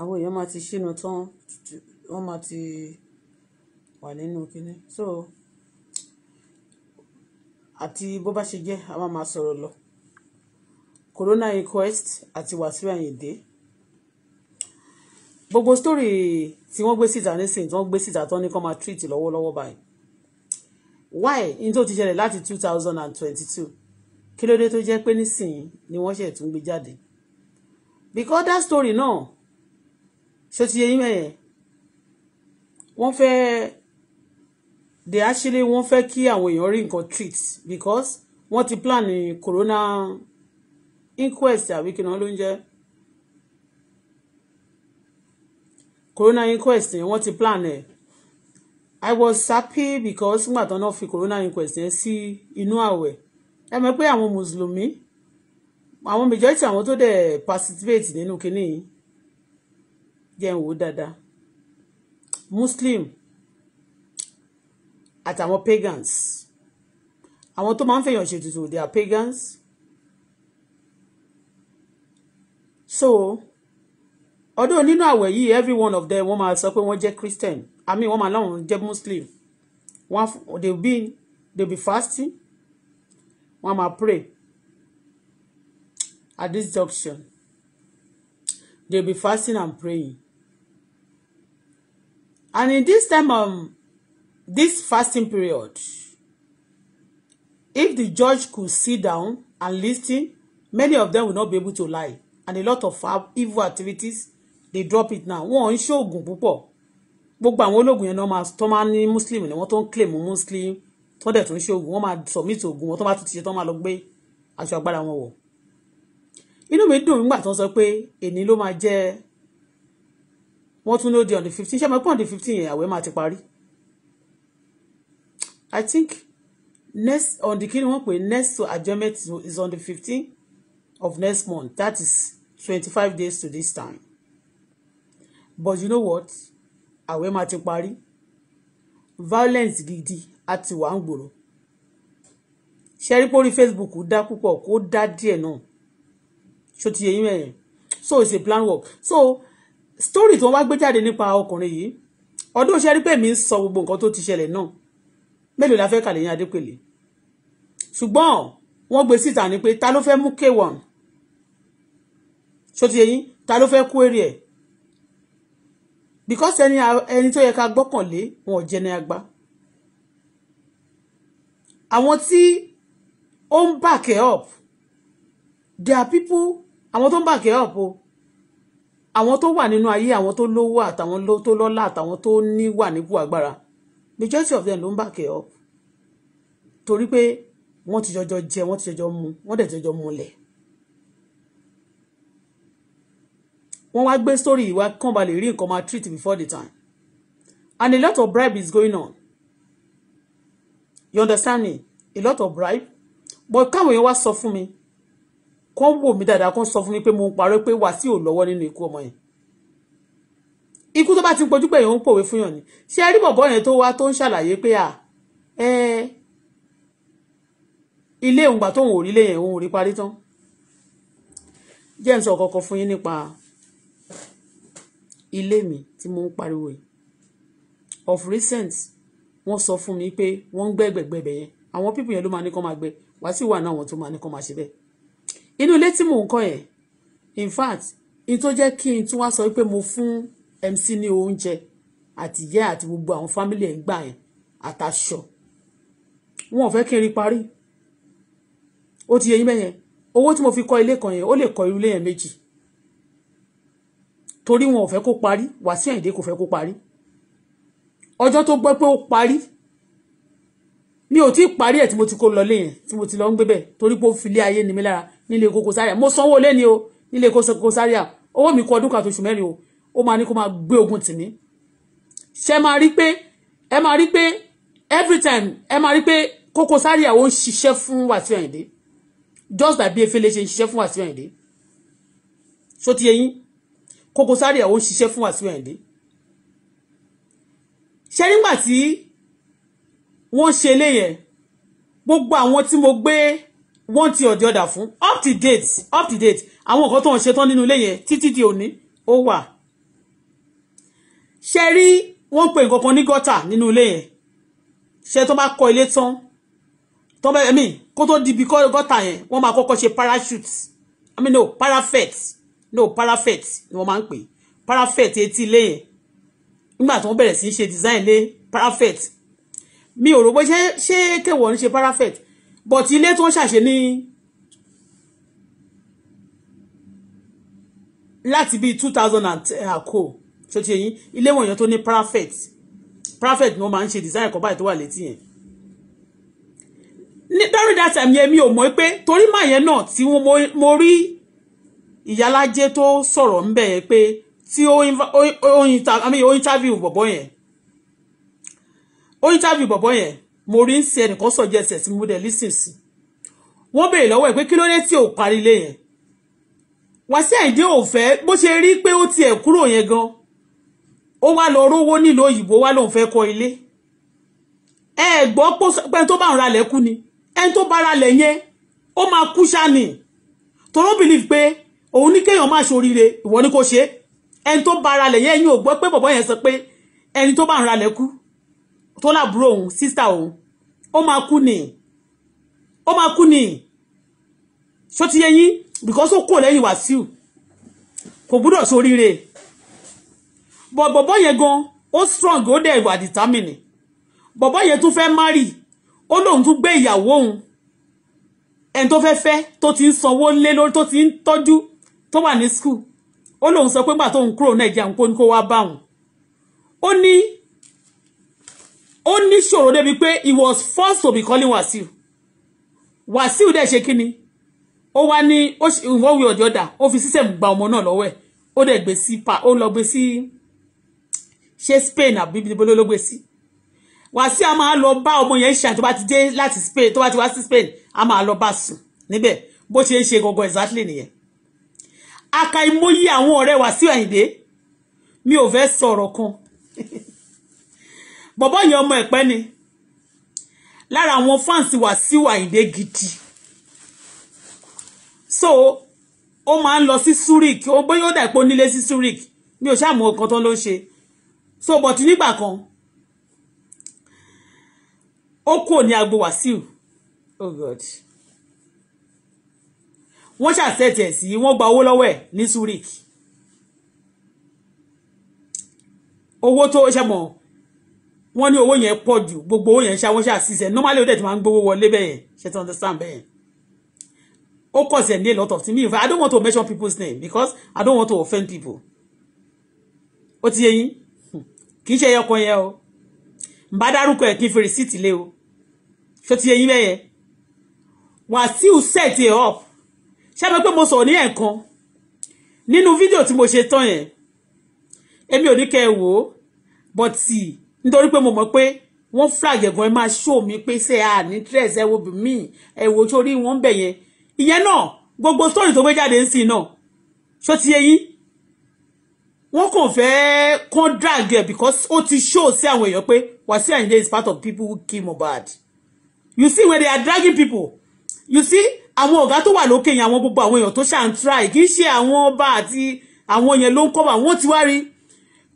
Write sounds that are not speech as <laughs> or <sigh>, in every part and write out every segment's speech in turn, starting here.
Àwọn èèyàn máa ti ṣínu tán, wọ́n máa ti wà nínú kíní. So àti bó bá ṣe jẹ́, a máa máa sọ̀rọ̀ lọ. Corona inquest àti Wasiu Ayinde. Gbogbo story tí wọ́n gbé síta nísìnyí, tí wọ́n gbé síta tán ní kí wọ́n máa treat lọ́wọ́lọ́wọ́ báyìí. Why? Ohun tó ti ṣẹlẹ̀ láti 2022 kí ló dé tó jẹ́ pé nísìnyí ni wọ́n ṣẹ̀ tún gbé jáde because that story náà ṣe ti yẹyin mẹ́yẹn wọ́n fẹ́ they actually wọ́n fẹ́ kí àwọn èèyàn rí nǹkan treat because wọ́n ti plan corona inquest àbí kí náà ló ń jẹ́ corona inquest yẹn wọ́n ti plan ẹ̀ I was happy because nígbà tán náà fi corona inquest yẹn sí inú àwẹ̀ ẹ mọ̀ pé àwọn mùsùlùmí àwọn majority àwọn tó dẹ̀ participate nínú kinní yìí jẹ́ ń wò dáadáa muslim àtàwọn pagans àwọn tó máa ń fẹ̀yàn ṣètùtù they are pagans so ọdún nínú àwẹ̀ yìí every one of them wọ́n máa sọ pé wọ́n jẹ́ christian i mean wọ́n máa láwọn jẹ́ muslim wọ́n they be they be fasting wọ́n máa pray at this junction they be fasting and praying and in this time um, this fasting period if the judge could sit down and listen many of them will not be able to lie and a lot of evil activities they drop it now wọn ò ń ṣoògùn púpọ̀ gbogbo àwọn ológun yẹn náà máa tọ́ máa ní muslim ni wọ́n tó ń claim muslim wọ́n dẹ̀ tún ṣe oògùn wọ́n máa submit oògùn wọn tó bá tún ti ṣe tán máa lọ gbé aṣọ agbára wọn wọ̀ inú mi dùn nígbà tó ń sọ pé èní ló máa jẹ́ wọ́n tún ló di on fifteen ṣé mo pọ́n on fifteen yẹn máa ti parí I think next on kí ni wọ́n pè next to adjournment is on the fifteen of next month that is twenty-five days to this time but you know what àwẹ̀ máa ti parí violence gidi á ti wà ń gbòòrò ṣe Facebook dá púpọ̀ kó dá díẹ̀ náà ṣó ti yẹ yín so it's a plan work so story tí wọ́n wá gbé jáde nípa ọkùnrin yìí ọdún ṣe rí pé mi ń sọ gbogbo nǹkan tó ti ṣẹlẹ̀ náà mélòó la fẹ́ kàlẹ́ yín adépèlé ṣùgbọ́n wọ́n gbé síta ni pé ta ló fẹ́ mú k1 ṣó ti yẹ yín ta ló fẹ́ kú èrè ẹ̀ because ẹni tó yẹ ká gbọ́kànlé wọn ò jẹ́ ní agbá àwọn tí ó ń back up there are people àwọn tó ń back ẹ up o àwọn tó wà nínú ayé àwọn tó lówó àtàwọn tó lọ́lá àtàwọn tó ní wà nípò agbára majority of them ló ń back ẹ up torí pé wọ́n ti jọjọ jẹ wọ́n ti jọjọ mu wọ́n dẹ̀ ti jọjọ mulẹ̀ wọ́n wá gbé story ìwà kàn balẹ̀ rí nǹkan máa treat before the time and a lot of bribe is going on you understand me a lot of bribe but káwọn èèyàn wá sọ fún mi kán wò mí dáadáa kán sọ fún mi pé mo ń parọ́ pé Wàsíù ò lọ́wọ́ nínú ikú ọmọ yẹn ikú tó bá ti pojú pé èèyàn ń pòwe fún yàn ni ṣé ẹ rí bọ̀bọ̀ yẹn tó wá tó ń ṣàlàyé pé à ẹ ilé òǹgbà tóun ò rí lé yẹn òun ò rí parí tán james ọ̀kọ̀ọ̀kan fún yín nípa ilé mi tí mo ń pariwo yìí of recent wọ́n sọ fún mi pé wọ́n ń gbẹ́gbẹ̀gbẹ́ bẹ̀ yẹn àwọn pípù yẹn ló máa ní kán máa gbẹ wá sí wà náà wọ́n tó máa ní kán máa ṣe bẹ́ẹ̀. inú ilé tí mò ń kọ́ yẹn in fact in tó jẹ́ kí n tún wá sọ pé mo fún MC ní oúnjẹ àti ìyá àti gbogbo àwọn fámílì ẹ̀ ń gbà yẹn àtàṣọ wọn ò fẹ́ kí n rí parí ó ti yẹ yín owó tí mo fi kọ́ ilé kan yẹn ó lè kọ́ irú ilé yẹn méjì torí wọn ò fẹ́ kó parí Wàsíù Àyìndé kò fẹ́ kó parí ọjọ́ tó gbọ́ pé ó parí mi ò tí ì parí ẹ̀ tí mo ti kó lọ lé yẹn tí mo ti lọ ń gbé bẹ̀ torí pé ó fi ilé ayé ni mi lára nílé Koko Zaria mo sanwó lé ni o nílé Koko Zaria owó mi kọ ọdún kan àtòṣù mẹ́rin o ó máa ní kó máa gbé ogun tì mí ṣe máa rí pé ẹ máa rí pé every time ẹ máa rí pé Koko Zaria ó ń ṣiṣẹ́ fún Wàsíù Àyìndé just like bí efele ṣe ń ṣiṣẹ́ fún Wàsíù Àyìndé so ti eyín Koko Zaria ó ń ṣiṣẹ́ fún Wàsíù Àyìndé ṣe nígbà tí wọ́n ṣe léyẹn gbogbo àwọn tí mo gbé one ti ọ̀dí ọ̀dà fún up to date up to date àwọn nǹkan tó ń ṣe tán nínú ilé yẹn títí di òní ó wà ṣe rí wọ́n pè nǹkan kan ní gọ́tà nínú ilé yẹn ṣe tó bá kọ́ ilé tán tó bẹ́ẹ̀ mi kó tó di ibi kọ́ gọ́tà yẹn wọ́n máa kọ́kọ́ ṣe parachute i mean no parapet no parapet ni wọ́n máa ń pè parapet etí ilé yẹn nígbà tí wọ́n bẹ̀rẹ̀ sí ṣe design lé parapet mi ò rò pé ṣé ṣé kéwọ̀n ṣe parapet but ilé tí wọ́n ṣàṣe ní láti bíi two thousand and eh, àkó ṣó ti yẹn ilé wọ̀nyẹn tó ní parapet parapet ni wọ́n máa ń ṣe design kan báyìí tó wà létí yẹn during that time yẹn mi ò mọ̀ pé torí màá yẹn náà tí mo rí ìyálájé tó sọ̀rọ̀ ń bẹ̀ yẹn pé tí ó interview bọ̀bọ̀ yẹn ó interview bọ̀bọ̀ yẹn mo rí ń ṣe ẹnìkan suggest tí mo dẹ̀ listen sí wọ́n béèrè lọ́wọ́ ẹ̀ pé kí ló dé tí ò parí ilé yẹn Wàsíù Àyìndé ò fẹ́ bó ṣe rí pé ó tiẹ̀ kúrò yẹn gan ó wá lọ rówó nílùú òyìnbó wá lòun fẹ́ kọ́ ilé ẹ gbọ́ pé tó bá ń ralẹ̀ kú ni ẹni tó bá ralẹ̀ yẹn ó máa kú ṣáà ni tòró bìlíf pé òun ní kéèyàn má ṣoríire ìwọ ni kò ṣe é ẹni tó bá ara lẹ̀ yẹn ẹ̀yin ò gbọ́ pé bọ̀bọ́ yẹn sọ pé ẹni tó bá ń ra lẹ̀ kú tó láàbúrò òun sísà òun ó máa kú ni ó máa kú ni ṣó ti yẹ yín because ó kò lẹ́yìn Wàsíù kò gbúdọ̀ sóríire but bọ̀bọ́ yẹn gan ó strong ó dẹ̀ wà determine bọ̀bọ́ yẹn tún fẹ́ marry ó lóun tún gbé ìyàwó òun ẹni tó fẹ́ fẹ́ tó ti ń sanwó lé lórí tó ti ń tọ́jú tó wà ní school ó lóun sọ pé gbà tóun kúrò nàìjíríà ń kó ní kó wá bá òun ó ní ó ní ṣòro débi pé he was forced to be calling Wasiu Wasiu dẹ̀ ṣe kíni ó wá ní ìwọ́n wí ọ̀dí ọ̀dà ó fi sísẹ̀mù gba ọmọ náà lọ́wọ́ ẹ̀ ó dẹ̀ gbé sí pa ó lọ gbé sí ṣé Spain àbí ibi ló gbé sí Wasiu a máa lọ bá ọmọ yẹn ṣàn tó bá ti dé láti Spain tó bá ti wá sí Spain a máa lọ bá sùn níbẹ̀ bó ṣe ń ṣe gọgọ exactly nìyẹn àkàìmọye àwọn ọ̀rẹ́ Wàsíù Àyìndé mi ò fẹ́ sọ̀rọ̀ kan <laughs> bọ̀bọ́ yẹn ọmọ ẹ̀pẹ́ ni lára àwọn fans Wàsíù Àyìndé gidi so ó máa ń lọ sí Zurich ó bóyá ó dàpọ̀ nílé sí Zurich mi ò ṣàmù ọkàn tán ló ń ṣe so bọ̀tí nígbà kan ó kúrò ní agbo Wàsíù oh God wọ́n ṣàṣẹ̀tì ẹ̀ sí wọ́n gba owó lọ́wọ́ ẹ̀ ní Zurich owó tó ṣe mọ̀ wọ́n ní owó yẹn pọ̀ jù gbogbo owó yẹn ṣá wọ́n ṣàṣìṣẹ́ normally ó dẹ̀ ti máa ń gbowó wọlé bẹ́ẹ̀ ṣe ti understand bẹ́ẹ̀ ó kọ̀ sí ẹ̀ ní a lot of things in fact I don't want to mention people's name because I don't want to offend people ó ti yẹ yín hmm. kì í ṣe ẹyọkọ yẹn o bá dárúkọ ẹ̀ kí n fi rìsíìtì lé o ṣó ti yẹ yín bẹ́ẹ̀ yẹn set it up ṣé mo pé mo sọ̀rọ̀ ní ẹ̀ẹ̀kan nínú fídíò tí mo ṣe tán yẹn èmi ò ní kẹ́ ẹ wò ó but nítorí pé mo mọ̀ pé wọ́n flag ẹ̀gàn ẹ máa show mi pé ṣe à ní dress ẹ wo bí mi ẹ wo sórí wọn bẹ̀ yẹn ìyẹn náà gbogbo story tó gbé jáde ń sìn náà ṣó ti yẹ yín wọ́n kàn fẹ́ kàn drag ẹ̀ because ó ti show sí àwọn èèyàn pé Wasiu Ayinde is part of people who kill Mohbad you see when they are dragging people you see àwọn ọ̀gá tó wà lókè yẹn àwọn gbogbo àwọn èèyàn tó ṣà ń try kì í ṣe àwọn ọba àti àwọn yẹn ló ń kọ́ bá wọ́n ti wá rí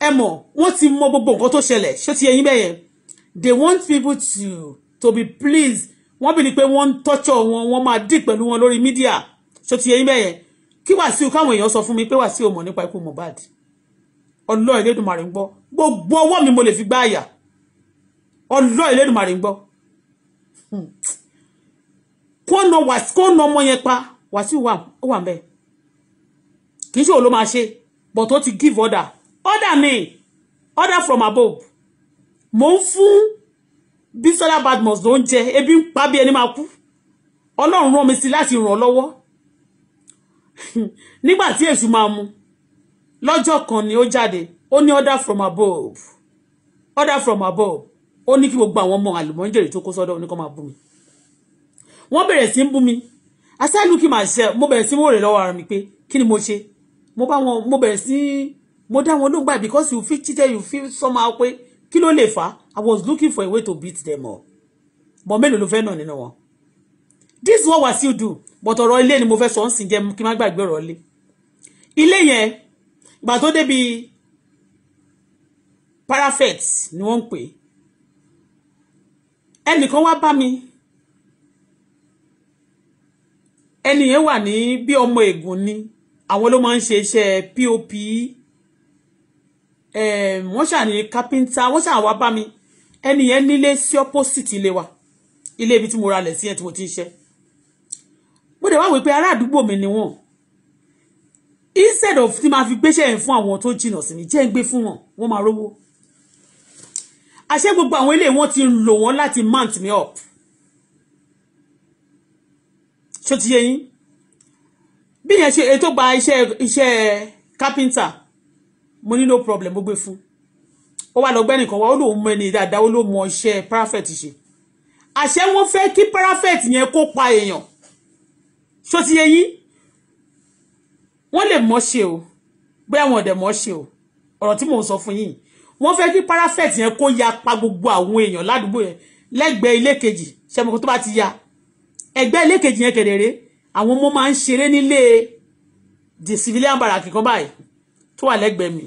ẹ mọ̀ wọ́n ti mọ gbogbo nǹkan tó ṣẹlẹ̀ ṣé ti yẹyin bẹ́yẹn they want people to to be pleased wọ́n bìí ni pé wọ́n ń tọ́jọ́ wọn wọ́n máa dì pẹ̀lú wọn lórí mídíà ṣé ti yẹyin bẹ́yẹn kí Wàsíù káwọn èèyàn sọ fún mi pé Wàsíù mọ̀ nípa ikú Mohbad ọlọ́ ìlédùmarè ń gbọ́ gbogbo ọwọ́ mi mo lè fi gbá àyà ọlọ́ ìlédùmarè ń gbọ́. Hmm kó na wàsíù kó na ọmọ yẹn pa wàsíù wà ó wà bẹ́ẹ̀ kì í ṣòwò ló máa ṣe but ó ti give order order mi order from above mo ń fún Bisola Badmus ló ń jẹ ebi ń pa bí ẹni máa kú Ọlọ́run rán mi sí láti ràn lọ́wọ́ <laughs> nígbà tí èṣù máa mu lọ́jọ́ kan ni ó jáde ó ní order from above order from above ó ní kí gbogbo àwọn ọmọ àlùmọ́jèrè tó kó sọ́dọ̀ oníkan máa bú mi wọ́n bẹ̀rẹ̀ sí ń bú mi I started looking myself mo bẹ̀rẹ̀ sí wòrè lọ́wọ́ ara mi pé kí ni mo ṣe mo bá wọn mo bẹ̀rẹ̀ sí mo dá wọn lóògbà because you feel cheated you feel somehow pé kí ló lè fà I was looking for a way to beat them up But mélòó ló fẹ́ nà nínú wọn this is was Wasiu do but ọ̀rọ̀ ilé ni mo fẹ́ sọ ń sìn jẹ́ kí n má gbàgbé ọ̀rọ̀ ilé ilé yẹn gbà tó débi parapet ni wọ́n ń pè ẹnìkan wá bá mi ẹni yẹn wà ní bí ọmọ ègùn ni àwọn ló máa ń ṣe iṣẹ́ pop wọ́n ṣà ní kápẹ́ńtà wọ́n ṣà wá bá mi ẹni yẹn nílé sí opposite ilé wa ilé ibi tí mo ralẹ̀ sí ẹ̀ tí mo ti ń ṣe mo dẹ̀ wá wípé ará àdúgbò mi ni wọ́n instead of tí máa fi gbéṣẹ́ yẹn fún àwọn tó jìnnà sí mi jẹ́ ń gbé fún wọn wọ́n máa rówó àṣẹ gbogbo àwọn ilé wọn ti lò wọ́n láti mount me up ṣó ti yé yín bí yẹn ṣe ètò gba iṣẹ́ iṣẹ́ kápẹ́ńtà mo ní no problem gbogbo fún ó wà lọ́gbẹ́ nìkan wá ó lòun mọ ẹni dáadáa ó ló mọ iṣẹ́ parapet ṣe àṣẹ wọn fẹ́ kí parapet yẹn kó pa èèyàn ṣó ti yé yín wọ́n lè mọ̀ ṣe o bóyá wọn ò dẹ̀ ṣe o ọ̀rọ̀ tí mò ń sọ fún yín wọ́n fẹ́ kí parapet yẹn kó ya pa gbogbo àwọn èèyàn ládùúgbò yẹn lẹ́gbẹ̀ẹ́ ilé kejì ṣẹ́mi tó bá ti ya ẹgbẹ́ ilé kejì yẹn kedere àwọn ọmọ máa ń ṣeré nílé the civilian barrack kan báyìí tó wà lẹ́gbẹ̀ẹ́ mi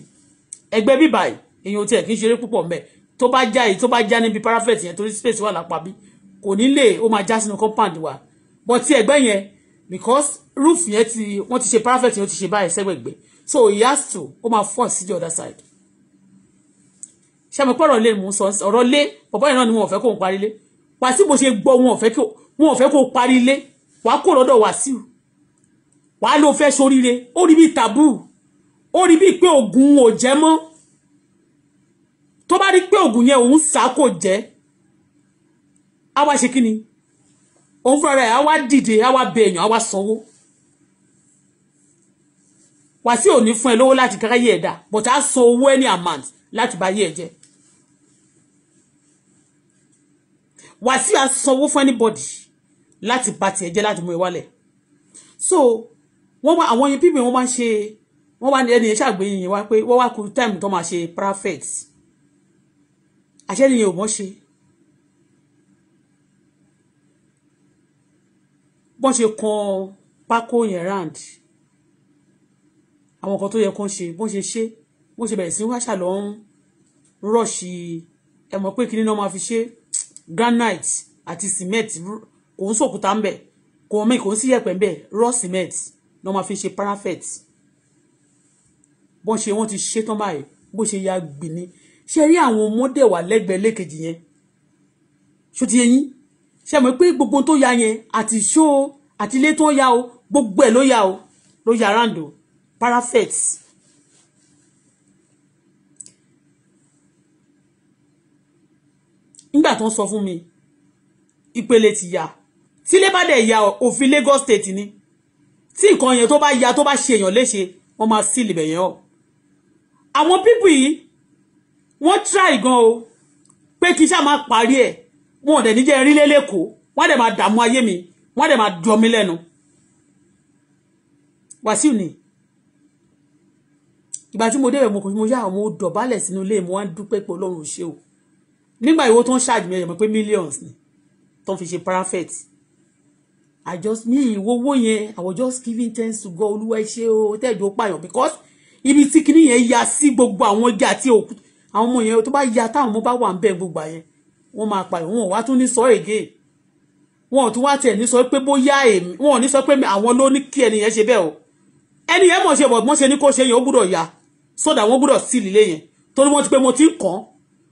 ẹgbẹ́ bí báyìí èèyàn tiẹ̀ kì í ṣeré púpọ̀ mẹ́ tó bá já èyí tó bá já níbi parapet yẹn torí space wà lápá bí kò ní lè ó máa já sínú compound wa but ti ẹgbẹ́ yẹn because roof yẹn ti wọ́n ti ṣe parapet yẹn ó ti ṣe báyìí sẹ́gbẹ̀gbẹ́ so he has to ó máa fall sí the other side ṣé àmọ́ pé ọ̀rọ̀ lé mú sọ ọ̀rọ̀ lé bàbá yẹn náà ni wọn ò fẹ́ kó ń parí lé pàṣẹ bó ṣe gbọ́ wọn ò fẹ́ kó wọn ò fẹ́ kó parí ilé wàá kó lọ́dọ̀ Wàsíù wàá ló fẹ́ soríire ó rí bí tàbú ó rí bí pé ògùn ò jẹ́ mọ́ tó bá rí pé ògùn yẹn òun sá kò jẹ́ á wá ṣe kí ni òun fúnra rẹ̀ á wá dìde á wá bẹ èèyàn á wá sanwó Wàsíù ò ní fún ẹ lówó láti káráyé ẹ̀dá but á san owó any amount láti bá yé ẹ jẹ Wàsíù á sanwó fún anybody láti bà tiẹ̀ jẹ́ láti mú ẹ wálẹ̀ so wọ́n máa àwọn yẹn pípé wọ́n máa ń ṣe wọ́n wá ní ẹni yẹn ṣàgbé yẹn wá pé wọ́n wá ku time tó máa ṣe prophet àṣẹ nìyẹn ò mọ̀ ṣe bọ́n ṣe kan pákó yẹn round àwọn kan tó yẹ kán ṣe bọ́n ṣe ṣe bọ́n ṣe bẹ̀rẹ̀ sí wá ṣàlọ́ ń rọ̀ṣì ẹ pé kí ni náà máa fi ṣe granite àti cement kò ń sòkúta ń bẹ kò mí kò ń sí yẹ̀pẹ̀ ń bẹ raw cement ni wọ́n máa fi ṣe parapet bọ́n ṣe wọ́n ti ṣe tán báyìí bó ṣe ya gbìní ṣe rí àwọn ọmọdé wà lẹ́gbẹ̀ẹ́ lẹ́kejì yẹn ṣó ti yẹn yín ṣe mọ̀ pé gbogbo tó ya yẹn àti ṣó àti ilé tó ya o gbogbo ẹ̀ ló ya o ló ya ráǹdò parapet. nígbà tó ń sọ fún mi ìpele ti ya tí ilé bá dẹ̀ ya òfin Lagos state ni tí nǹkan yẹn tó bá ya tó bá ṣe èèyàn léṣe wọ́n máa sí ilẹ̀ yẹn o àwọn pípù yìí wọ́n try gan o pé kí sáà máa parí ẹ̀ wọn ò dẹ̀ níjẹ́ rí lélẹ́kọ̀ọ́ wọ́n dẹ̀ máa dààmú ayé mi wọ́n dẹ̀ máa dùn mí lẹ́nu Wàsíù ni ìgbà tí mo débẹ̀ mo kò mo yá àwọn dọ̀bálẹ̀ sínú ilé mo wá dúpẹ́ pé Ọlọ́run ṣe o nígbà ìwó tó ń ṣáàjì mi ẹ̀yọ̀ mọ̀ pé millions ni tó ń fi ṣe parapet I just me wo wo yẹn I was just giving thanks to God olúwa ṣe o tẹ́jọ́ pààyàn because ibi tí kinní yẹn ya sí gbogbo àwọn igi àti òkú àwọn ọmọ yẹn tó bá ya táwọn ọmọ bá wà ń bẹ gbogbo àyẹn wọ́n máa pààyàn wọn ò wá tún ní sọ ègé wọn ò tún wá tẹ̀ ní sọ pé bóyá ni wọn ò ní sọ pé àwọn ló ní kí ẹnìyẹn ṣe bẹ́ẹ̀ o ẹnìyẹn mọ̀ ṣe bọ̀ mọ́ ṣe ni kó ṣe yẹn ó gbúdọ̀ ya sọ́dà wọn gbúdọ̀ sí ilé yẹn torí wọ́n ti pé mo ti ń kàn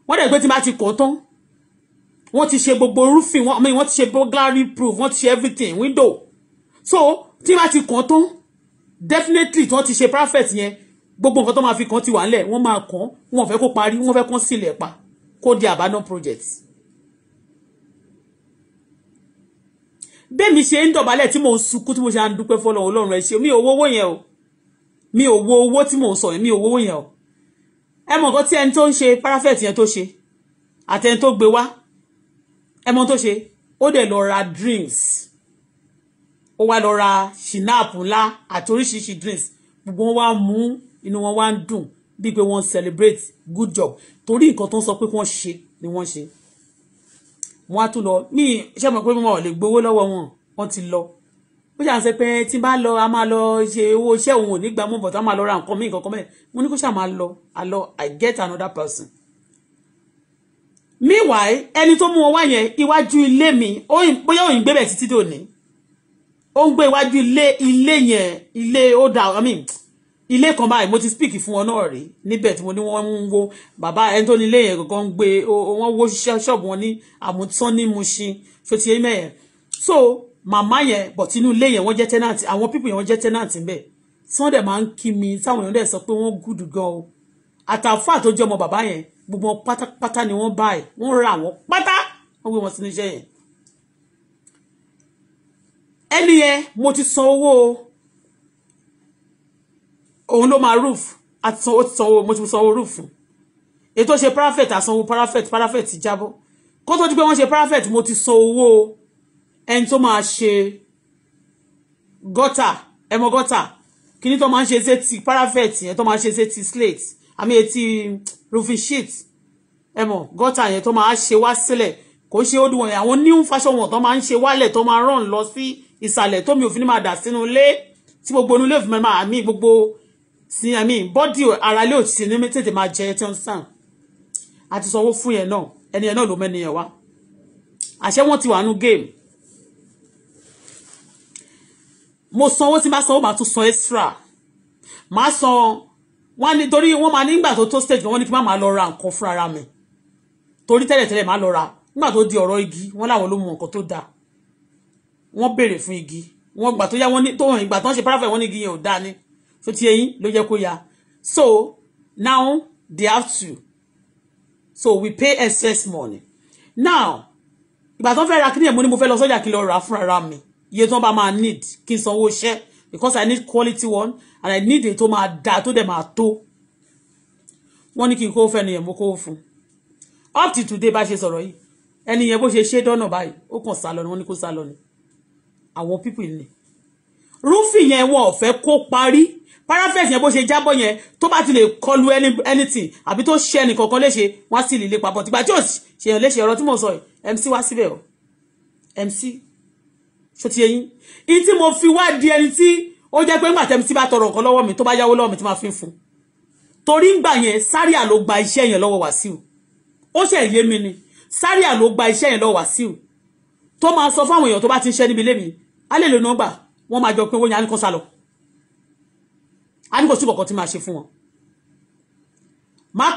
wọ́n dẹ̀ pé tí máa ti kàn tán wọ́n ti ṣe gbogbo roofing wọ́n mean wọ́n ti ṣe burglary proof wọ́n ti ṣe everything window so tí bá ti kàn tán definitely tí wọ́n ti ṣe prophet yẹn gbogbo nǹkan tó máa fi kàn ti wà ńlẹ̀ wọ́n máa kàn wọ́n fẹ́ kó parí wọ́n fẹ́ kàn sílẹ̀ pa kó di abandon project. bẹ́ẹ̀ mi ṣe ń dọ̀bálẹ̀ tí mò ń sunkún tí mo ṣe à ń dúpẹ́ fọlọ́run ọlọ́run ẹ ṣé mi ò wo owó yẹn o mi ò wo owó tí mò ń sọ yẹn mi ò wo owó yẹn o ẹ mọ̀ nǹkan tí ẹni tó ń ṣe parapet yẹn tó ṣe àtẹni tó gbé wá ẹ mọ tó ṣe ó dẹ̀ lọ ra drinks ó wá lọ ra ṣìnáàpù ńlá àti oríṣiríṣi drinks gbogbo wọn wá mú inú wọn wá ń dùn bíi pé wọ́n celebrate good job torí nǹkan tó ń sọ pé wọ́n ṣe ni wọ́n ṣe wọ́n á tún lọ mí ṣe mọ̀ pé wọn ò lè gbowó lọ́wọ́ wọn wọ́n ti lọ ó ṣàǹṣe pé tí bá lọ a máa lọ ṣe owó iṣẹ́ òun ò ní gbà mú bọ̀tá máa lọ ra nǹkan mí nǹkan kan mẹ́rin mo ní kó ṣàmà lọ àlọ i get another person meanwhile ẹni tó mú wọn wá yẹn iwájú ilé mi bóyá òyìn gbé bẹ̀ títí dòní ó ń gbé iwájú ilé ilé yẹn ilé ó dà i mean ilé kan báyìí mo ti speak fún wọn náà rí níbẹ̀ tí mo ní wọ́n ń wo bàbá ẹni tó ní ilé yẹn gangan ń gbé wọ́n wó ṣọ́ọ̀bù wọn ní àmútán ní Mushin ṣó ti yé mẹ́yẹn so màmá yẹn bọ̀ tí inú ilé yẹn wọ́n jẹ́ tenant àwọn people yẹn wọ́n jẹ́ tenant ńbẹ̀ tí wọ́n dẹ̀ máa ń kí mi táwọn èèyàn dẹ̀ sọ pé wọ́n gùdù gan o àtàfà tó jẹ́ ọmọ bàbá yẹn gbogbo wọn pátápátá ni wọ́n bá ẹ̀ wọ́n ra wọn pátá wọ́n gbé wọn sínú iṣẹ́ yẹn ẹni yẹn mo ti san owó òun ló máa roof àti sanwó ti sanwó mo ti sanwó roof fún ètò ṣe parapet àsanwó parapet parapet ti jábọ́ kó tó di pé wọ́n ṣe parapet mo ti san owó ẹni tó máa ṣe gọ́tà ẹmọ gọ́tà kí ni tó máa ń ṣe sétí parapet yẹn tó máa ń ṣe sétí slate àmì etí roofing sheet ẹ mọ̀ gọ́tà yẹn tó máa ṣe wá sílẹ̀ kò ṣe ó dùn àwọn new fashion wọn tó máa ń ṣe wálẹ̀ tó máa rán lọ sí ìsàlẹ̀ tó mi ò fi ní máa dà sínú ilé tí gbogbo inú ilé òfin máa àmì gbogbo sí àmì bọ́dì ara ilé òtítì ní tètè máa jẹ tí wọ́n sàn àti sanwó fún yẹn náà ẹni yẹn náà ló mẹ́ni yẹn wá àṣẹ wọn ti wà nú géèmù mo sanwó tí má sanwó má tún san extra má san wọ́n ní torí wọ́n máa nígbà tó tó stage wọ́n ní kí má máa lọ ra nǹkan fún ara mi torí tẹ́lẹ̀tẹ́lẹ̀ má lọ ra nígbà tó di ọ̀rọ̀ igi wọ́n láwọn ló mú nǹkan tó dáa wọ́n béèrè fún igi wọ́n gbà tó yá wọ́n ní tó ìgbà tó ń ṣe paraffin wọ́n ní igi yẹn ò dáa ni tó ti eyín ló yẹ kó ya so now they have to so we pay excess money now ìgbà tó ń fẹ́ ra kí ni èmo ni mo fẹ́ lọ sọ́jà kí lọ rà fún ara mi iye tó ń bá máa need kí n sanwó iṣẹ́ because I need quality one and I need it to máa dáa to dẹ̀ máa tó wọ́n ní kí n kó fẹ́ ẹnìyẹn mo kó fún up till today bá ṣe sọ̀rọ̀ yìí ẹnìyẹn bó ṣe ṣe dọ́nà báyìí ó kàn sá lọ ni wọ́n ní kó sá lọ ni àwọn people ni rúfì yẹn wọn ò fẹ́ kó parí parapet yẹn bó ṣe jábọ̀ yẹn tó bá ti lè kọlu anything àbí tó ṣe ẹnìkankan léṣe wọ́n á sì lè lè papọ̀ tìgbà tí ò ṣèyàn léṣe ọ̀rọ̀ tí mò ń sọ yìí MC wá síbẹ̀ o MC ṣó ti yẹyin in tí mo fi wá di ẹni tí ó jẹ́ pé ńgbà tẹ́mi tí bá tọrọ nǹkan lọ́wọ́ mi tó bá yáwó lọ́wọ́ mi tí máa fi ń fún torí ńgbà yẹn Zaria gba iṣẹ́ yẹn lọ́wọ́ Wàsíù ó ṣe yé mi ni Zaria ló gba iṣẹ́ yẹn lọ́wọ́ Wàsíù tó máa sọ fáwọn èèyàn tó bá ti ń ṣẹ́ níbi ilé mi á lè lo nọ́mbà wọ́n máa jọ pé wọ́n yẹn á ní kó sálọ á ní kó sí kọ̀ọ̀kan tí máa ṣe fún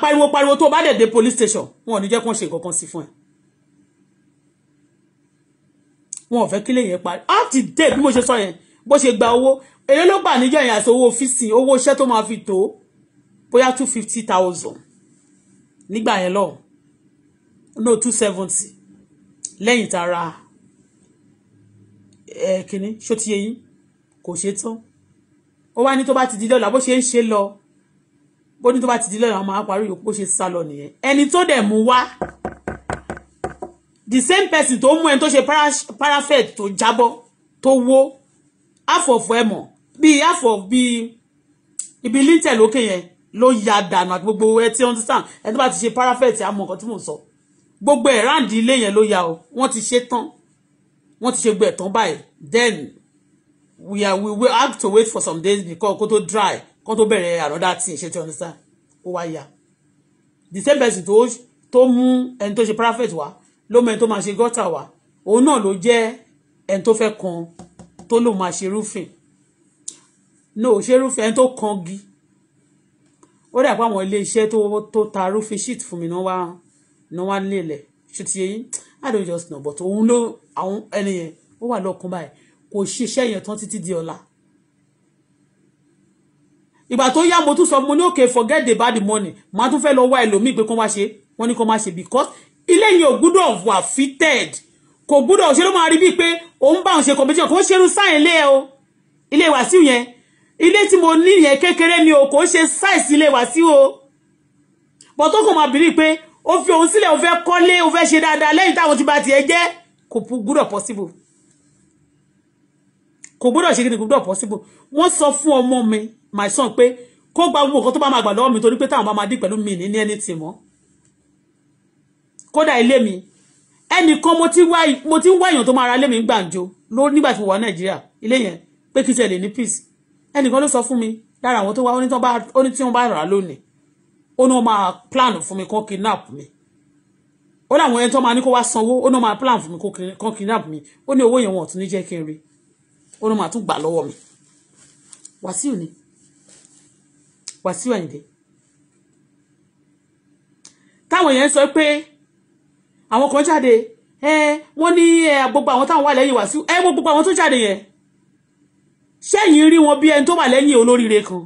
pariwo pariwo tó bá dẹ̀ dé police station wọn ò ní jẹ́ kó ṣe kan sí fún ẹ wọn ò fẹ́ kílé yẹn parí up to date bí mo ṣe sọ yẹn bó ṣe gba owó èyí ló gbà níjọ yẹn àti owó ọ́fíìsì owó iṣẹ́ tó máa fi tó bóyá two fifty thousand nígbà yẹn lọ no two seventy lẹ́yìn tara ẹ kìnní ṣó ti yẹ yín kò ṣe tán ó wá ní tó bá ti di lọ́la bó ṣe ń ṣe lọ bó ní tó bá ti di lọ́la wọn máa parí yòókù bó ṣe sá lọ nìyẹn ẹni tó dẹ̀ mú wá the same person tó mú ẹni tó ṣe paraffet tó jábọ́ tó wó àfọ̀fọ̀ ẹ̀mọ̀ bíi àfọ̀ bíi ibi lintel lókè yẹn ló ya dànù àti gbogbo ẹ tí wọ́n ti sàn ẹni tó bá ti ṣe paraffet àmọ́ nǹkan tí mò ń sọ gbogbo ẹ̀ ráǹdì ilé yẹn ló ya o wọ́n ti ṣe tán wọ́n ti ṣe gbẹ̀ tán báyìí then we are we will have to wait for some days because kó tó dry kó tó bẹ̀rẹ̀ another thing ṣe tí wọ́n ti sàn ó wá ya the same person tó tó mú ẹni tó ṣe paraffet wá ló mẹ́ni tó máa ṣe gọ́tà wá òun náà ló jẹ́ ẹni tó fẹ́ kan tó lòun máa ṣe roofing no ṣe roofing ẹni tó kan gi ó dà pé àwọn ilé iṣẹ́ tó tó ta roofing sheet fún mi náà wá náà wá ṣùtì yẹn I don't just know but òun ló àwọn ẹni yẹn ó wà lọ́kàn báyìí kò ṣiṣẹ́ yẹn tán títí di ọ̀la ìgbà tó yá mo tún sọ mo ní òkè forget the bad money màá tún fẹ́ lọ wá ẹlòmíì pé kó wá ṣe wọ́n ní kó má ṣe because ilé yẹn ò gbúdọ̀ wà fitted kò gbúdọ̀ ṣe ló máa rí bíi pé òun bá òun ṣe competition kò ń ṣerú sáyẹn ilé ẹ o ilé Wàsíù yẹn ilé tí mo ní yẹn kékeré ni o kò ń ṣe size ilé Wàsíù o but ó kò máa bìrì pé ó fi òun sílẹ̀ ó fẹ́ kọ́lé ó fẹ́ ṣe dáadáa lẹ́yìn táwọn ti ba tiẹ̀ jẹ́ kò gbúdọ̀ possible kò gbúdọ̀ ṣe kíni kò gbúdọ̀ possible wọ́n sọ fún ọmọ mi my son pé kó gba gbogbo nǹkan tó bá máa gbà lọ́wọ́ mi torí pé táwọn bá máa dín pẹ̀lú mi ní ní anything mọ́ kódà ilé mi ẹnìkan mo ti ń wá èèyàn tó máa ra ilé mi gbàǹjo ló nígbà tí mo wà nàìjíríà ilé yẹn pé kí n tẹ̀lé ní peace ẹnìkan ló sọ fún mi lára àwọn tó wá ó ní tí wọ́n bá rà lónìí ó ní wọ́n máa plan fún mi kó kidnap mi ó láwọn ẹni tó máa ní kó wá sanwó ó ní wọ́n máa plan fún mi kó kidnap mi ó ní owó yẹn wọn ò tún ní jẹ́ kí n rí ó ní máa tún gbà lọ́wọ́ mi wàsíù ni wàsíù àyìndé táwọn yẹn sọ pé àwọn kan jáde ẹ wọ́n ní gbogbo àwọn táwọn wà lẹ́yìn Wàsíù ẹ wọ́n gbogbo àwọn tó jáde yẹn ṣẹ́yìn rí wọn bí ẹni tó wà lẹ́yìn olóríire kan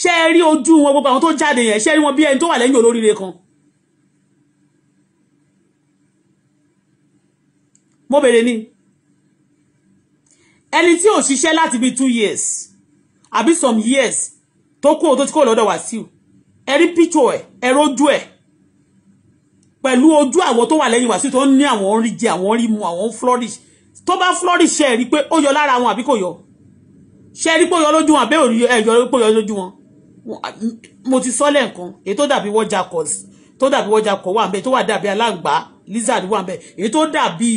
ṣe rí ojú wọn gbogbo àwọn tó jáde yẹn ṣe rí wọn bí ẹni tó wà lẹ́yìn olóríire kan mo bèrè ni ẹni tí ò ṣiṣẹ́ láti bí two years àbí some years tó kú o tó ti kó lọ́dọ̀ Wàsíù ẹ rí píchọ ẹ ẹ rójú ẹ pẹ̀lú ojú àwọn tó wà lẹ́yìn Wàsíù tó ń ní àwọn rí jẹ àwọn rí mu àwọn flourish tó bá flourish ẹ̀ rí pé ó yọ lára wọn àbí kò yọ ṣe rí pé ó yọ lójú wọn àbí ò rí ẹ̀ yọ pé ó yọ lójú wọn mo ti sọ lẹ́ẹ̀kan èyí tó dàbí wọ́jà kọ̀ tó dàbí wọ́jà kọ̀ wà ń bẹ tó wà dàbí aláǹgbá lizard wà ń bẹ èyí tó dàbí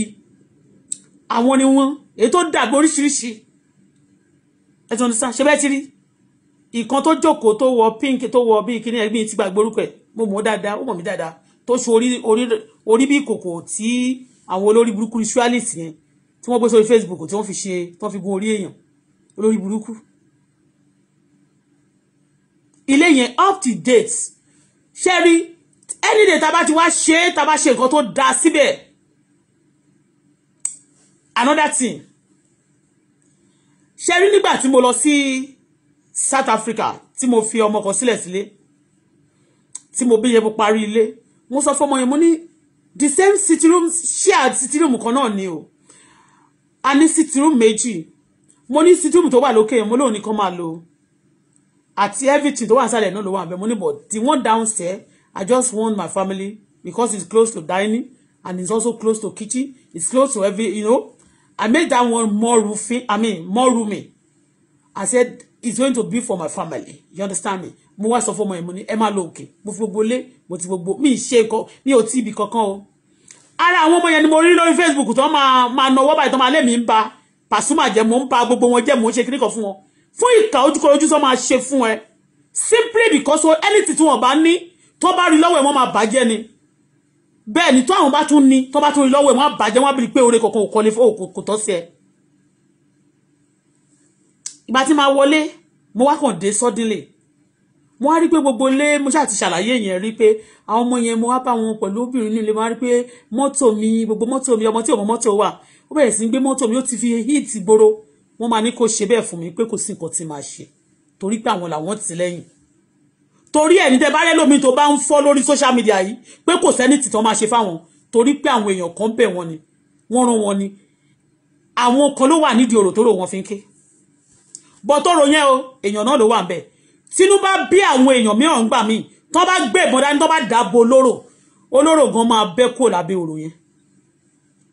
àwọn ni wọn èyí tó dàbí oríṣiríṣi ẹ ti understand ṣe bẹ́ẹ̀ ti rí ìkan tó jókòó tó wọ pink tó wọ bí kíní ẹgbẹ́ ti gbàgbórúkọ ẹ̀ mo mọ̀ dáadáa ó mọ̀ mí dáadáa tó ṣe orí orí orí bí ìkòkò tí àwọn olórí burúkú israelis yẹn tí wọ́n gbé sórí facebook tí wọ́n fi ṣe tí wọ́n fi gun orí èèyàn olórí burúkú ilé yẹn up to date ṣe rí any day tá bá ti wá ṣe é tá bá ṣe nǹkan tó dáa síbẹ̀ another thing ṣe rí nígbà tí mo lọ sí South Africa tí mo fi ọmọ kan sílẹ̀ sílé tí mo bí yẹn mo parí ilé mo sọ fọmọ yẹn mo ní the same sitting room shared sitting room kan náà ni o a ní sitting room méjì mo ní sitting room tó wà lókè yẹn mo lóun nìkan máa lò àti everything tó wà nísàlẹ̀ náà ló wà bẹ́ẹ̀ mo ní but the one downstairs I just want my family because it's close to dining and it's also close to kitchen it's close to every you know I made that one more roofing I mean more roomy I said it's going to be for my family you understand me mo wá sọ fọmọ ẹ mo ní ẹ máa lọ òkè mo fi gbogbo lé mo ti gbogbo mi ṣe nǹkan mi ò tí ibi kankan o ara àwọn ọmọ yẹn ni mo rí lórí Facebook tó máa máa nọwọ́ báyìí tó máa lé mi ń ba Pasuma jẹ́ mo ń ba gbogbo wọn jẹ́ mo ń ṣe kíní kan fún wọn fún ìkà ojúkọrọ ojú tó máa ṣe fún ẹ simply because o anything tí wọn bá ní tó bá rí lọ́wọ́ ẹ̀ wọ́n máa bàjẹ́ ni bẹ́ẹ̀ ni tó àwọn bá tún ní tó bá tún rí lọ́wọ́ ẹ̀ wọ́n á bàjẹ́ wọ́n á bìrì wọ́n á rí pé gbogbo ilé mo ṣáà ti ṣàlàyé yẹn rí pé àwọn ọmọ yẹn mo wá bá wọn pẹ̀lú obìnrin nílé mo á rí pé mọ́tò mi gbogbo mọ́tò mi ọmọ tí ọmọ mọ́tò wà ó bẹ̀rẹ̀ sí gbé mọ́tò mi ó ti fi hit gboro wọ́n máa ní kó ṣe bẹ́ẹ̀ fún mi pé kò sí nǹkan tí màá ṣe torí pé àwọn làwọn ti lẹ́yìn torí ẹni tẹ bá rẹ lómi tó bá ń fọ́ lórí social media yìí pé kò sẹ́ni tìtàn máa ṣe fáwọn torí pé àwọn èèyàn kan bẹ̀ wọ́n ni wọ́n rán wọn ni àwọn kan ló wà nídìí ọ̀rọ̀ tó rò wọ́n fi ń ké bọ́tọ̀rọ̀ yẹn o èèyàn náà ló wà ń bẹ̀ tínú bá bí àwọn èèyàn mìíràn gbà míì tán bá gbé ìbọn dání tán bá dàbò olóró olóró gan ma bẹ́ kó lábẹ́ òrò yẹn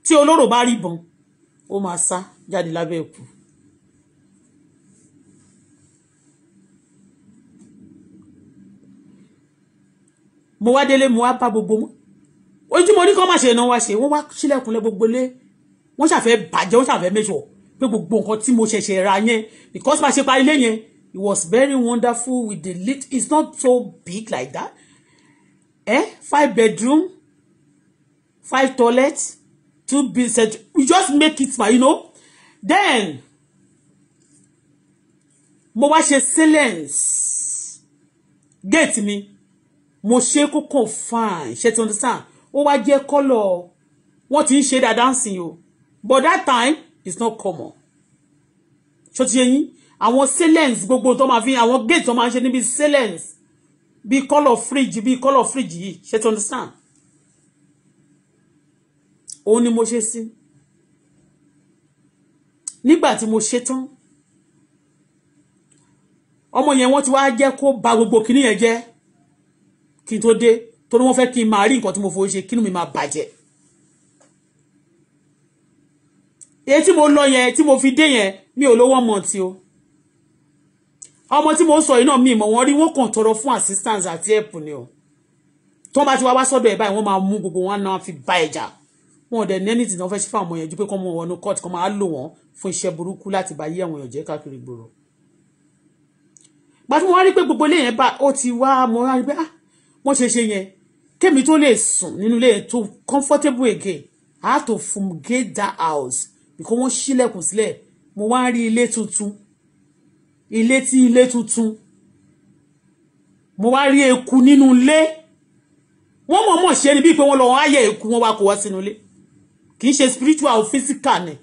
tí olóró bá rí ìbọn ó máa sá jáde lábẹ́ ẹ̀kú. mo wá délé mo wá bá gbogbo wọn ojú mo ní kọ́ máa ṣe iná wá ṣe wọ́n wá sílẹ̀kùnlẹ̀ gbogbo lé wọ́n ṣàfẹ́ bàjẹ́ wọ́n ṣàfẹ́ mẹ́ṣọ̀ pé gbogbo nǹkan tí mo ṣẹ̀ṣẹ̀ ra yẹn because máa ṣe pa ilé yẹn it was very wonderful with the lit it's not so big like that eh five bedroom five toilet two bed we just make it small you know then mo wá ṣe silence gate mi mo ṣe kókó fine ṣe ti understand ó wá jẹ́ kọ́lọ̀ wọ́n ti ń ṣe dáadáa sí o but that time is not common ṣó ti yẹ yín àwọn silence gbogbo tó máa fi àwọn gate tó máa ń ṣe níbi silence bíi colour fridge bíi colour fridge yìí ṣe tó understand òun ni mo ṣe sí nígbà tí mo ṣe tán ọmọ yẹn wọ́n ti wá jẹ́ kó ba gbogbo kinní yẹn jẹ́ kí n tó dé torí wọ́n fẹ́ kí n máa rí nǹkan tí mo fowó ṣe kínú mi máa bàjẹ́ èyí tí mo lọ yẹn tí mo fi dé yẹn mi ò lówó mọ̀ tí o ọmọ tí mo ń sọ yìí náà mi ìmọ̀ wọn rí wọn kàn tọrọ fún assistance àti help ni o tó bá ti wá wá sọ́dọ̀ ẹ̀ báyìí wọ́n máa mú gbogbo wọn náà fi ba ẹ̀jà wọn ò dẹ̀ ní anything náà fẹ́ ṣe fún àwọn èèyàn ju pé kọ́ mọ wọnú court kọ́ máa lò wọ́n fún iṣẹ́ burúkú láti bá yí àwọn èèyàn jẹ́ káàkiri gbòòrò. gbàtí mo wá rí pé gbogbo ilé yẹn bá ó ti wá mo rí pé ah, wọ́n ṣe ṣe yẹn kémi tó lè sùn nínú ilé tó comfortable again I had to fumigate that house because wọ́n ṣílẹ̀kùn sílẹ̀ mo wá rí ilé tuntun ilé tí ilé tuntun mo wá rí eku nínú ilé wọ́n mọ̀ mọ̀ ṣe ni bíi pé wọ́n lọ wọ́n á yẹ eku wọ́n wá kó wá sínú ilé kì ṣe spiritual or physical ni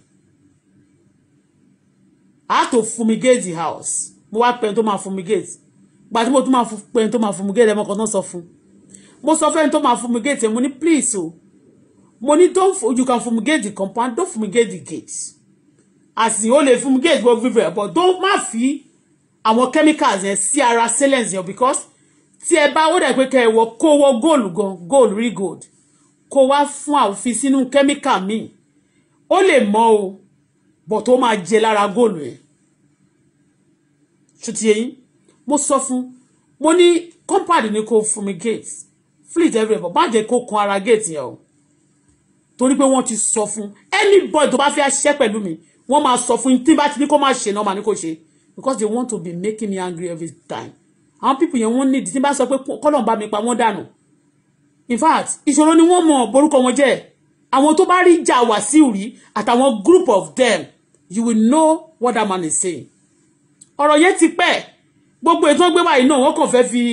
a tó fumigate the house mo wá pẹ́ni tó máa fumigate gbà tí mo tún máa pẹ́ni tó máa fumigate ẹ̀mọ́ kan náà sọ fún mo sọ fẹ́ni tó máa fumigate mo ní please o mo ní don't you can fumigate the compound don't fumigate the gate àsìn ó lè fumigate gbogbo bíbẹ̀ but don't ma fi àwọn chemicals yẹn sí ara saline yẹn because tí ẹ bá ó dà pé kẹ ẹ wọ kó wọ góòlù gan góòlù rí gold kó wá fún àwòfin sínú chemical míì ó lè mọ o bọ̀ tó máa jẹ lára góòlù yẹn ṣùtì ẹ̀yìn mo sọ fún mo ní compound ni kò fumigate fleet everywhere má jẹ́ kó kan ara gate yẹn o torí pé wọ́n ti sọ fún anybody tó bá fẹ́ ṣẹ́ pẹ̀lú mi wọ́n máa sọ fún tí bá ti ní kó máa ṣe náà máa ní kó ṣe because they want to be making me angry every time àwọn people yẹn wọ́n need tí n bá sọ pé kọ́lọ̀ bá mi pa wọ́n dànù in fact ìṣòro ni wọ́n mọ̀ borúkọ wọn jẹ́ àwọn tó bá rí ìjà Wàsíù rí àtàwọn group of them you will know what that man is saying ọ̀rọ̀ yẹn ti pẹ́ gbogbo ètò gbé báyìí náà wọ́n kàn fẹ́ fi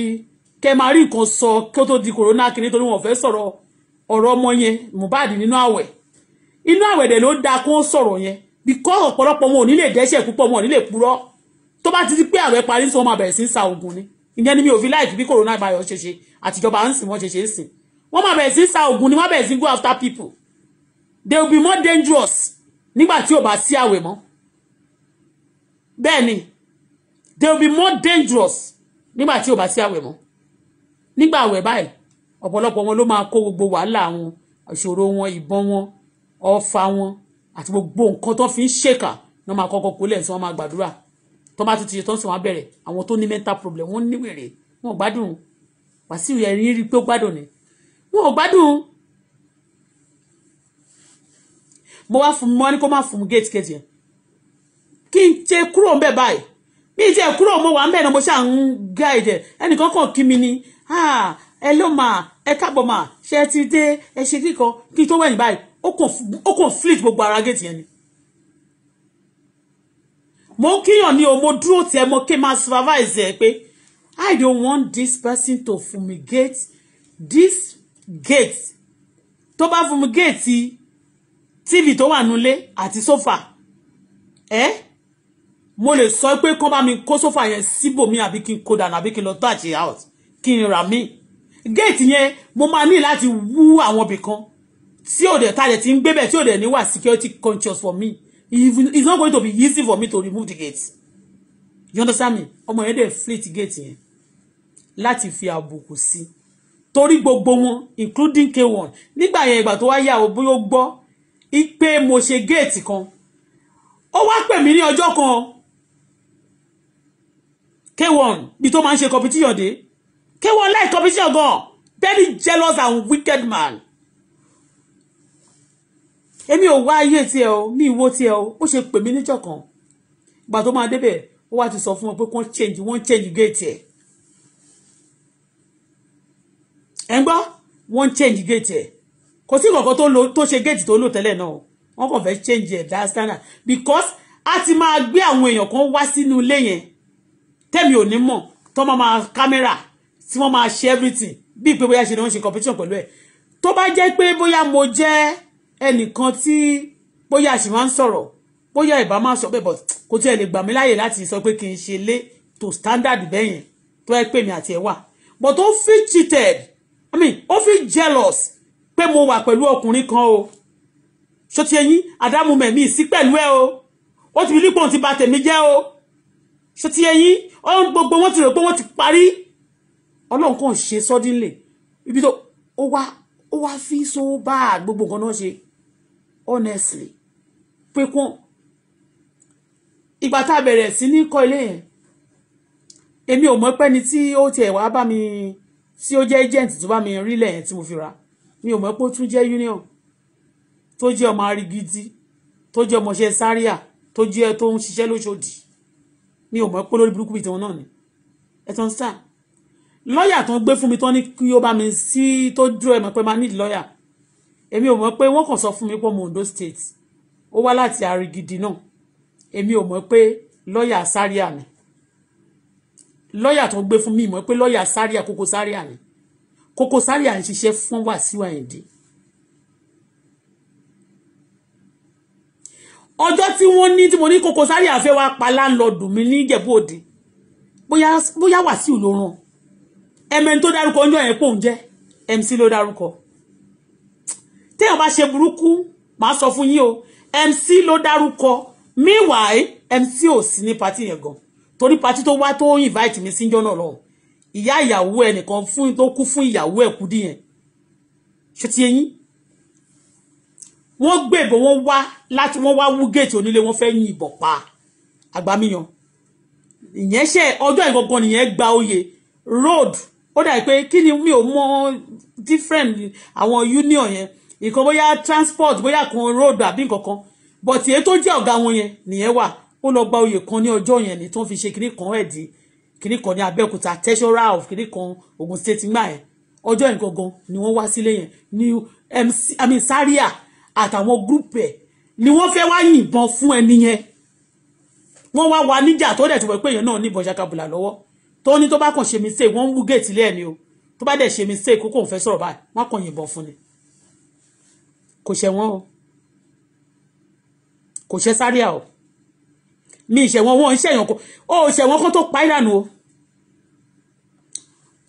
kẹ́ máa rí nǹkan sọ kí ó tó di corona kiri torí wọ́n fẹ́ sọ̀rọ̀ ọ̀rọ̀ ọmọ yẹn Mohbad nínú àwẹ̀ inú àwẹ̀ dẹ̀ ló dáa kó sọ̀rọ̀ yẹn because ọ̀pọ̀lọpọ̀ wọn ò ní lè dẹ́ṣẹ̀ púpọ̀ wọn ò ní lè purọ́ tó bá ti di pé ààrẹ parí tí wọ́n máa bẹ̀rẹ̀ sí ń sa oògùn ni ìyẹn ni mi ò fi láìkí bí corona virus ṣe ṣe àtijọba ń sìn wọ́n ṣe ń sìn wọ́n máa bẹ̀rẹ̀ sí sa oògùn ni wọ́n bẹ̀rẹ̀ sí go after people they will be more dangerous nígbà tí ò bá sí àwẹ̀ mọ́ bẹ́ẹ̀ they will be more dangerous nígbà tí ò bá sí àwẹ̀ mọ́ nígbà àwẹ̀ báyìí ọ̀pọ̀lọpọ̀ wọn ló máa kó gbogbo wàhálà wọn ìṣòro wọn ìbọn wọn ọfà wọn àti gbogbo nǹkan tó fi ń ṣèkà ní wọn máa kọ́kọ́ kólẹ̀ tí wọ́n máa gbàdúrà tó bá tún ti ṣe tó ń sìn wá bẹ̀rẹ̀ àwọn tó ní mental problem wọ́n ní wèrè wọn ò gbádùn wàsíù ẹ̀rín rí pé ó gbádùn ni wọn ò gbádùn mo wá fún mọ́ ní kó má fún mu gate gate yẹn kí n ṣe kúrò ń bẹ̀ báyìí mi ti ẹ̀ kúrò mo wà ń bẹ̀ náà mo ṣáà ń guide ẹnìkan kàn kí mi ni ẹ ló máa ẹ káàbọ̀ máa ṣe ti dé ẹ ṣe kíkan kí n tó wẹ̀yìn báyìí ó kàn flit gbogbo ara gate yẹn ni mo kíyàn ní o mo dúró tiẹ̀ mo ké máa supervise ẹ pé I don't want this person to fumigate this gate tó bá fumigate tv tó wà nulẹ̀ àti sofa ẹ mo lè sọ pé kán bá mi kó sofa yẹn síbòmí àbí kí n kó dànù àbí kí n lọ tó out kí n rà míì géètì yẹn mo máa ní láti wú àwọn ibì kan tí òde tàdé ti ń gbébẹ̀ tí òde ní wà security conscious for me even it's not going to be easy for me to remove the gate you understand me ọmọ yẹn dẹ̀ flit gate yẹn láti fi àbùkù sí torí gbogbo wọn including k1 nígbà yẹn ìgbà tó wá yà ó bóyá ó gbọ́ pé mo ṣe gate kan ó wá pè mí ní ọjọ́ kan k1 bí tó máa ń ṣe competition dé k1 like competition gan very jealous and wicked man èmi ò wá ayé tiẹ̀ o mi ìwo tiẹ̀ o ó ṣe pè mí níjọ́ kan ìgbà tó máa débẹ̀ ó wá ti sọ fún wọn pé wọ́n change wọ́n change gate ẹ̀ ẹ̀ ń gbọ́ wọ́n change gate ẹ̀ kò sí kankan tó lò tó ṣe gate tó lò tẹ́lẹ̀ náà wọ́n kàn fẹ́ change ẹ̀ dá because a ti máa gbé àwọn èèyàn kan wá sínú ilé yẹn tẹ́mi ò ní mọ̀ tó máa máa kámẹ́rà tí wọ́n máa ṣe everything bí ìpè bóyá ṣe ni wọ́n ṣe competition pẹ̀lú ẹ̀ tó bá jẹ́ pé bóyá mo jẹ́ ẹnìkan tí bóyá àṣì máa ń sọ̀rọ̀ bóyá ìbá máa sọ bẹ́ẹ̀ but kò tiẹ̀ lè gbà mí láàyè láti sọ pé kí n ṣe lé to standard bẹ́yẹn tó ẹ pè mí àti ẹ wà but ó fi cheated i mean ó fi jealous pé mo wà pẹ̀lú ọkùnrin kan o ṣó ti ẹyin àdámù mẹ̀mí sí pẹ̀lú ẹ o ó ti fi lípò ti ba tèmi jẹ́ o ṣó ti ẹyin ọ̀hún gbogbo wọn ti rò pé wọ́n ti parí ọlọ́run kàn ṣe suddenly ibi tó ó wá ó wá fi so bá gbogbo nǹkan náà ṣe honestly pé kún ìgbà tá a bẹ̀rẹ̀ sí ní kọ́ ilé yẹn èmi ò mọ̀ pé ni tí ó tiẹ̀ wá bá mi tí ó jẹ́ agent tó bá mi rí lẹ́yìn tí mo fi ra mi ò mọ̀ pé ó tún jẹ́ union tó jẹ́ ọmọ arigidi tó jẹ́ ọmọọṣẹ́ sáríà tó jẹ́ tó ń ṣiṣẹ́ lóṣòdì mi ò mọ̀ pé lórí burúkú bíi tiwọn náà ni ẹ̀tàn star lọ́ọ̀yà tó ń gbé fún mi tán ní kí ó bá mi sí tó dúró ẹ̀ mọ̀ pé máa ní lọ́ọ̀yà èmi ò mọ̀ pé wọ́n kàn sọ fún mi pé ọmọ Ondo state ó wá láti Arigidi náà èmi ò mọ̀ pé lọ́ọ̀yà sáríà ni lọ́ọ̀yà tó gbé fún mi mọ̀ pé lọ́ọ̀yà sáríà Koko Zaria ni Koko Zaria ń ṣiṣẹ́ fún Wàsíù Àyìndé ọjọ́ tí wọ́n ní tí mo ní Koko Zaria fẹ́ wá pa láńlọ́ọ̀dù mi ní Ìjẹ̀bú Òde bóyá bóyá Wàsíù ló ràn ẹ̀mẹ́ni tó dárúkọ ọjọ́ yẹn pòun jẹ́ MC ló dárúkọ téèyàn bá ṣe burúkú màá sọ fún yín o MC ló dárúkọ meanwhile MC ò sí ní pati yẹn gan torí pati tó wá tó invite mi síjọ́ náà lọ ìyá ìyàwó ẹnìkan fún tó kú fún ìyàwó ẹ̀ kú dìyẹn ṣe ti eyín wọ́n gbèbò wọ́n wá láti wọ́n wá wúgèètì onílé wọ́n fẹ́ yìnbọn pa àgbámíyan ìyẹn ṣe ọjọ́ ìgbọ̀ngàn nìyẹn gba oyè road ó dà pé kí ni mi ò mọ different àwọn union yẹn ìkan bóyá transport bóyá kan road àbí nǹkan kan but èyí tó jẹ́ ọ̀gá wọn yẹn nìyẹn wà ó lọ gba oyè kan ní ọjọ́ yẹn ni tó ń fi ṣe kinní kan ẹ̀ di kinní kan ní Abẹ́òkúta treasurer of kinní kan Ogun State ngbà yẹn ọjọ́ yẹn gangan ni wọ́n wá sílé yẹn ní MC I mean Saria àtàwọn group ẹ̀ ni wọ́n fẹ́ wá yìnbọn fún ẹni yẹn wọ́n wá wa níjà tó dẹ̀ tó wẹ̀ pé èèyàn náà níbọn ṣakabùlà lọ́wọ́ tó ní tó bá kàn ṣe mistake wọ́n ń wú gèètì lẹ́ẹ̀ ni o tó bá dẹ̀ ṣe mistake kókò ń fẹ́ sọ̀rọ̀ báyìí wọ́n kàn yìnbọn fún ni kò ṣẹ̀wọ̀n o kò ṣe Zaria o mi ìṣẹ̀wọ̀n wọn ń ṣẹ̀yàn kó o ṣẹ̀wọ̀n kó tó pa í dànù o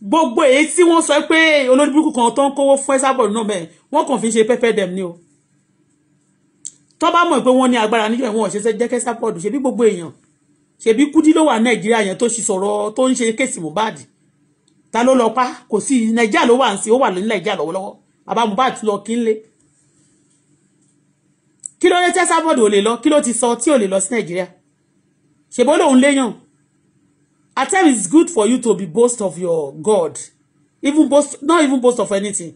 gbogbo èyí tí wọ́n sọ pé olódìbùkù kan tó ń kówó fún Esabod náà bẹ́ẹ̀ wọ́n kàn fi ṣe pẹ́pẹ́ dẹ̀m ni o tó bá mọ̀ pé wọ́n ní agbára níjọ́ ìwọ̀n ṣe jẹ́ kí Esabod ṣe bí gbogbo èèyàn ṣe bí Kudi ló wà Nàìjíríà yẹn tó ṣe sọ̀rọ̀ tó ń ṣe kéèsì Mohbad ta ló lọ pa kò sí Nàìjíríà ló wà ń sí ó wà ní Nàìjíríà lọ́wọ́lọ́wọ́ bàbá Mohbad lọ kí ń lé kí ló dé tí Esabod ò lè lọ kí ló ti sọ tí ò lè lọ sí nàìjíríà ṣèbó lòun léyàn at times it's good for you to be boast of your God even boast not even boast of anything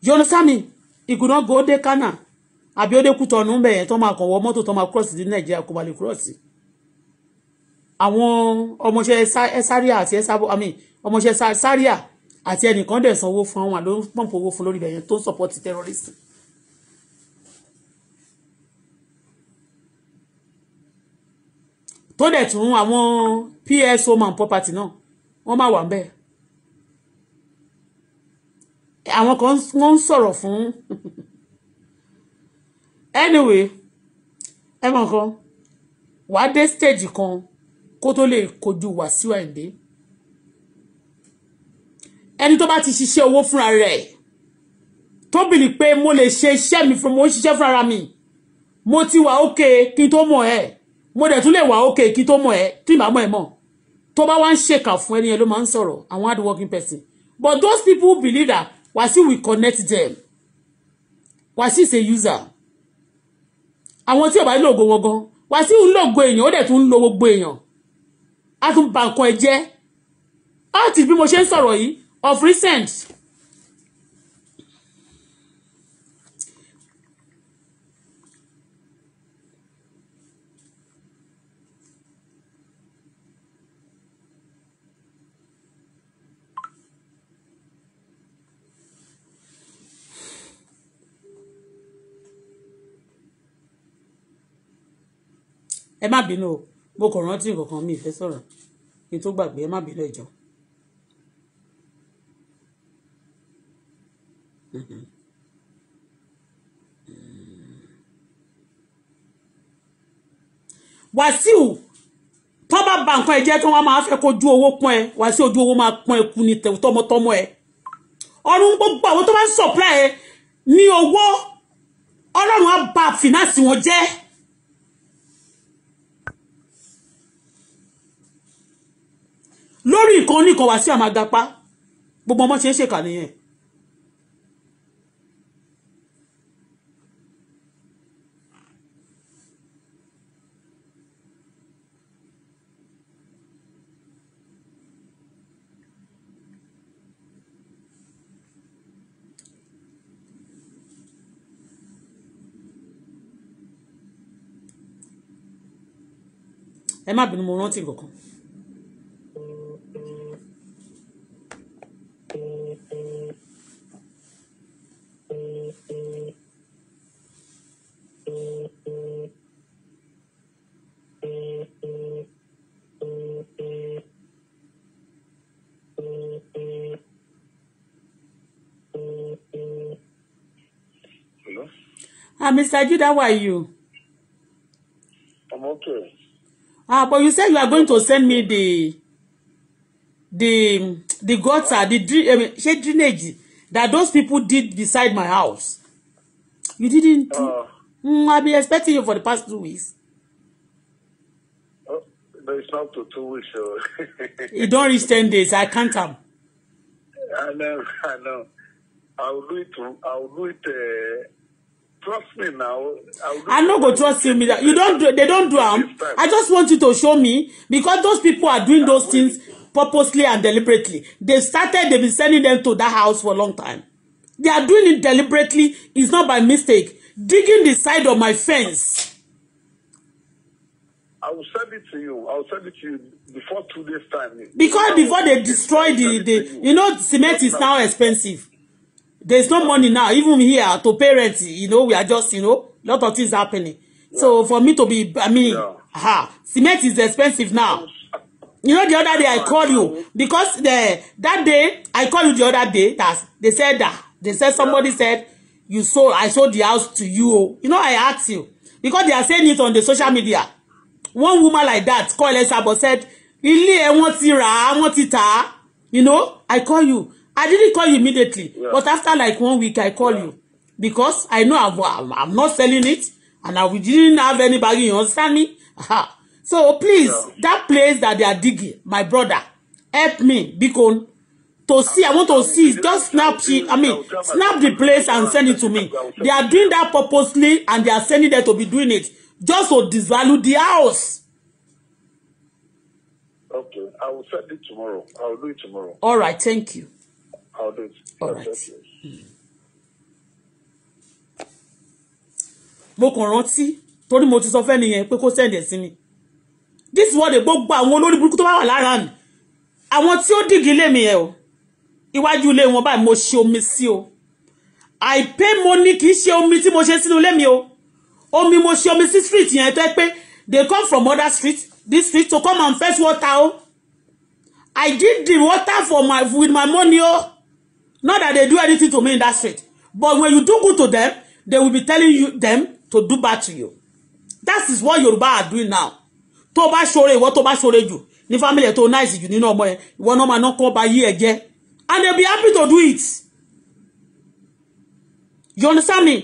you understand me you could not go de Ghana àbí ó dé Kútọ̀nù bẹ̀ yẹn tó máa kàn wọ mọ́tò tó máa cross ní nàìjíríà kó máa cross àwọn ọmọọṣẹ́ ẹsáríà àti ẹsábọ àmì ọmọọṣẹ́ sáríà àti ẹnìkan dẹ̀ sanwó fún àwọn àlọ́ pọ̀npọ̀ owó fún lórí ibẹ̀ yẹn tó ń support terrorist tó dẹ̀ tún àwọn PSO man property náà wọ́n máa wà ń bẹ̀ àwọn kan wọ́n ń sọ̀rọ̀ fún <laughs> anyway ẹ mọ̀ kan wàá dé stage kan kó tó lè kojú Wàsíù Àyìndé ẹni tó bá ti ṣiṣẹ́ owó fúnra rẹ̀ tó pé mo lè ṣe iṣẹ́ mi fún mo ń ṣiṣẹ́ fúnra mi mo ti wà ókè kí n tó mọ̀ ẹ́ mo dẹ̀ tún lè wà ókè kí tó mọ̀ ẹ́ tí màá mọ̀ ẹ́ mọ̀ tó bá wá ń ṣèkà fún ẹni yẹn ló máa ń sọ̀rọ̀ àwọn hard working person but those people believe that Wasiu will connect them Wasiu is a user àwọn tí ò bá ń lògo wọn gan Wasiu ń lògo èèyàn ó dẹ̀ tún ń lo gbogbo èèyàn á tún ba nǹkan ẹ jẹ́ á ti bí mo ṣe ń sọ̀rọ̀ yìí of recent ẹ má bínú o mo kò rántí nǹkan mi ìfẹ́ sọ̀rọ̀ kí n tó gbàgbé ẹ má bínú ẹ jọ̀ọ́. Wàsíù tó bá ba nǹkan ẹ jẹ́ kí wọ́n máa fẹ́ kojú owó pọ́n ẹ Wàsíù ojú owó máa pọ́n ẹ kú ní tọmọtọmọ ẹ ọ̀run gbogbo àwọn tó bá ń supply ẹ ní owó ọlọ́run á ba fìnásì wọn jẹ́. lórí nǹkan oníkan wá sí àmàgapá gbogbo ọmọ ṣe ń ṣèkà nìyẹn ẹ má bínú mo rántí nǹkan kan. Ah, Mr. Jude, how are you? I'm okay. Ah, but you said you are going to send me the the the gutter, the drain, I drainage that those people did beside my house. You didn't. Uh, mm, I've been expecting you for the past two weeks. Oh, but it's not to two weeks. So. you don't reach 10 days. I can't have. I know, I know. I'll do it. I'll do it. Uh, trust me now. I'm not going to trust you. <laughs> Me you don't do. They don't do them. I just want you to show me because those people are doing those things purposely and deliberately. They started, they've been sending them to that house for a long time. They are doing it deliberately. It's not by mistake. Digging the side of my fence. I will send it to you. I will send it to you before two days' time. Because before they destroy the, the you. know, cement is now expensive. There is no money now, even here to parents, you know, we are just, you know, lot of things happening. Yeah. So for me to be, I mean, yeah. ha, cement is expensive now. You know the other day I called you because the that day I called you the other day that they said that they said somebody said you sold I sold the house to you. You know I asked you because they are saying it on the social media. One woman like that called Esabo said ilé ẹ wọ́n ti rà á wọ́n ti tà á. You know I call you. I didn't call you immediately yeah. but after like one week I call yeah. you because I know I'm, I'm, I'm not selling it and I didn't have anybody you understand me. Aha so please yeah. that place that they are digging my brother help me because to see i want to see just snap she i mean snap the place and send it to me they are doing that purposely and they are sending there to be doing it just to disvalue the house. okay i will send it tomorrow i will do it tomorrow. all right thank you. I'll do it. all right. Hmm. mo kàn rántí torí mo ti sọ fẹ́ nìyẹn pé kó sẹ̀dẹ̀ sí mi this is what they gbogbo àwọn olórí burúkú tó bá wà lára mi àwọn tí ó dìgì ilé mi yẹn o iwájú ilé wọn báyìí mo ṣe omi sí o àìpé mo ní kì í ṣe omi tí mo ṣe sínú ilé mi o omi mo ṣe omi sí street yẹn tó ẹ they come from other street this street to come and fetch water o I did the water for my with my money o not that they do anything to me in that street but when you do good to them they will be telling you them to do bad to you that is what Yoruba are doing now tó bá ṣore ìwọ tó bá ṣore jù ní family ẹ tó nice jù nínú ọmọ ẹ ìwọ náà máa ná kọ́ ba yí ẹ jẹ́ and they be happy to do it you understand me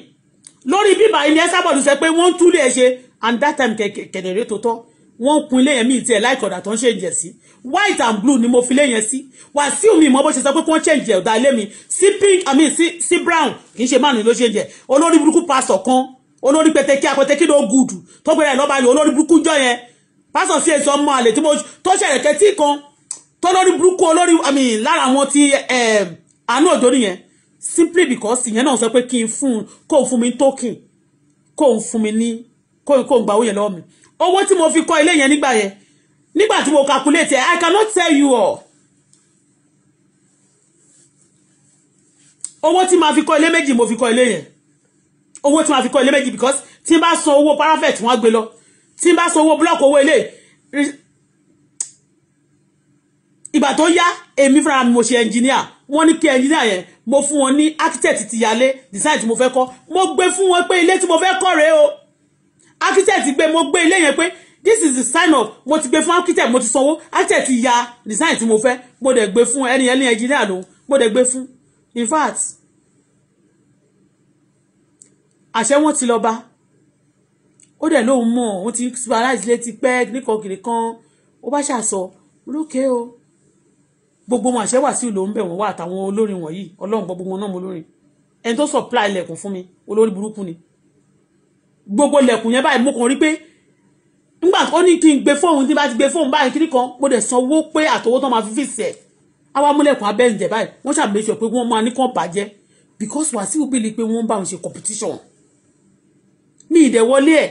lórí bíbá ẹni ẹ sábà lù sẹ pé wọ́n ń tú ṣe and that time kẹ̀kẹ̀dẹ̀rẹ́ tó tọ́ wọ́n kun ilé yẹn míì tiẹ̀ láì kọ̀dà tó ń ṣèǹjẹ̀ sí white and blue ni mo fi ilé yẹn sí wàsíù mi mọ bó ṣe sọ pé kí wọ́n ṣèǹjẹ̀ ọ̀dà ilé mi sí pink i mean sí sí brown kì í ṣe márùn ló ṣèǹjẹ̀ olórí burúkú pastor kan olórí pẹtẹkí apẹtẹkí ló gùdù tó gbéra ẹ̀ lọ́ba yìí olórí burúkú jọ yẹn pásọ̀ sí èso ọmọ àlè tí mo tó ṣẹlẹ̀ kẹtí kan tó lórí burúkú olórí àmì lára àwọn ti àánú òjò nìyẹn simply because ìyẹn náà sọ pé kí n fún un kó o fún mi token kó o fún mi ní kó o gbà owó yẹn lọ́wọ́ mi owó tí mo fi kọ́ ilé yẹn nígbà yẹn nígbà tí mo calculate I cannot tell you all owó tí ma fi kọ́ ilé méjì mo fi kọ́ ilé yẹn owó tí ma fi kọ́ ilé méjì because tí n bá san owó parapet wọ́n gbé lọ tí n bá san owó búlọ́ọ̀kì owó ilé ìgbà tó yá èmi fúnra mi mo ṣe ẹnjìníà wọ́n ní kí ẹnjìníà yẹn mo fún wọn ní architect ti yálé design tí mo fẹ́ kọ́ mo gbé fún wọn pé ilé tí mo fẹ́ kọ́ rèé o architect gbé mo gbé ilé yẹn pé this is the sign of mo ti gbé fún architect mo ti sanwó architect ti ya design tí mo fẹ́ mo dẹ̀ gbé fún ẹni ẹni ẹnjìníà lòun mo dẹ̀ gbé fún in fact àṣẹ wọn ti lọ bá ó dẹ̀ lóun mọ̀ ó ti paralyze létí pẹ́ nìkan kiri kan ó bá ṣàṣọ olókè o gbogbo wọn àṣẹ wàsíù ló ń bẹ̀ wọ́n wà àtàwọn olórin wọ̀nyí ọlọ́run gbọ́ gbogbo náà mo lórin ẹni tó supply ilẹ̀kùn fún mi olórí burúkú ni gbogbo ilẹ̀kùn yẹn báyìí mo kàn rí pé nígbà tó ní kí n gbé fóònù tí bá ti gbé fóònù báyìí kiri kan mo dẹ̀ sanwó pé àtọwọ́ tó máa fi fèsì ẹ̀ àwa múlẹ̀kùn abẹ́ǹjẹ̀ báyìí wọ́n ṣàbẹ̀ṣọ pé wọ́n máa ní kàn bàjẹ́ because wàsíù bìlì pé wọ́n bá wọn ṣe competition mi ìdẹ̀wọlé ẹ̀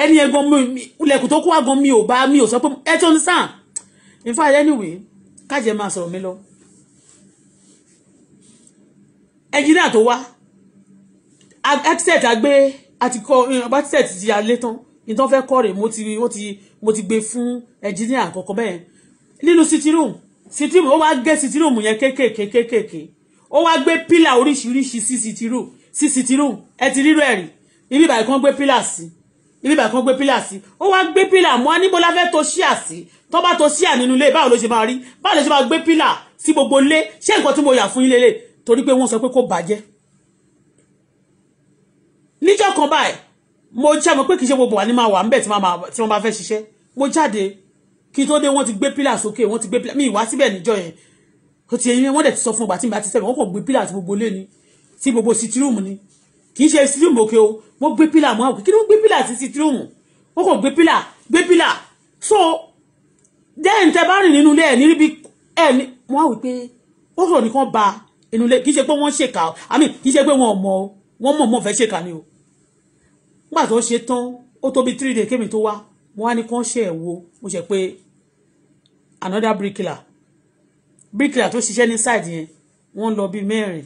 ẹni yẹn gan mi ilẹ̀kùn tó kó wá gan mi ò bá mi ò sọ pé ẹ tó ń sàn in fact anyway kájẹ máa sọ̀rọ̀ mi lọ ẹnjìnà tó wá headset àgbé àti kọ ọba eh, headset ti alẹ́ tán ìtàn fẹ́ kọ́ rè mo ti mo ti gbé fún ẹnjìnà àkọ́kọ́ bẹ́ẹ̀ nínú sitting room sitting room ó wá gé sitting room yẹn kéékèèké kéékèèké ó wá gbé pílà oríṣiríṣi sí sitting room ẹ ti rírọ ẹ̀rí ibi ìbàdàn kan gbé pílà sí i bíbà kan gbé pílà sí ó wá gbé pílà mọ́ níbo la fẹ́ to ṣíà sí tó bá to ṣíà nínú ilé báwo ló ṣe máa rí báwo ló ṣe máa gbé pílà sí gbogbo ilé ṣé nǹkan tí mo yà fún yín lélẹ̀ torí pé wọ́n sọ pé kó bàjẹ́ níjọ́ kan báyìí mo jẹ́ mo pé kì í ṣe gbogbo wa ní máa wà ńbẹ̀ tí wọ́n bá fẹ́ ṣiṣẹ́ mo jáde kí tó dé wọ́n ti gbé pílà sókè wọ́n ti gbé pílà mi ìwá síbẹ̀ níjọ́ yẹn kò ti ẹyin wọ́n dẹ̀ ti sọ fún ọgbà tí mi bá ti sẹ́bẹ̀ wọ́n kò gbé pílà àti gbogbo ilé ni tí gbogbo sitirúùmù ni kì í ṣe sitirúùmù òkè o wọ́n gbé pílà mọ́ àwòkí kí ni wọ́n gbé pílà sí sítírùmù wọ́n kò gbé pílà gbé pílà so then tẹ bá rìn nínú ilé ẹ̀ ní ríbi ẹ̀ ní wọ́n wí pé ó sọ̀rọ̀ nìkan ba inú ilé kì í ṣe pé wọ́n ṣèkà i mean kì í ṣe pé wọ́n mọ̀ wọ́n mọ̀ mọ̀ fẹ́ ṣèkà ni o nígbà tó ṣe tán ó tó bí three days kémi tó wá wọ́n á ní kán ṣe ẹ̀ mo ṣe pé another bricklayer bricklayer tó ṣiṣẹ́ ní side yẹn wọ́n lọ bíi mẹ́rin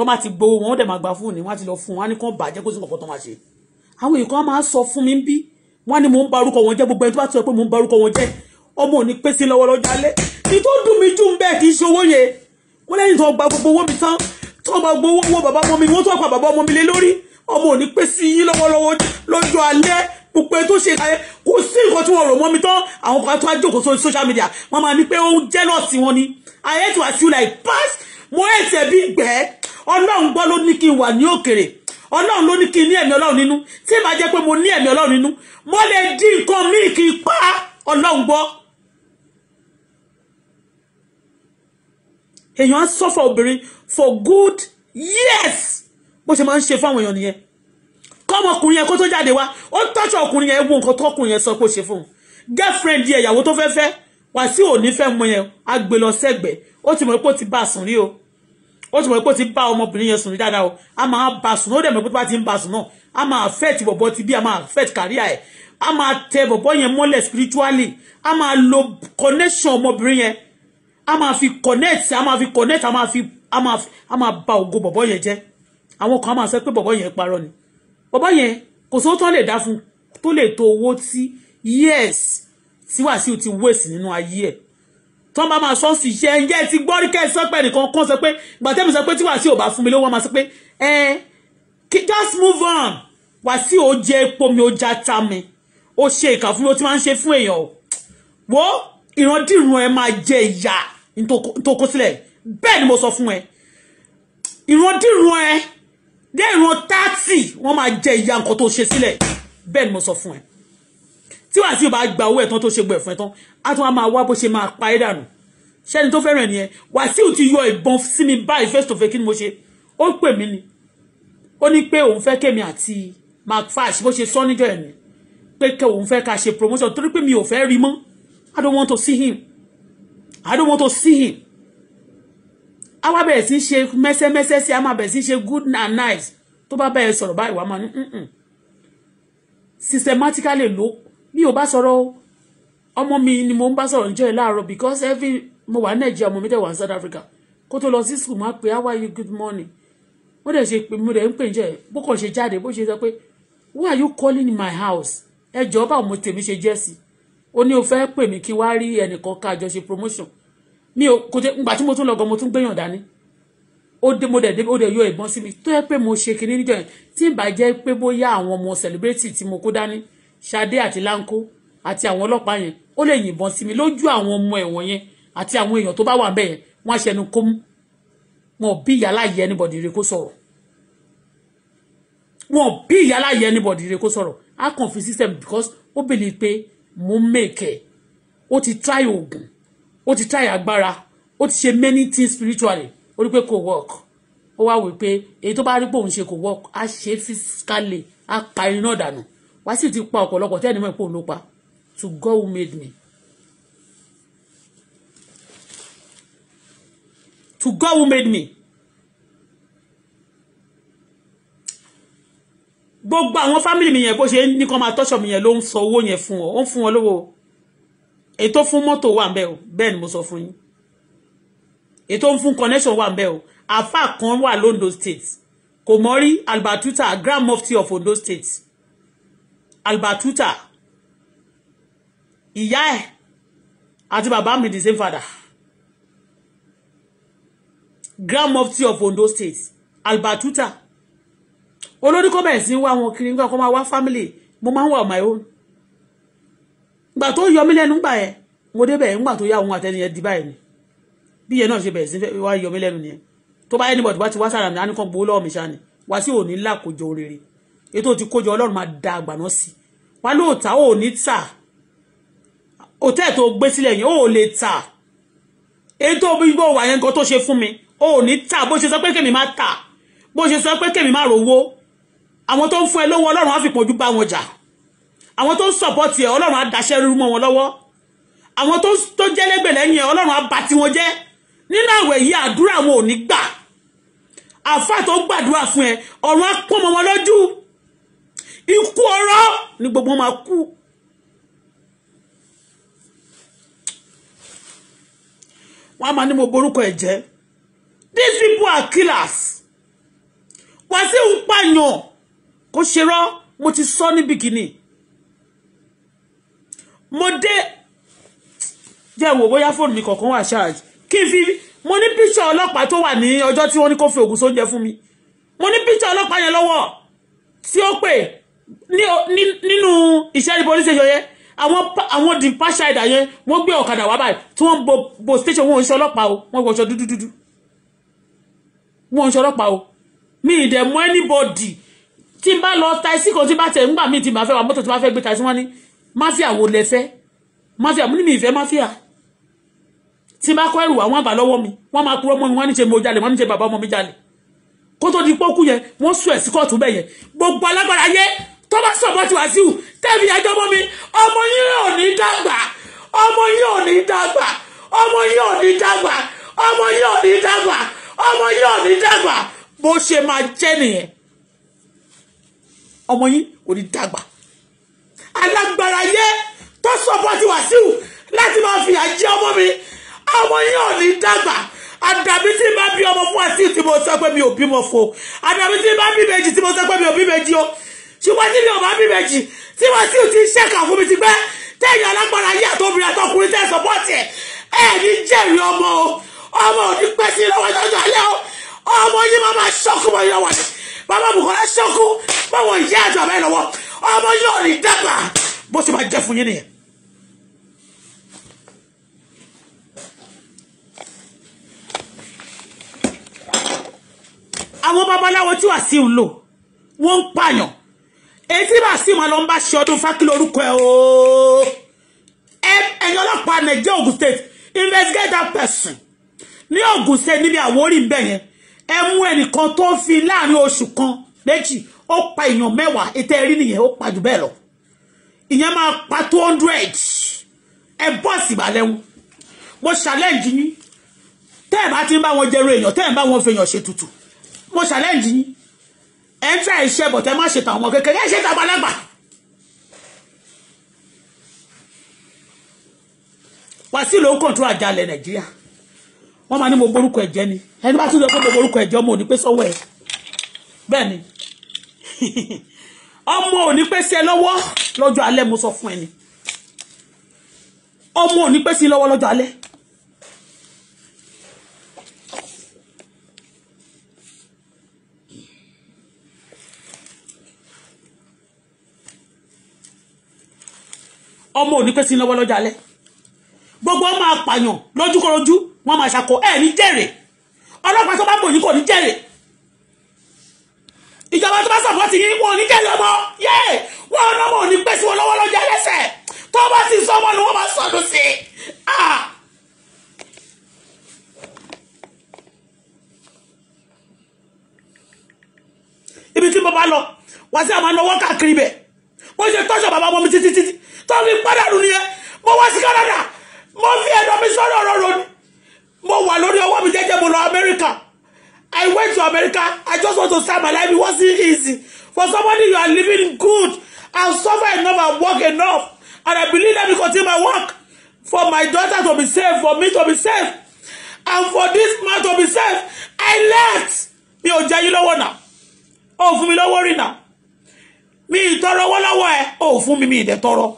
tó máa ti gbowó wọn ó dẹ̀ máa gba fóònù wọn á ti lọ fún wọn á ní kàn bàjẹ́ kó sí kankan tó máa ṣe àwọn èèyàn kan máa sọ fún mi bí wọn ni mò ń barúkọ wọn jẹ́ gbogbo ẹni tó bá ti sọ pé mò ń barúkọ wọn jẹ́ ọmọ ò ní pèsè lọ́wọ́ lọ́jọ́ alẹ́ ní tó dùn mí jù bẹ́ẹ̀ kì í ṣe owó yẹn wọ́n lẹ́yìn tó gba gbogbo owó mi tán tó gba gbogbo owó bàbá ọmọ mi wọ́n tó tó ṣe ẹ kò sí nǹkan tí wọ́n rò mọ́ mi tán àwọn kan tó á jókòó sórí social media wọ́n máa ní pé ó jẹ́ lọ́ọ̀sì wọn ni I hate to pass mo hate bí gbẹ́ẹ́ ọlọ́run gbọ́ ló ní kí n wà ní òkèrè ọlọ́run ló ní kí n ní ẹ̀mí ọlọ́run nínú tí màá jẹ́ pé mo ní ẹ̀mí ọlọ́run nínú mo lè di nǹkan míì kí n pa ọlọ́run gbọ́. èèyàn á sọ́fọ̀ obìnrin for good years bó ṣe máa ń ṣe fáwọn èèyàn nìyẹn kọ́mọkùnrin yẹn kó tó jáde wá ó tọ́jú ọkùnrin yẹn wo nǹkan tọkùnrin yẹn sọ pé ó ṣe fún girlfriend yẹn ìyàwó tó fẹ́ fẹ́ wàásù ò ní fẹ́ mọ yẹn á ó ti mọ̀ pé ó ti bá a sùn rí o ó ti mọ̀ pé ó ti bá ọmọbìnrin yẹn sùn dáadáa o a máa bá sùn ó dẹ̀ mọ̀ pé tó bá ti ń bá sùn náà a máa affect bọ̀bọ̀ ti bí a máa affect career ẹ̀ a máa tẹ bọ̀bọ̀ yẹn mọ́lẹ̀ spiritually a máa lo connection ọmọbìnrin yẹn a máa fi connect a máa fi connect a máa fi a máa a máa ba ògo bọ̀bọ̀ yẹn jẹ́ àwọn kan a máa sọ pé bọ̀bọ̀ yẹn parọ́ ni bọ̀bọ̀ yẹn kò sówó tó lè dá fún tó lè tó owó tí yes tí Wàsíù ti waste nínú ayé ẹ̀ tọ́ bá máa sọ sí iṣẹ́ ẹ̀yẹ́ ti gbọ́ rí kẹ́sọ́ pé nìkan kan sọ pé gbàtẹ́mi sọ pé tí Wàsíù ò bá fún mi lówó máa sọ pé ẹ just move on Wàsíù ó jẹ epo mi ó ta mi ó ṣe ìkà fún mi ó ti máa ń ṣe fún èèyàn o wo ìrandíran ẹ máa jẹ ìyà tó kó sílẹ̀ bẹ́ẹ̀ ni mo sọ fún ẹ ìrandíran ẹ dé ìran tààtì wọ́n máa jẹ ìyà nǹkan tó ṣe sílẹ̀ bẹ́ẹ̀ ni mo sọ fún ẹ tí wàá sí ìbá gba owó ẹ̀tàn tó ṣe gbọ̀ ẹ̀fọ́ ẹ̀tàn á tún wá máa wá bó ṣe máa pa é dànù ṣẹ́ni tó fẹ́ràn ẹ̀nìyẹn Wàsíù ti yọ ìbọn sí mi báyìí face to face kí ni mo ṣe ó pè mí ni ó ní pé òun fẹ́ kémi àti macfash bó ṣe sọ níjọ́ ẹ̀mí pé kẹ òun fẹ́ ká ṣe promotion torí pé mi ò fẹ́ rí mọ́ I don't want to see him I don't want to see him a wá bẹ̀rẹ̀ sí ṣe mẹ́sẹ́mẹ́sẹ́ sí a máa bẹ̀rẹ̀ sí ṣe good and nice tó bá bẹ̀rẹ̀ sọ̀rọ̀ báyìí wàá máa ní systematically ló mi ò bá sọ̀rọ̀ ọmọ mi ni mo ń bá sọ̀rọ̀ níjọ́ ẹ̀ because every mo wà ní nàìjíríà mo mi dẹ̀ wà ní south africa kó tó lọ sí school máa pe how are you good morning mo dẹ̀ ṣe pé mo dẹ̀ ń pè níjọ́ ẹ̀ bó kàn ṣe jáde bó ṣe sọ pé why are you calling in my house ẹ jọ̀ọ́ báwo mo tèmi ṣe jẹ́ sí o ní o fẹ́ pè mí kí wá rí ẹnìkan ká àjọ ṣe promotion mi ò kò tẹ ngbà tí mo tún lọ gan mo tún gbẹ̀yàn dání ó dé mo dẹ̀ dé ó dẹ̀ yọ ìbọn sí mi tó yẹ pé mo ṣe kinní níjọ́ yẹn tí ì bá jẹ́ pé bóyá àwọn ọmọ celebrity tí mo kó dání Ṣadé àti lanko àti àwọn ọlọ́pàá yẹn ó lè yìnbọn sí mi lójú àwọn ọmọ ẹ̀wọ̀n yẹn àti àwọn èèyàn tó bá wà bẹ́ẹ̀ wọ́n á ṣẹnu kó mú wọn bí ìyá láyé anybody rẹ kó sọ̀rọ̀ wọn bí ìyá láyé anybody rẹ kó sọ̀rọ̀ á kàn fi system because ó believe pé mo make ẹ̀ e. ó ti try oògùn ó ti try agbára ó ti ṣe many things spiritually ó rí pé kò work ó wá wí pé èyí tó bá rí pé òun ṣe kò work á ṣe physically á pa iná dànù Wasiu ti pa ọ̀pọ̀lọpọ̀ tẹ́ni mọ̀ pé pa to God who made me. To God who made me. gbogbo àwọn fámìlì mi yẹn bó ṣe ní kó máa tọ́ṣọ̀ mi yẹn ló ń sọ owó yẹn fún ọ ó ń fún wọn lówó ètò fún mọ́tò wà ń bẹ̀ o bẹ́ẹ̀ ni mo sọ fún yín ètò ń fún connection wà ń bẹ̀ o àfáà kan wà londo state kò mọ́ rí albatuta grand mufti of ondo state albatuta ìyá ẹ̀ àti bàbá mi the same father grand mufti of Ondo state albatuta olórí kọ́ bẹ̀rẹ̀ sí wá wọn kiri nígbà kan máa wá family mo máa ń wà my own ìgbà tó yọ mí lẹ́nu gbà yẹn mo débẹ̀ ńgbà tó yá òun àtẹniyẹn di báyìí ni bí yẹn náà ṣe bẹ̀rẹ̀ sí wá yọ mí lẹ́nu nìyẹn tó bá anybody bá ti wá sára mi á ní kàn gbowó lọ́wọ́ mi ṣáà ni wá sí òní ńlá kò jọ rere eto ti kójọ ọlọ́run máa da àgbàná sí wà lóòótá ò ní tà òtẹ́ẹ̀ tó gbé sílẹ̀ yẹn ò lè tà èyí tó bí bó wà yẹn nǹkan tó ṣe fún mi ò ní tà bó ṣe sọ pé kèmí má tà bó ṣe sọ pé kèmí má rówó àwọn tó ń fún ẹ lówó ọlọ́run á fi pọ̀jú bá wọn jà àwọn tó ń sọ̀pọ̀tì ẹ ọlọ́run á daṣẹ́ rírú mọ́ wọn lọ́wọ́ àwọn tó jẹ́ lẹ́gbẹ̀lẹ́ yẹn ọlọ́run á bà tí wọn jẹ́ nínú àwẹ̀ yìí àdúrà wọn ò ní gbà àfáà tó gbàdúrà fún ẹ ọ̀run á pọ́n mọ́ wọn lójú ikú ọ̀rọ̀ ni gbogbo máa kú. wọ́n á máa ní mo borúkọ ẹ̀ these people are killers wá sí ń pààyàn kó ṣe rọ́ mo ti sọ ní bìkínì mo dé jẹ́ wò bóyá fóònù mi kọ̀ọ̀kan wà ṣáàjì kí n fi mo ní píṣọ ọlọ́pàá tó wà ní ọjọ́ tí wọ́n ní kó fi ògùn sóúnjẹ fún mi mo ní píṣọ ọlọ́pàá yẹn lọ́wọ́ tí ó pè nínú ìṣẹ́rí police station yẹn àwọn àwọn the partial rider yẹn wọ́n gbé ọ̀kadà wá báyìí tí wọ́n bo bo station wọn ò ń ṣe ọlọ́pàá o wọ́n wọṣọ dúdú dúdú wọn ò ń ṣe ọlọ́pàá o mi ì dẹ̀ mọ anybody tí n bá lọ taxi kan tí n bá tẹ̀ ńgbà míì tí n bá fẹ́ wa mọ́tò tí n bá fẹ́ gbé taxi wọn ní mafia wo lẹ fẹ́ mafia mo ní mi ìfẹ́ mafia tí n bá kọ́ ẹrù àwọn àbá mi wọ́n máa purọ́ mọ́ mi wọ́n ní ṣe mo jalè wọ́n ní ṣe bàbá ọmọ mi jalè kó tó di pókú yẹn wọ́n sùn ẹ̀ sí kóòtù bẹ́ẹ̀ yẹn gbogbo alágbára yé tó bá sọ̀pọ̀tì Wàsíù tẹ́ẹ̀fì ẹjọ́ mọ́ mi ọmọ yín ò ní dàgbà ọmọ yín ò ní dàgbà ọmọ yín ò ní dàgbà ọmọ yín ò ní dàgbà ọmọ yín ò ní dàgbà bó ṣe máa jẹ́ nìyẹn ọmọ yín kò ní dàgbà alágbára yẹ tó sọ̀pọ̀tì Wàsíù láti máa fìyà jẹ ọmọ mi ọmọ yín ò ní dàgbà àdàbí tí n bá bí ọmọ fún Wàsíù tí mo sọ pé mi ò bímọ fún o àdàbí tí n bá bí méjì tí mo sọ pé mi ò bí méjì o ṣùgbọ́n tí mi ò bá bí méjì tí wọ́n sì ti ṣẹ́kà fún mi ti pẹ́ tẹ́yìn alágbára yí àtọ́bìnrin àtọkùnrin tẹ́ sọ́pọ́ọ̀tì ẹ̀ ẹ̀ ní jẹ́rìí ọmọ o ọmọ ò ní pẹ́ sí lọ́wọ́ ìtọ́jú alẹ́ o ọmọ yín máa máa ṣọ́kù wọ́n yín ni bàbá Bùkọ́lá ṣọ́kù báwọn ìyá àti bàbá yín lọ́wọ́ ọmọ yóò ní dàgbà bó ṣe máa jẹ́ fún yín nìyẹn. àwọn babaláwo tí wàá sí ń lò ń pààyàn etí bá sì máa lọ ń bá ṣe ọdún fákìlì orúkọ ẹ o ẹ̀yin ọlọ́pàá nàìjíríà Ogun State investigate that person ní Ogun State níbi àwórí ń bẹ yẹn ẹ mú ẹnìkan tó fi láàrin oṣù kan méjì ó pa èèyàn mẹ́wàá ètò ẹ̀rí nìyẹn ó pa jù bẹ́ẹ̀ lọ ìyẹn máa pa two hundred ẹ bọ́ọ̀sì ìbàlẹ́wọ̀n mo challenge yín tẹ́ ẹ̀ bá ti ń bá wọn jẹrọ èèyàn tẹ́ ẹ̀ ń bá wọn fèèyàn ṣètùtù mo challenge yín ẹ ń tà iṣẹ́ bọ̀ tẹ́ má ṣe tàwọn ọmọ kékeré ẹ ṣe tàwọn ọlọ́gbà. Wàsíù ló ń kọ̀ǹtó àjálẹ̀ Nàìjíríà wọ́n máa ní mo borúkọ ẹ̀jẹ̀ ni ẹni bá tún lọ pé mo borúkọ ẹ̀jẹ̀ ọmọ òní pé sọ́wọ́ ẹ̀ bẹ́ẹ̀ ni <laughs> ọmọ òní pé sí ẹ lọ́wọ́ lọ́jọ́ alẹ́ mo sọ fún ẹni ọmọ òní pé sí lọ́wọ́ lọ́jọ́ alẹ́ ọmọ ò ní pẹ́ sí lọ́wọ́ lọ́jà alẹ́ gbogbo ọmọ apààyàn lójúkọrojú wọn máa ṣàkó ẹ ní jèrè ọlọ́pàá tó bá bò yín kò ní jèrè ìjọba tó bá sàpọ́tì yín wọn ò ní jèrè ọmọ yé wọn ọ̀nà ọmọ ò ní pẹ́ sí wọn lọ́wọ́ lọ́jà ẹlẹ́sẹ̀ tó bá sì sọ ọmọ ni wọ́n máa sọ̀dún sí i. ibi tí mo bá lọ wá sí àwọn ọmọ wọn káàkiri bẹ wọn ṣe tọ́jú bàbá ọmọ mi títí títí tọ́lú ìpàdánù nìyẹn mo wá sí Canada mo fi ẹ̀dọ̀ mi sọ́dọ̀ ọ̀rọ̀ rò mo wà lórí ọwọ́ mi jẹ́jẹ́ mo lọ America I went to America I just want to start my life it wasn't easy for somebody you are living good and suffer enough and work enough and I believe that because continue my work for my daughter to be safe for me to be safe and for this man to be safe I left mi ò jẹ́ yín lọ́wọ́ náà ó fún mi lọ́wọ́ rí náà mi ì tọrọ wọ́lọ́wọ́ ẹ ó fún mi mi ì dẹ̀ tọrọ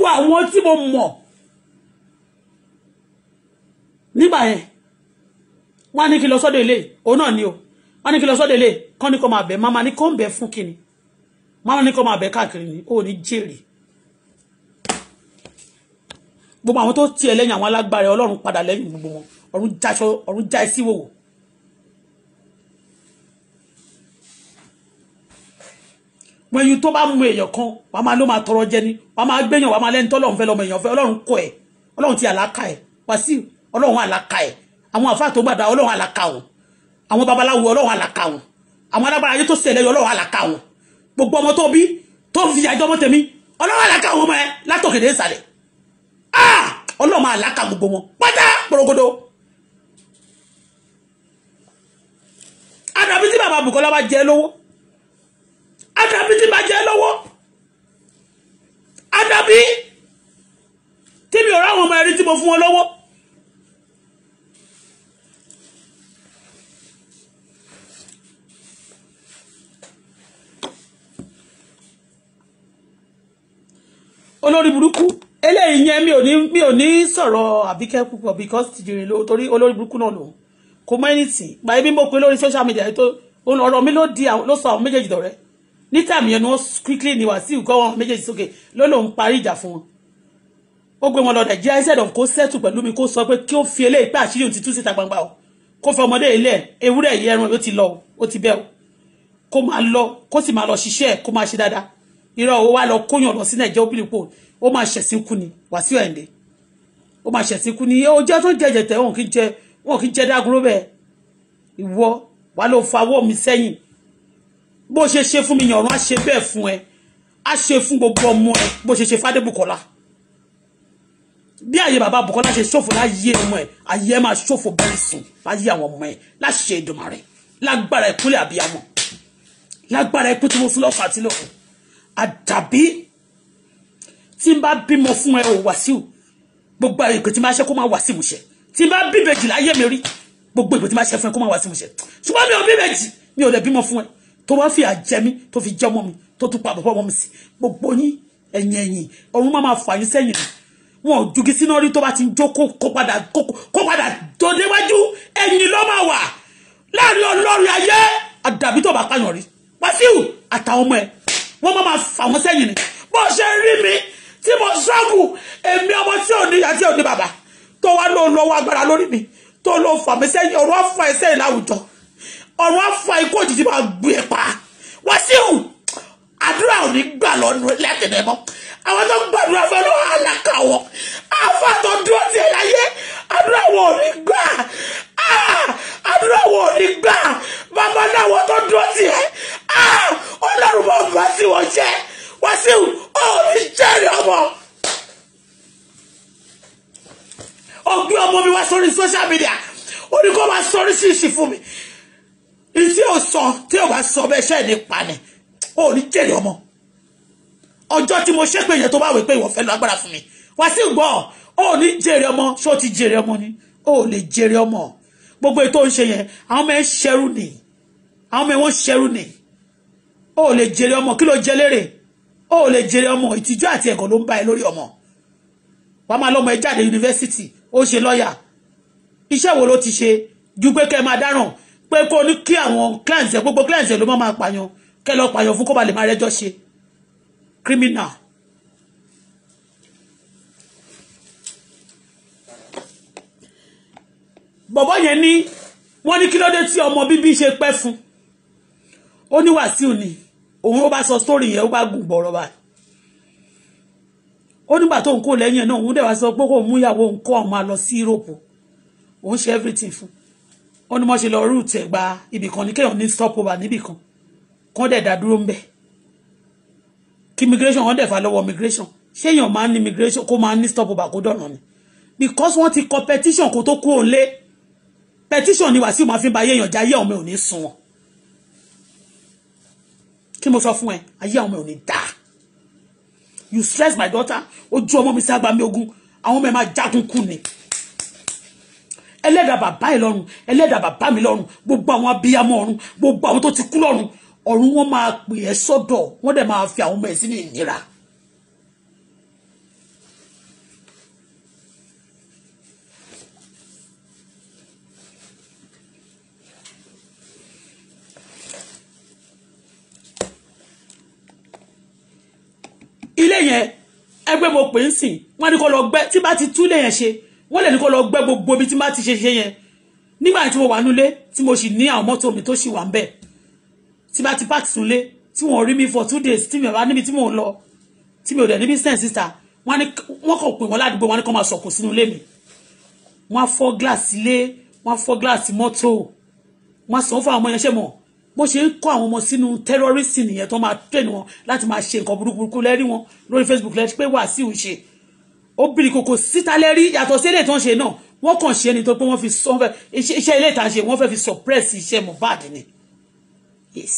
gbogbo àwọn tí mo mọ̀ nígbà yẹn wọ́n á ní kí lọ sọ́dọ̀ ilé òun náà ni o wọ́n á ní kí lọ sọ́dọ̀ ilé kán ní kó máa bẹ̀ máma ní kó ń bẹ̀ fún kíni máma ní kó máa bẹ̀ káàkiri ni ó ní jèrè gbogbo àwọn tó tiẹ̀ lẹ́yìn àwọn alágbára ọlọ́run padà lẹ́yìn gbogbo wọn ọ̀run já ẹsí wòwò when you tó bá mú èèyàn kan wàá máa ló máa tọrọ jẹ ni wàá máa gbéyàn wàá máa lẹ́ni tọ́lọ́run fẹ́ lọ́mọ èèyàn fẹ́ ọlọ́run kọ ẹ̀ ọlọ́run ti àlàkà ẹ̀ wàásù ọlọ́run àlàkà ẹ̀ àwọn àfáà tó gbàdá ọlọ́run àlàkà wọn àwọn babaláwo ọlọ́run àlàkà wọn àwọn alágbára ayé tó ṣẹlẹ̀ ọlọ́run àlàkà wọn gbogbo ọmọ tó bí tó fi àjọ ọmọ tèmi ọlọ́run àlàkà wọn mọ ẹ látòkèdè ìsàlẹ̀ ah! ọlọ́run àlàkà gbogbo wọn àdàbí ti bàjẹ́ lọ́wọ́ àdàbí tí mi ò ráwọn ọmọ ẹrí tí mo fún wọn lọ́wọ́. olórí burúkú eléyìí yẹn mi ò ní mi ò ní sọ̀rọ̀ àbíkẹ́ púpọ̀ because tìjìrì ló torí olórí burúkú náà lòun kò mọ anything gbàyè bí mo pe lórí social media tó ọ̀rọ̀ mi ló di ló sọ àwọn méjèèjì dọ̀rẹ́ ní tàmí ẹni wọn quickly ni Wàsíù kọ́ wọn méjèèjì sókè lọ́nà òun parí ìjà fún wọn ó gbé wọn lọ Nàìjíríà ẹsẹ̀ ọ̀hún kó sẹ́tù pẹ̀lú mi kó sọ pé kí ó fi eléyìí pé àṣírí òun ti tú síta gbangba o kó fọ ọmọdé ilé ewúrẹ́ yìí ẹran ó ti lọ ó ti bẹ́ o kó máa lọ kó sì máa lọ ṣiṣẹ́ ẹ̀ kó máa ṣe dáadáa irọ́ ò wá lọ kóyàn lọ sí Nàìjíríà obìnrin ó máa ṣẹ̀sìn ni Wàsíù ẹ̀ǹdẹ̀ ó máa ṣẹ̀sìn ni ọjọ́ tó ń wọn kì í jẹ wọn kì í jẹ dágúró bẹ́ẹ̀ ìwọ wàá lọ fa ọwọ́ mi sẹ́yìn bó ṣe ṣe fún mi yàn ọ̀run á ṣe bẹ́ẹ̀ fún ẹ á ṣe fún gbogbo ọmọ ẹ bó ṣe ṣe fádébùkọ́lá bí àyè bàbá bùkọ́lá ṣe ṣòfò láyé ọmọ ẹ àyè ẹ máa ṣòfò bẹ́ẹ̀ sùn láyé àwọn ọmọ ẹ láṣẹ Èdùmàrè lágbára ìkúlẹ̀ àbíyamọ lágbára ikú tí mo fún lọ́kàn àti lọ́kàn àdàbí tí n bá bímọ fún ẹ ò Wàsíù gbogbo àyè ìpè tí n bá ṣe kó máa Wàsíù ṣe tí n bá bíbejì láyé mi rí gbogbo ìpè tí n bá ṣe fún ẹ kó máa Wàsíù ṣe ṣùgbọ́n mi ò bíbejì mi ò lè bímọ fún ẹ tó wá fìyà jẹ mí tó fi jẹ mi tó tún pa bàbá ọmọ mi sí gbogbo yín ẹ̀yìn ẹ̀yìn ọ̀run má máa fà yín sẹ́yìn wọn ò jugi sínú orí tó bá ti ń jó kó padà kó padà tó déwájú ẹ̀yìn ló máa wà láàrin ọlọ́run ayé àdàbí tó bá pààyàn rí Wàsíù àtàwọn ọmọ ẹ̀ wọ́n má máa fà wọ́n sẹ́yìn ni bó ṣe rí mi tí mo ṣọ́ọ̀bù èmi ọmọ tí ò ní àti ò ní bàbá tó wá ló lọ́wọ́ agbára lórí mi tó ló fà mí sẹ́yìn ọ̀rọ̀ fà ẹ́ sẹ́yìn láwùjọ ọ̀run afa ikú òjijì máa gbé ẹ pa Wàsíù àdúrà ò ní gbà lọ́nu lẹ́tẹ̀ẹ́ mọ́ àwọn tó ń gbàdúrà fẹ́ ló àlàkà wọn àfa tó dúró ti ẹ̀yà yé àdúrà wọn ò ní gbà àdúrà wọn ò ní gbà bàbá náà wọn tó dúró ti ẹ̀ ọlọ́run bá bá sí wọn jẹ́ Wàsíù ò ní jẹ́rìí ọmọ. ó gbé ọmọ mi wá sórí social media ó ní kó máa sọ oríṣiríṣi fún mi ìtí ò sọ tí ò bá sọ bẹ́ẹ̀ ṣẹ́ ní panẹ̀ ò ní jèrè ọmọ ọjọ́ tí mo ṣépè yẹn tó bá wẹ̀ pé ìwọ fẹ́ lọ agbára fún mi wá sí gbọ́ ò ní jèrè ọmọ ṣó ti jèrè ọmọ ni ò lè jèrè ọmọ gbogbo ètò ń ṣe yẹn àwọn ọmọ ẹ ń ṣẹrú nì àwọn ọmọ ẹ wọ́n ṣẹrú nì ò lè jèrè ọmọ kí ló jẹ lérè ò lè jèrè ọmọ ìtìjú àti ẹ̀kọ́ ló ń bá ẹ lórí ọmọ wàá máa lọ́mọ ẹ jáde yunifásitì ó ṣe lọ́ọ̀yà iṣẹ́ wo ló ti ṣe ju pé kẹ́ máa dáràn pé kó ní kí àwọn clients ẹ gbogbo clients ẹ ló máa pààyàn kẹ́ lọ pààyàn fún kó ba lè máa rẹ́jọ́ ṣe criminal. bọ̀bọ̀ yẹn ní wọ́n ní kí ló dé tí ọmọ bíbí ṣe pẹ́ fún ó ní wàsíù ni òun ó bá sọ sórí yẹn ó bá gùn bọ̀rọ̀ báyìí ó nígbà tó ń kó lẹ́yìn náà òun dẹ̀ wá sọ pé kó mú ìyàwó òun kó ọmọ lọ sí Europe òun ṣe everything fún ó ní mo ṣe lọ rúùtù ẹ̀ gba ibìkan ní kéèyàn ní stopover níbìkan kó dẹ̀ dá dúró ń bẹ̀ kí immigration wọ́n dẹ̀ fà lọ́wọ́ immigration ṣéèyàn máa ń ní immigration kó máa ń ní stopover kó dọ̀nà ni because wọ́n ti kọ petition kó tó kúrò lé petition ni Wàsíù máa fi ba ayé èèyàn jẹ́ ayé ọmọ ò ní sun wọn kí mo sọ fún ẹ ayé ọmọ ò ní dáa you stress my daughter ojú ọmọ mi sí agbami ogun àwọn ọmọ ẹ máa jagun kù ni ẹlẹ́dàá bàbá ẹ̀ lọ́run ẹlẹ́dàá bàbá mi lọ́run gbogbo àwọn abiyamọ ọ̀run gbogbo àwọn tó ti kú lọ́run ọ̀run wọn máa pè ẹ́ sọ́dọ̀ wọ́n dẹ̀ máa fi àwọn ọmọ ẹ̀ sínú ìnira. ilé yẹn ẹgbẹ́ mo pè ń sìn wọ́n ní kó lọ gbẹ́ tí bá ti tú yẹn ṣe wọ́n lè ní kó lọ gbẹ́ gbogbo ibi tí má ti ṣe ṣe yẹn nígbà tí mo wà nulẹ̀ tí mo sì ní àwọn mọ́tò mi tó sì wà ń bẹ̀ tí bá ti pààkì sunlé tí wọ́n rí mi for two days tí mi ò bá níbi tí mò ń lọ tí mi ò dẹ̀ ní business sister wọ́n ní wọ́n kàn pè wọ́n ládùúgbò wọ́n ní kó máa sọ̀kò sínú ilé mi wọ́n á fọ́ gíláàsì ilé wọ́n á fọ́ gíláàsì mọ́tò wọ́n á sanwó fún àwọn ọmọ mọ̀ bó ṣe ń kọ́ àwọn ọmọ sínú terrorism nìyẹn tó máa train wọn láti máa ṣe nǹkan burúkú lẹ́rí wọn lórí Facebook lẹ́rí pé Wàsíù ń ṣe obìnrin kòkò síta lẹ́rí yàtọ̀ sí ilé tó ń ṣe náà wọ́n kàn ṣe ẹni tó pé wọ́n fi sọ iṣẹ́ ilé ìta ṣe wọ́n fẹ́ fi suppress iṣẹ́ Mohbad ni yes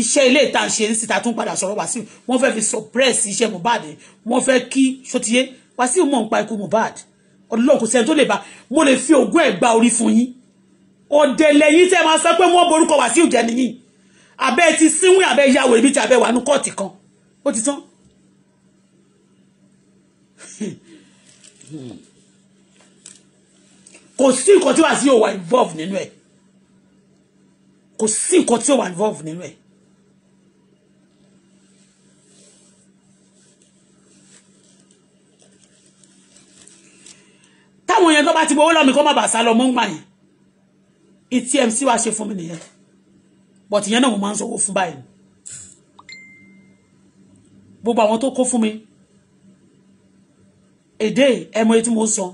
iṣẹ́ ilé ìta ṣe ń síta tún padà sọ̀rọ̀ Wàsíù wọ́n fẹ́ fi suppress iṣẹ́ Mohbad ni wọ́n fẹ́ kí ṣòtiyé Wàsíù mọ̀ ń pa ikú Mohbad ọlọ́run kò sẹ́ni tó lè ba mo lè fi ògùn ẹ̀ gba orí fún yín ọ̀dẹ̀ lẹ́yìn tẹ́ máa sọ pé wọ́n borúkọ Wàsíù jẹ́ nìyí àbẹ́ ti síwìn àbẹ́ yàwó ibi tí àbẹ́ wà nú kọ́ọ̀tì kan ó ti tán kò sí nǹkan tí wà sí òwà involve nínú ẹ̀ kò sí nǹkan tí òwà involve nínú ẹ̀. táwọn yẹn tó bá ti gbowó lọ́mí kó má bàa sá lọ mọ́ ń gbà yẹn etmc wá ṣe fún mi nìyẹn but ìyẹn náà mo máa ń sanwó fún báyìí gbogbo àwọn tó kó fún mi a day ẹ mọ etí mo san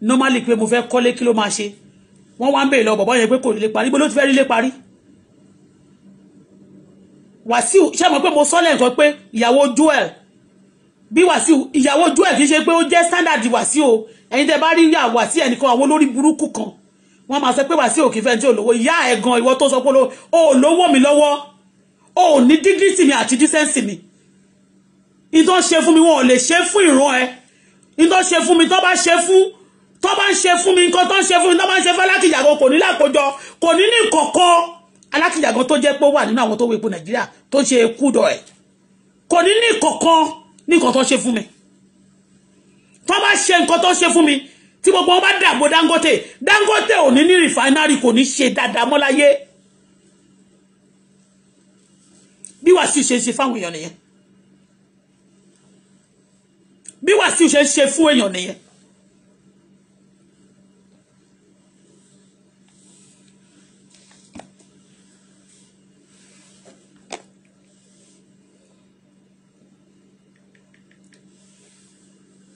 normally pé mo fẹ́ kọ́lé kí ló máa ṣe wọ́n wá ń bèèrè lọ bọ̀bọ́ yẹn pé kò rí lé parí bó ló ti fẹ́ rí lé parí wàsíù ṣé mo pé mo sọ lẹ́ǹkan pé ìyàwó joel bí wàsíù ìyàwó joel kì í ṣe pé ó jẹ́ standard wàsíù ẹ̀yin tẹ́ bá rí ìyá wàsíù ẹnìkan àwọn olórí burúkú kan wọ́n máa sọ pé wàsíù kì í fẹ́ tí olówó ìyá ẹ̀ gan ìwọ tó sọ pé ó lówó mi lọ́wọ́ ó ní dignity mi àti decency mi ìtọ́ ṣe fún mi wọn ò lè ṣe fún ìran ẹ ìtọ́ ṣe fún mi tọ́ bá ṣe fún tọ́ bá ń ṣe fún mi nǹkan tọ́ ń ṣe fún mi tọ́ bá ń ṣe fún alákìjàgàn kò ní lákòjọ kò ní ní kọ̀kọ́ alákìjàgàn tó jẹ́ pé wà nínú àwọn tó wo epo nàìjíríà tó ṣe kúdọ̀ ẹ̀ kò ní ní kọ̀kọ́ nǹkan tọ́ ṣe fún mi tọ́ bá ṣe nǹkan tọ́ ṣe fún mi tí gbogbo wọn bá dàgbò Dangote Dangote ò ní ní rìfánárì kò ní ṣe dáadáa mọ́ bí wàá sì ṣe ṣe fáwọn èèyàn nìyẹn bí Wàsíù ṣe ń ṣe fún èèyàn nìyẹn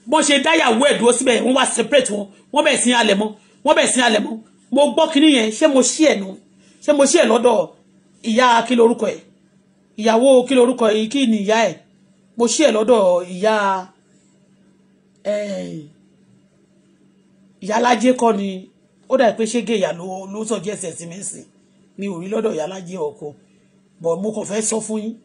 bọ́n ṣe dáyàwó ẹ̀ dúró síbẹ̀ wọ́n wá separate wọn wọ́n bẹ̀ sin alẹ̀ mọ́ wọ́n bẹ̀ sin alẹ̀ mọ́ mo gbọ́ kinní yẹn ṣé mo ṣí ẹ̀ nù ṣé mo ṣí ẹ̀ lọ́dọ̀ ìyá kí lorúkọ ẹ̀ ìyàwó kí lorúkọ ẹ̀ kí ni ìyá ẹ̀ mo ṣí ẹ̀ lọ́dọ̀ ìyá Eh, ìyálájé kọ́ ni ó dà pé ṣége ìyá ló ló sọ̀jú ẹ̀sẹ̀ sí mi sìn mi ò rí lọ́dọ̀ ìyálájé ọkọ bọ̀ mo kàn fẹ́ sọ fún yín.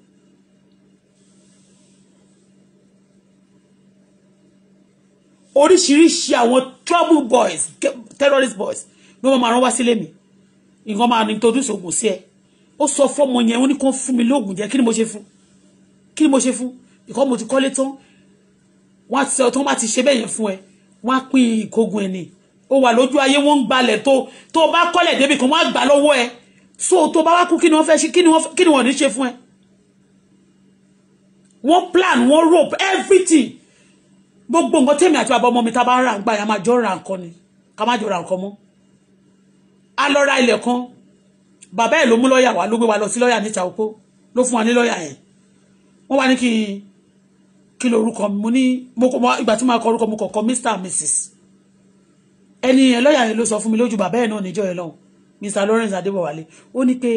oríṣiríṣi àwọn trouble boys terrorist boys ló máa rán wá sílé mi nǹkan máa ní tọdún sògùn sí ẹ ó sọ fọmọ yẹn ó ní kó fún mi lóògùn jẹ kí ni mo ṣe fún kí ni mo ṣe fún ìkọ́ mo ti kọ́lé tán wọ́n ti sọ tó wọ́n bá ti ṣe bẹ́ẹ̀ yẹn fún ẹ wọ́n á pín ìkógun ẹni ó wà lójú ayé wọ́n ń gbalẹ̀ tó tó bá kọ́lẹ̀ débi kan wọ́n á gbà lọ́wọ́ ẹ so tó bá wá kú kí ni wọ́n fẹ́ ṣe kí ni wọ́n ní ṣe fún ẹ. wọ́n plan wọ́n rope everything gbogbo nǹkan tèmi àti bàbá ọmọ mi ta bá ra nǹkan yà máa jọ ra nǹkan ni ká má jọ ra nǹkan mọ́ a lọ ra ilẹ̀ kan bàbá ẹ̀ ló mú lọ́ọ̀yà wá ló gbé wa lọ sí lọ́ọ̀yà níta òpó ló fún wa ní lọ́ọ̀yà yẹn wọ́n wá ní kí n kí ló orúkọ mi mo ní ìgbà tí màá kọ orúkọ mo kọ̀ mr and mrs ẹni yẹn lọ́ọ̀yà yẹn ló sọ fún mi lójú bàbá ẹ̀ náà níjọ́ yẹn lọ́hùn mr lawrence adébọ̀wálé ó ní pé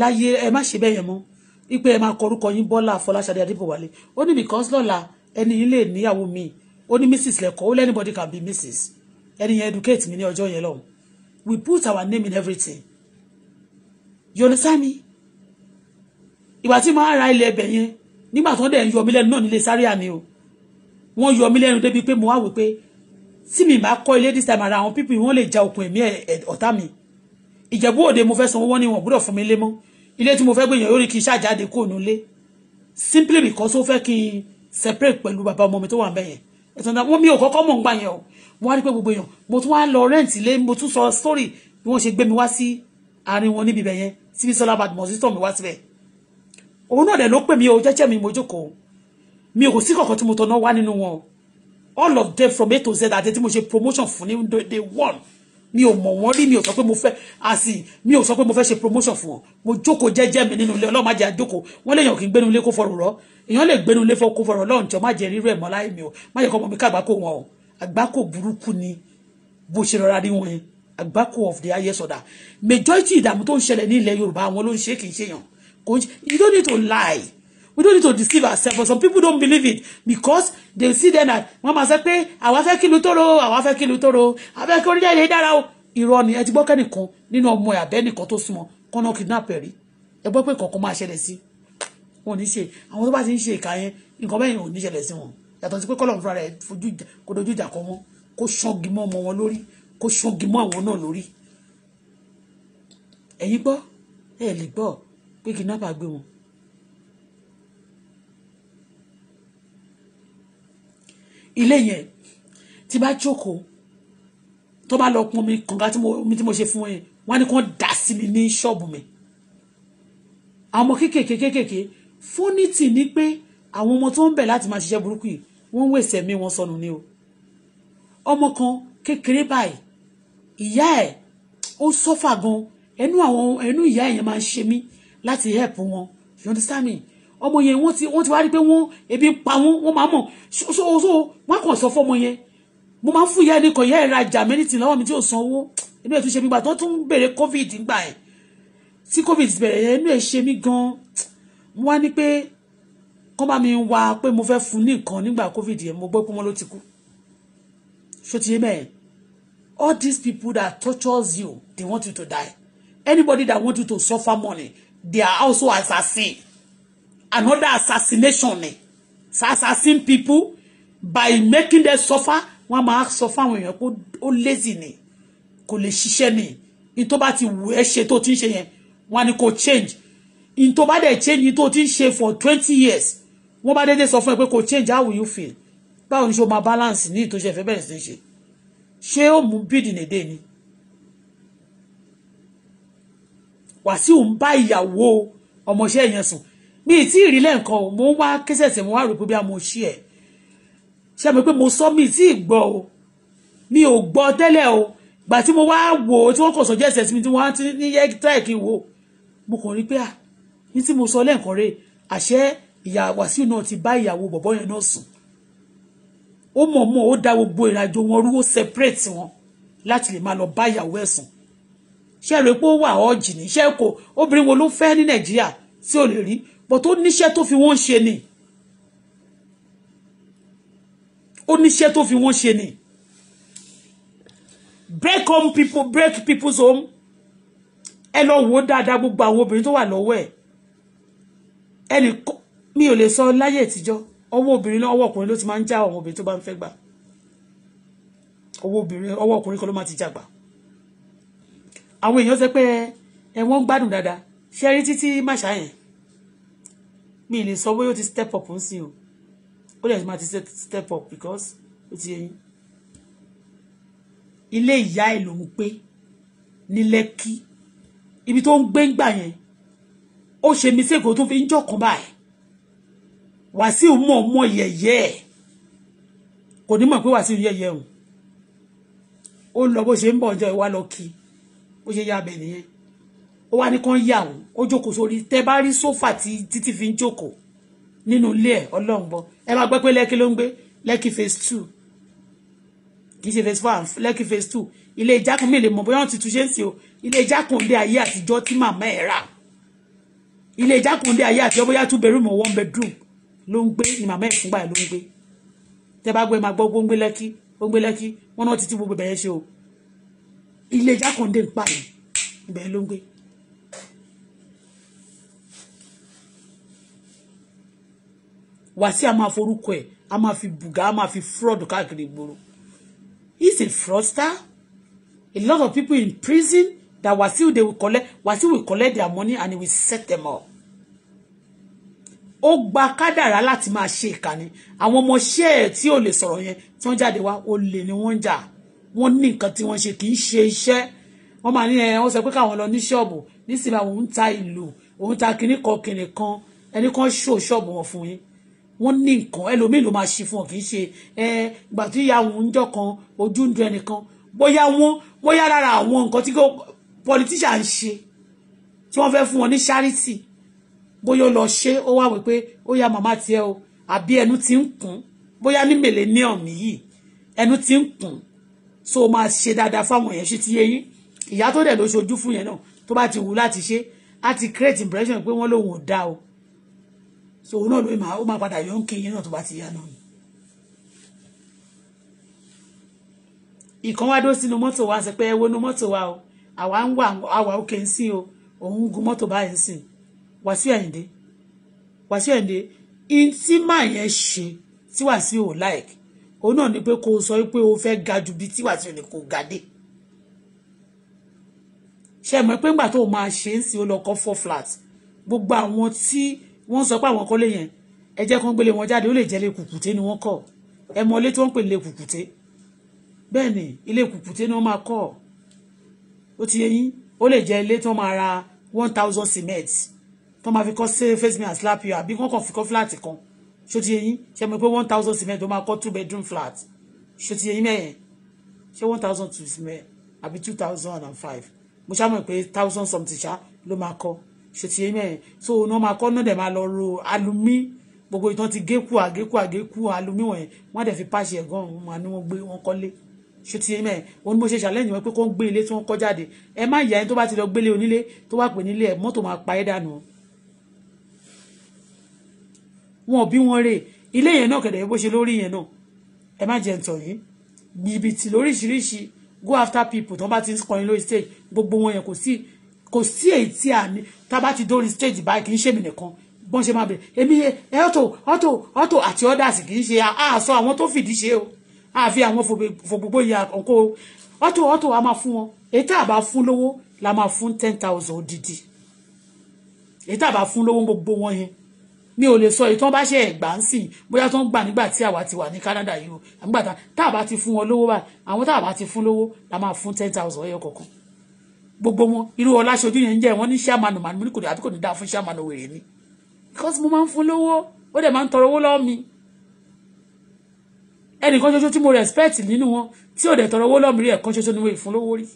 láyé ẹ má ṣe bẹ́ẹ̀ yẹn mọ́ wípé ẹ máa kọ orúkọ yín bọ́lá afọláṣadé adébọ̀wálé ó ní because lọ́la ẹni yìí lè níyàwó mi ó ní mrs lẹ́kọ̀ọ́ ó lẹ́ anybody can be mrs ẹni yẹn educate mi ní ọjọ́ yẹn lọ́hùn we put our name in everything you understand me ìgbà tí màá ra ilẹ̀ ẹbẹ̀ yẹn nígbà tí wọ́n dẹ̀ ń yọ mí lẹ́nu náà nílé sáré àmì o wọ́n yọ mí lẹ́nu débi pé mo wá wò pé tí mi bá kọ́ ilé this time ara àwọn pípì wọ́n lè ja okùn ẹ̀mí ọ̀tá mi ìjẹ̀bú òde mo fẹ́ sanwó wọ́n ní wọn gbọ́dọ̀ fún mi lé mọ́ ilé tí mo fẹ́ gbìyànjú yóò rí kí n ṣàjáde kó nu lé simply because ó fẹ́ kí n separate pẹ̀lú bàbá ọmọ mi tó wà ń bẹ̀yẹn ẹ̀tàn wọn mi ò kọ́kọ́ mọ̀ ń gbà yẹn o wọ́n á rí pé gbogbo èèyàn mo tún wá lọ rent ilé mo tún sọ story bí wọ́n ṣe gbé mi wá sí àárín wọn níbi bẹ̀yẹn síbi sọlá badmus tó mi wá síbẹ̀ òun náà dẹ̀ ló pè mí o jẹ́jẹ́ mi mo jókòó mi ò sí kankan tí mo tọ̀nà wá nínú wọn all of them from a to z àti tí mo ṣe promotion fún ní day one mi ò mọ̀ wọ́n rí mi ò sọ pé mo fẹ́ àsì mi ò sọ pé mo fẹ́ ṣe promotion fún ọ mo jókòó jẹ́jẹ́ mi nínú ilé ọlọ́run má jẹ́ àjókòó wọ́n léèyàn kì í gbénu ilé kó fọrùn rọ èèyàn lè gbénu ilé fọ́ kó fọrùn ọlọ́run jọ má jẹ́ rírọ̀ ẹ̀mọ́ láì mi ò má jẹ́ kọ́ ọmọ mi ká àgbákò wọn o àgbákò burúkú ni bó ṣe rọra rí wọn àgbákò of the highest order majority ìdààmú tó ń ṣẹlẹ̀ ní ilẹ̀ Yorùbá àwọn ló ń ṣe kì í ṣèyàn kò you don't need to lie we don't need to deceive ourselves but some people don't believe it because they see then that Mama máa sọ pé àwa fẹ́ kí lu tóró àwa fẹ́ kí lu tóró àwa fẹ́ kí orílẹ̀-èdè o irọ́ ni ẹ ti gbọ́ kẹ́nìkan nínú ọmọ ẹ̀ àbẹ́nìkan tó súnmọ́ kọ́nà kidnap ẹ̀ rí ẹ gbọ́ pé kọ̀ọ̀kan máa ṣẹlẹ̀ sí wọn ò ní ṣe àwọn tó bá ti ń ṣe ìka yẹn nǹkan bẹ́ẹ̀ ò ní ṣẹlẹ̀ sí wọn yàtọ̀ sí pé kọ́lọ̀ fúnra rẹ̀ fojú kó dojú ìjà kọ wọn kó ṣọ́gi mọ́ ọmọ wọn lórí kó ṣọ́gi mọ́ àwọn náà lórí ẹ̀yin gbọ́ ẹ̀ lè gbọ́ pé kidnapper gbé wọn. ilé yẹn tí bá jókòó tó bá lọ pọn mi kànga tí mo ṣe fún ẹ wọn ni kò dà sí mi ní ṣọ́ọ̀bù mi àwọn ọmọ kéékèèké kéékèèké fúnítì ni pé àwọn ọmọ tó ń bẹ̀ láti máa ṣiṣẹ́ burúkú yìí wọ́n ń wèsẹ̀ mí wọn sọnù ni o ọmọ kan kékeré báyìí ìyá ẹ̀ ó sọ́fà gan ẹnu ìyá ẹ̀ yẹn máa ń ṣe mí láti help wọn you understand me ọmọ yẹn wọ́n ti wọ́n ti wá rí pé wọ́n ebi pa wọ́n wọ́n máa mọ̀ so so wọ́n kàn sọ fọ́mọ yẹn mo máa ń fún ìyá ẹni kan ìyá ẹ̀ra ìjà mẹ́rìntì lọ́wọ́ mi tí ò san owó ebi ẹ̀ tún ṣe mi gbà tó tún bèrè covid ńgbà ẹ̀ tí covid bẹ̀rẹ̀ yẹn inú ẹ̀ ṣe mí gan-an mo wá ní pé kán bá mi wá pé mo fẹ́ fún ní nígbà covid yẹn mo gbọ́ pé wọ́n ló ti kú ṣó ti yé mẹ́ẹ̀ all these people that tortures you they want you to die anybody that want you to suffer money they are also assassin another assassination ni assassin people by making them suffer wọ́n máa sọ fáwọn èèyàn pé ó lazy ni kò lè ṣiṣẹ́ ni in tó bá ti wù ẹ́ ṣe tó ti ń ṣe yẹn wọ́n á kò change in tó bá dẹ̀ change in tó ti ń ṣe for twenty years wọ́n bá dédé sọ fún ẹ pé kò change how will you feel báwo ni ṣe o máa balance ní ìtòṣe ìfẹ́ bẹ̀rẹ̀ sí ṣe ṣé ó mú bídìí nìdé ni Wàsíù ń bá ìyàwó ọmọọṣẹ́ yẹn sùn mi ì tí ì rí lẹ́ǹkan mo ń wá kẹsẹ̀ tí mo wá rò pé bí a mo ṣí ẹ̀ ṣe mi pé mo sọ mi ì tí ì gbọ́ o mi ò gbọ́ tẹ́lẹ̀ o gbà tí mo wá wò ó tí wọ́n kò sọ jẹ́ ẹsẹ̀ sí mi tí wọ́n ti ní yẹ tẹ́ẹ̀kì wò mo kàn rí pé à ah, ní tí mo sọ lẹ́ǹkan rẹ̀ àṣẹ ìyá Wàsíù náà ti bá ìyàwó bọ̀bọ́ yẹn náà sùn ó mọ̀ọ́mọ̀ ó da gbogbo ìrìnàjò wọn rú ó separate wọn láti lè máa lọ bá ìyàwó ẹ̀ ṣe rè pé ó wà ọ̀jì ní ṣe kò obìnrin wo ló fẹ́ ní nàìjíríà tí ò lè rí bọ̀ tó níṣẹ́ tó fi wọ́n ṣe ni ó níṣẹ́ tó fi wọ́n ṣe ni break home people break people's home ẹ lọ wò ó dáadáa gbogbo àwọn obìnrin tó wà lọ́wọ́ ẹ̀ ẹnì mi ò lè sọ láyé ìtijọ́ ọwọ́ obìnrin náà ọwọ́ ọkùnrin ló ti máa ń já àwọn obìnrin tó bá ń fẹ́ gbà ọwọ́ obìnrin ọwọ́ ọkùnrin kan ló máa ti jà gbà àwọn èèyàn sọ pé ẹ wọ́n ń gbádùn dáadáa ṣe rí títí màṣá yẹn mi lè sọ bóyá ó ti step up ń sìn o ó lè máa ti step up because ó ti yẹn ilé ìyá ẹ̀ ló ń gbé ní Lẹ́kì ibi tó ń gbé ń gbà yẹn ó ṣe mí ségo tó fi ń jọ̀kan báyìí Wàsíù mọ̀ mọ̀ yẹ̀yẹ́ ẹ̀ kò ní mọ̀ pé Wàsíù yẹ̀yẹ́ o ó lọ bó ṣe ń bọ̀ ọjọ́ ìwá lọ kí i ó ṣe yá abẹ nìyẹn ó wá ní kán yà òun ó jókòó sórí tẹ bá rí sófà tí títí fi ń jókòó nínú ilé ẹ ọlọ́run bọ ẹ máa gbọ́ pé lẹ́kí ló ń gbé lẹ́kí phase two kì í ṣe phase four lẹ́kí phase two ilé ìjákùn mi lè mọ̀ bóyá wọ́n ti túnṣe ń sè o ilé ìjákùn ilé ayé àtijọ́ tí màmá ẹ̀ rà ilé ìjákùn ilé ayé àtijọ́ bóyá two bedroom or one bedroom ló ń gbé ni màmá ẹ̀ fúngbà ló ń gbé tẹ bá gbé máa gbọ́ gbó ń gbé lẹ́kí ó náà ti ti gbogbo ìbẹ̀yẹ ṣe o ilé jákàndé ń pààyàn bẹ́ẹ̀ ló ń gbé. wàsí a máa forúkọ ẹ̀ a máa fi bùgá a máa fi fraud káàkiri ìgboro he is a fraudster a lot of people in prison that wàsíù they will collect wàsíù will collect their money and he will set them up ó gba kádàrá láti máa ṣe ìkànnì àwọn ọmọọṣẹ́ ẹ̀ tí ò lè sọ̀rọ̀ yẹn tí wọ́n jáde wá olè ni wọ́n ń jà wọ́n ní nǹkan tí wọ́n ṣe kì í ṣe iṣẹ́ wọ́n máa ní ẹ wọ́n sọ pé káwọn lọ ní ṣọ́ọ̀bù nísìnyí òun ta ìlú òun ta kinní kan kinní kan ẹni kan ṣó ṣọ́ọ̀bù wọn fún yín wọ́n ní nǹkan ẹlòmíì ló máa ṣe fún ọ kì í ṣe ẹ ìgbà tí ìyá òun ń jọ kan ojú ń dun ẹnìkan bóyá wọ́n bóyá lára àwọn nǹkan tí pọlitíṣà ń ṣe tí wọ́n fẹ́ fún wọn ní ṣáríìtì bóyá ó lọ ṣe ó wá wípé ó yá màmá tiẹ̀ o àbí ẹnu ti ń kùn bóyá ní mèlè ní ọ̀mí yìí ẹnu ti ń kùn so o máa ṣe dáadáa fáwọn èèyàn ṣe ti yé yín ìyá tó dẹ̀ ló ṣojú fún yẹn náà tó bá ti wù láti ṣe á ti create impression pé wọ́n lòun ò dá o so òun náà ló máa ó máa padà yọ ń kí yín náà tó bá ti yá náà ni. ìkan wá dó sínú mọ́tò wa ṣe pé ẹ wọnú mọ́tò wa o àwa ń wà àwà òkè ń sìn o òun gun mọ́tò báyìí ń sìn Wàsíù Àyìndé Wàsíù Àyìndé in tí màá yẹn ṣe tí Wàsíù ò like òun náà ni pé kò sọ pé o fẹ́ ga ju bíi tíwà tí o ní kò ga dé ṣe mọ̀ pé ńgbà tó o máa ṣe é sí o lọ kọ́ four flat gbogbo àwọn tí wọ́n sọ pé àwọn kọ́lé yẹn ẹ jẹ́ kán gbélé wọn jáde ó lè jẹ́ lé kùkùté ni wọ́n kọ́ ẹ mọ ilé tí wọ́n ń pè lé kùkùté bẹ́ẹ̀ ni ilé kùkùté ni wọ́n máa kọ́ ó ti yẹ yín ó lè jẹ́ ilé tí wọ́n máa ra one thousand cement tí wọ́n máa fi kọ́ face me and slap you àbí kọ́kàn fi kọ́ fúláàtì kan ṣó ti yé yín ṣe mọ̀ pé one thousand cement ó máa kọ́ two bedroom flat ṣó ti yé yín mẹ́yẹn ṣé one thousand two cement àbí two thousand and five mo ṣá mọ̀ pé thousand something ṣá ló máa kọ́ ṣó ti yé mẹ́yẹn so náà máa kọ́ náà dẹ̀ máa lọ ro alumi gbogbo ìtàn ti gékù àgékù àgékù alumi wọ̀nyẹn wọ́n á dẹ̀ fi páàṣì ẹ̀gán wọn máa ní wọ́n gbé wọn kọ́lé ṣe ti mẹ òun ni mo ṣe ṣàlẹ́yìn wọn pé kó ń gbé ilé tí wọ́n kọ́ jáde ẹ má yà wọn ò bí wọn rè ilé yẹn náà kẹ̀dẹ̀ bó ṣe lórí yẹn náà ẹ má jẹ́ ntọ̀ yìí jìbìtì lóríṣiríṣi go after people tó bá ti ń kọrin lórí stage gbogbo wọn yẹn kò sí kò sí èyí tí a ní tá a bá ti dórí stage báyìí kì í ṣèmi nìkan bọ́n ṣe máa bẹ̀rẹ̀ èmi ẹ ọ̀tò ọ̀tò ọ̀tò àti ọ̀dàsì kì í ṣe àásọ àwọn tó fìdí ṣe o àfi àwọn fògbogbo ìyá ọ̀kọ́ ọ̀tò ọ̀tò a máa fún wọn èyí tá a bá fún lówó la máa fún ten thousand odidi èyí tá a bá fún lówó gbogbo wọn yẹn mi ò lè sọ èyí tó bá ṣe ẹ̀gbà ń sìn bóyá tó ń gbà nígbà tí àwa ti wà ní Canada yìí o àgbà tá tá a bá ti fún wọn lówó báyìí àwọn tá a ti fún lówó la máa fún ten thousand ẹyọ kọ̀ọ̀kan gbogbo wọn irú ọlá ṣojú yẹn ń jẹ́ wọ́n ní ṣàmánù màánù ní kò dé àbí kò ní dáa fún ṣàmánù wèrè ni because mo máa ń fún lówó ó dẹ̀ máa ń tọrọ owó lọ́wọ́ mi ẹnìkan ṣoṣo tí mo respect nínú wọn tí ò dẹ̀ tọrọ owó lọ́wọ́ mi rí ẹ̀kan ṣoṣo ni mo ìfún lówó rí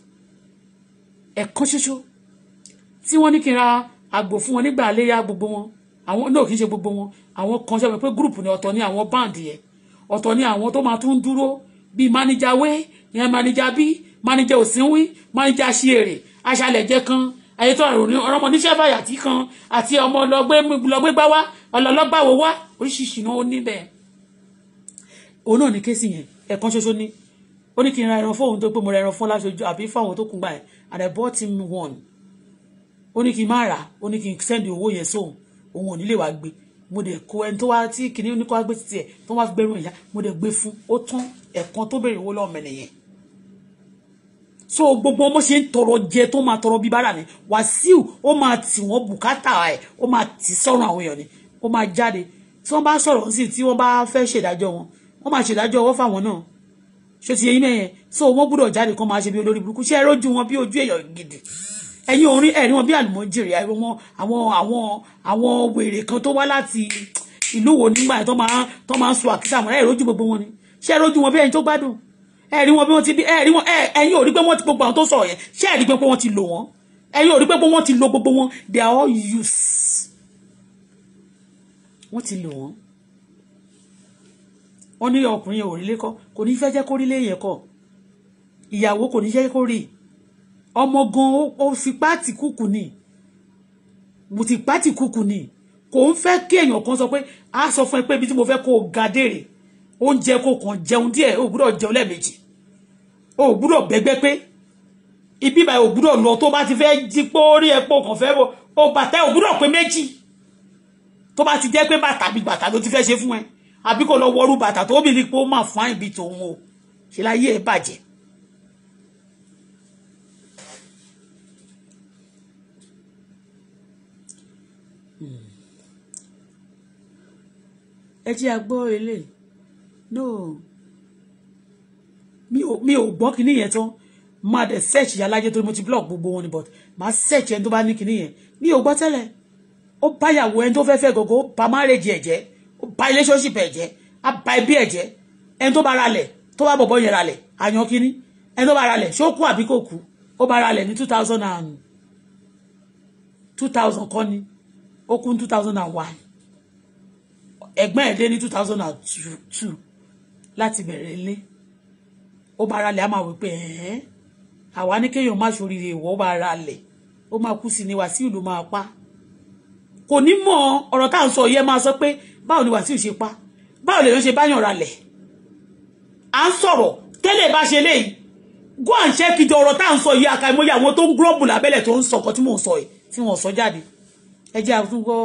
ẹ̀kan ṣoṣo tí wọ́n ní kí n ra àgbò fún wọn àwọn náà kì í ṣe gbogbo wọn àwọn kan ṣe pé group ni ọ̀tọ̀ ni àwọn band yẹn ọ̀tọ̀ ni àwọn tó máa tún dúró bíi manager wé yẹn manager bí manager òsínwí manager ṣeré aṣàlẹ̀jẹ̀ kan ayétọ́ àròyìn ọ̀rọ̀mọ oníṣẹ́ bàyàtí kan àti ọmọ ọlọ́gbẹ́gbá wá ọlọ́lọ́gbàwò wá oríṣiríṣi náà ó níbẹ̀ òun náà ní kéésì yẹn ẹ̀kan ṣoṣo ni ó ní kí n ra ẹran fóun tó pé mo ra ẹran fún láṣojú àbí fáwọn tó kún gbà ẹ̀ and I bought him one ó ní kí n má rà ó ní kí n send owó yẹn sóun òun ò ní lè wá gbé mo dẹ̀ kó ẹni tó wá tí kìnìún ní kó wá gbé títí ẹ̀ tó wá gbẹrun ìyá mo dẹ̀ gbé fún ó tán ẹ̀kan tó béèrè owó lọ́mọ nìyẹn so gbogbo ọmọ ṣe ń tọrọ jẹ tó máa tọrọ bíi bára ni Wàsíù ó máa tì wọ́n bùkátà ẹ̀ ó máa tì sọ́run àwọn èèyàn ni ó máa jáde tí wọ́n bá sọ̀rọ̀ sí tí wọ́n bá fẹ́ ṣèdájọ́ wọn wọ́n máa ṣèdájọ́ ọwọ́ fáwọn náà ṣé ti yẹ yín mẹ́yẹn so wọ́n gbúdọ̀ jáde kó máa ṣe bí olórí burúkú ṣé ẹ rójú wọn bí ojú èèyàn gidi ẹ̀yin orin ẹ̀rí wọn bí àlùmọ́jèrè àwọn àwọn àwọn àwọn wèrè kan tó wá láti ìlú wo nígbà tó máa tó máa ń sọ àkísà àwọn ẹ̀rí ojú gbogbo wọn ni ṣé ẹ̀rí ojú wọn bí ẹni tó gbádùn ẹ̀rí wọn bí wọ́n ti bí ẹ̀rí wọn ẹ̀yin ò rí pé wọ́n ti gbogbo àwọn tó sọ̀rọ̀ yẹn ṣé ẹ̀rí pé wọ́n ti lò wọ́n ẹ̀yin ò rí pé wọ́n ti lo gbogbo wọn they are all use wọ́n ti lò wọ́n wọ́n ní ọkùnrin yẹn ò rí lẹ́kọ́ kò ní fẹ́ jẹ́ kó rí lẹ́yìn ẹ̀kọ́ ìyàwó kò ní jẹ́ kó rí i ọmọ gan ó fi pátì kúkú ni mo ti pátì kúkú ni kò ń fẹ́ kí èèyàn kan sọ pé a sọ fún ẹ pé ibi tí mo fẹ́ kó o ga dèrè oúnjẹ kò kàn jẹun díẹ̀ o gbúdọ̀ jẹun lẹ́ẹ̀mejì o gbúdọ̀ bẹ́gbẹ́ pé ibi báyìí o gbúdọ̀ lọ tó bá ti fẹ́ jí pé ó rí epo kàn fẹ́ bọ̀ o bàtà o gbúdọ̀ pé méjì tó bá ti jẹ́ pé bàtà bí bàtà ló ti fẹ́ ṣe fún ẹ àbí kò lọ wọrú bàtà tó bìí ni pé ó máa fún àìbí tòun o ṣe láyé ẹ bàjẹ́ ẹ jẹ́ àgbọ́ ilé no mi ò gbọ́ kinní yẹn tán máa dẹ̀ search ìyá alájẹ torí mo ti block gbogbo wọn ni but máa search ẹni tó bá ní kinní yẹn mi ò gbọ́ tẹ́lẹ̀ ó bá ìyàwó ẹni tó fẹ́ẹ́ fẹ́ gògó ó bá marriage ẹ̀ jẹ́ ó bá relationship ẹ̀ jẹ́ á bá ẹbí ẹ̀ jẹ́ ẹni tó bá ra lẹ̀ tó bá bọ̀bọ̀ yẹn ra lẹ̀ àyàn kinní ẹni tó bá ra lẹ̀ ṣé ó kú àbí kò kú ó bá ra lẹ̀ ní two thousand and two thousand kọ́ ni ó kú two thousand and one ẹ̀gbọ́n ẹ̀ dé ní two thousand two láti bẹ̀rẹ̀ ilé ó bá ara lẹ̀ á máa wí pé ẹ̀ẹ́n àwa ní kéèyàn má ṣoríire ìwọ ó bá ara lẹ̀ ó máa kú sí ni Wàsíù ló máa pa kò ní mọ ọ̀rọ̀ tá à ń sọ yẹ máa sọ pé báwo ni Wàsíù ṣe pa báwo lèèyàn ṣe báyàn ra lẹ̀ à ń sọ̀rọ̀ tẹ́lẹ̀ bá ṣe léyìí go and check ìjọ ọ̀rọ̀ tá à ń sọ yìí àkàìmọye àwọn tó ń gírọ́bù lábẹ́lẹ̀ tó ń sọ ọkọ tí mò ń sọ yìí tí wọ́n sọ jáde ẹ jẹ́ àtúgbọ́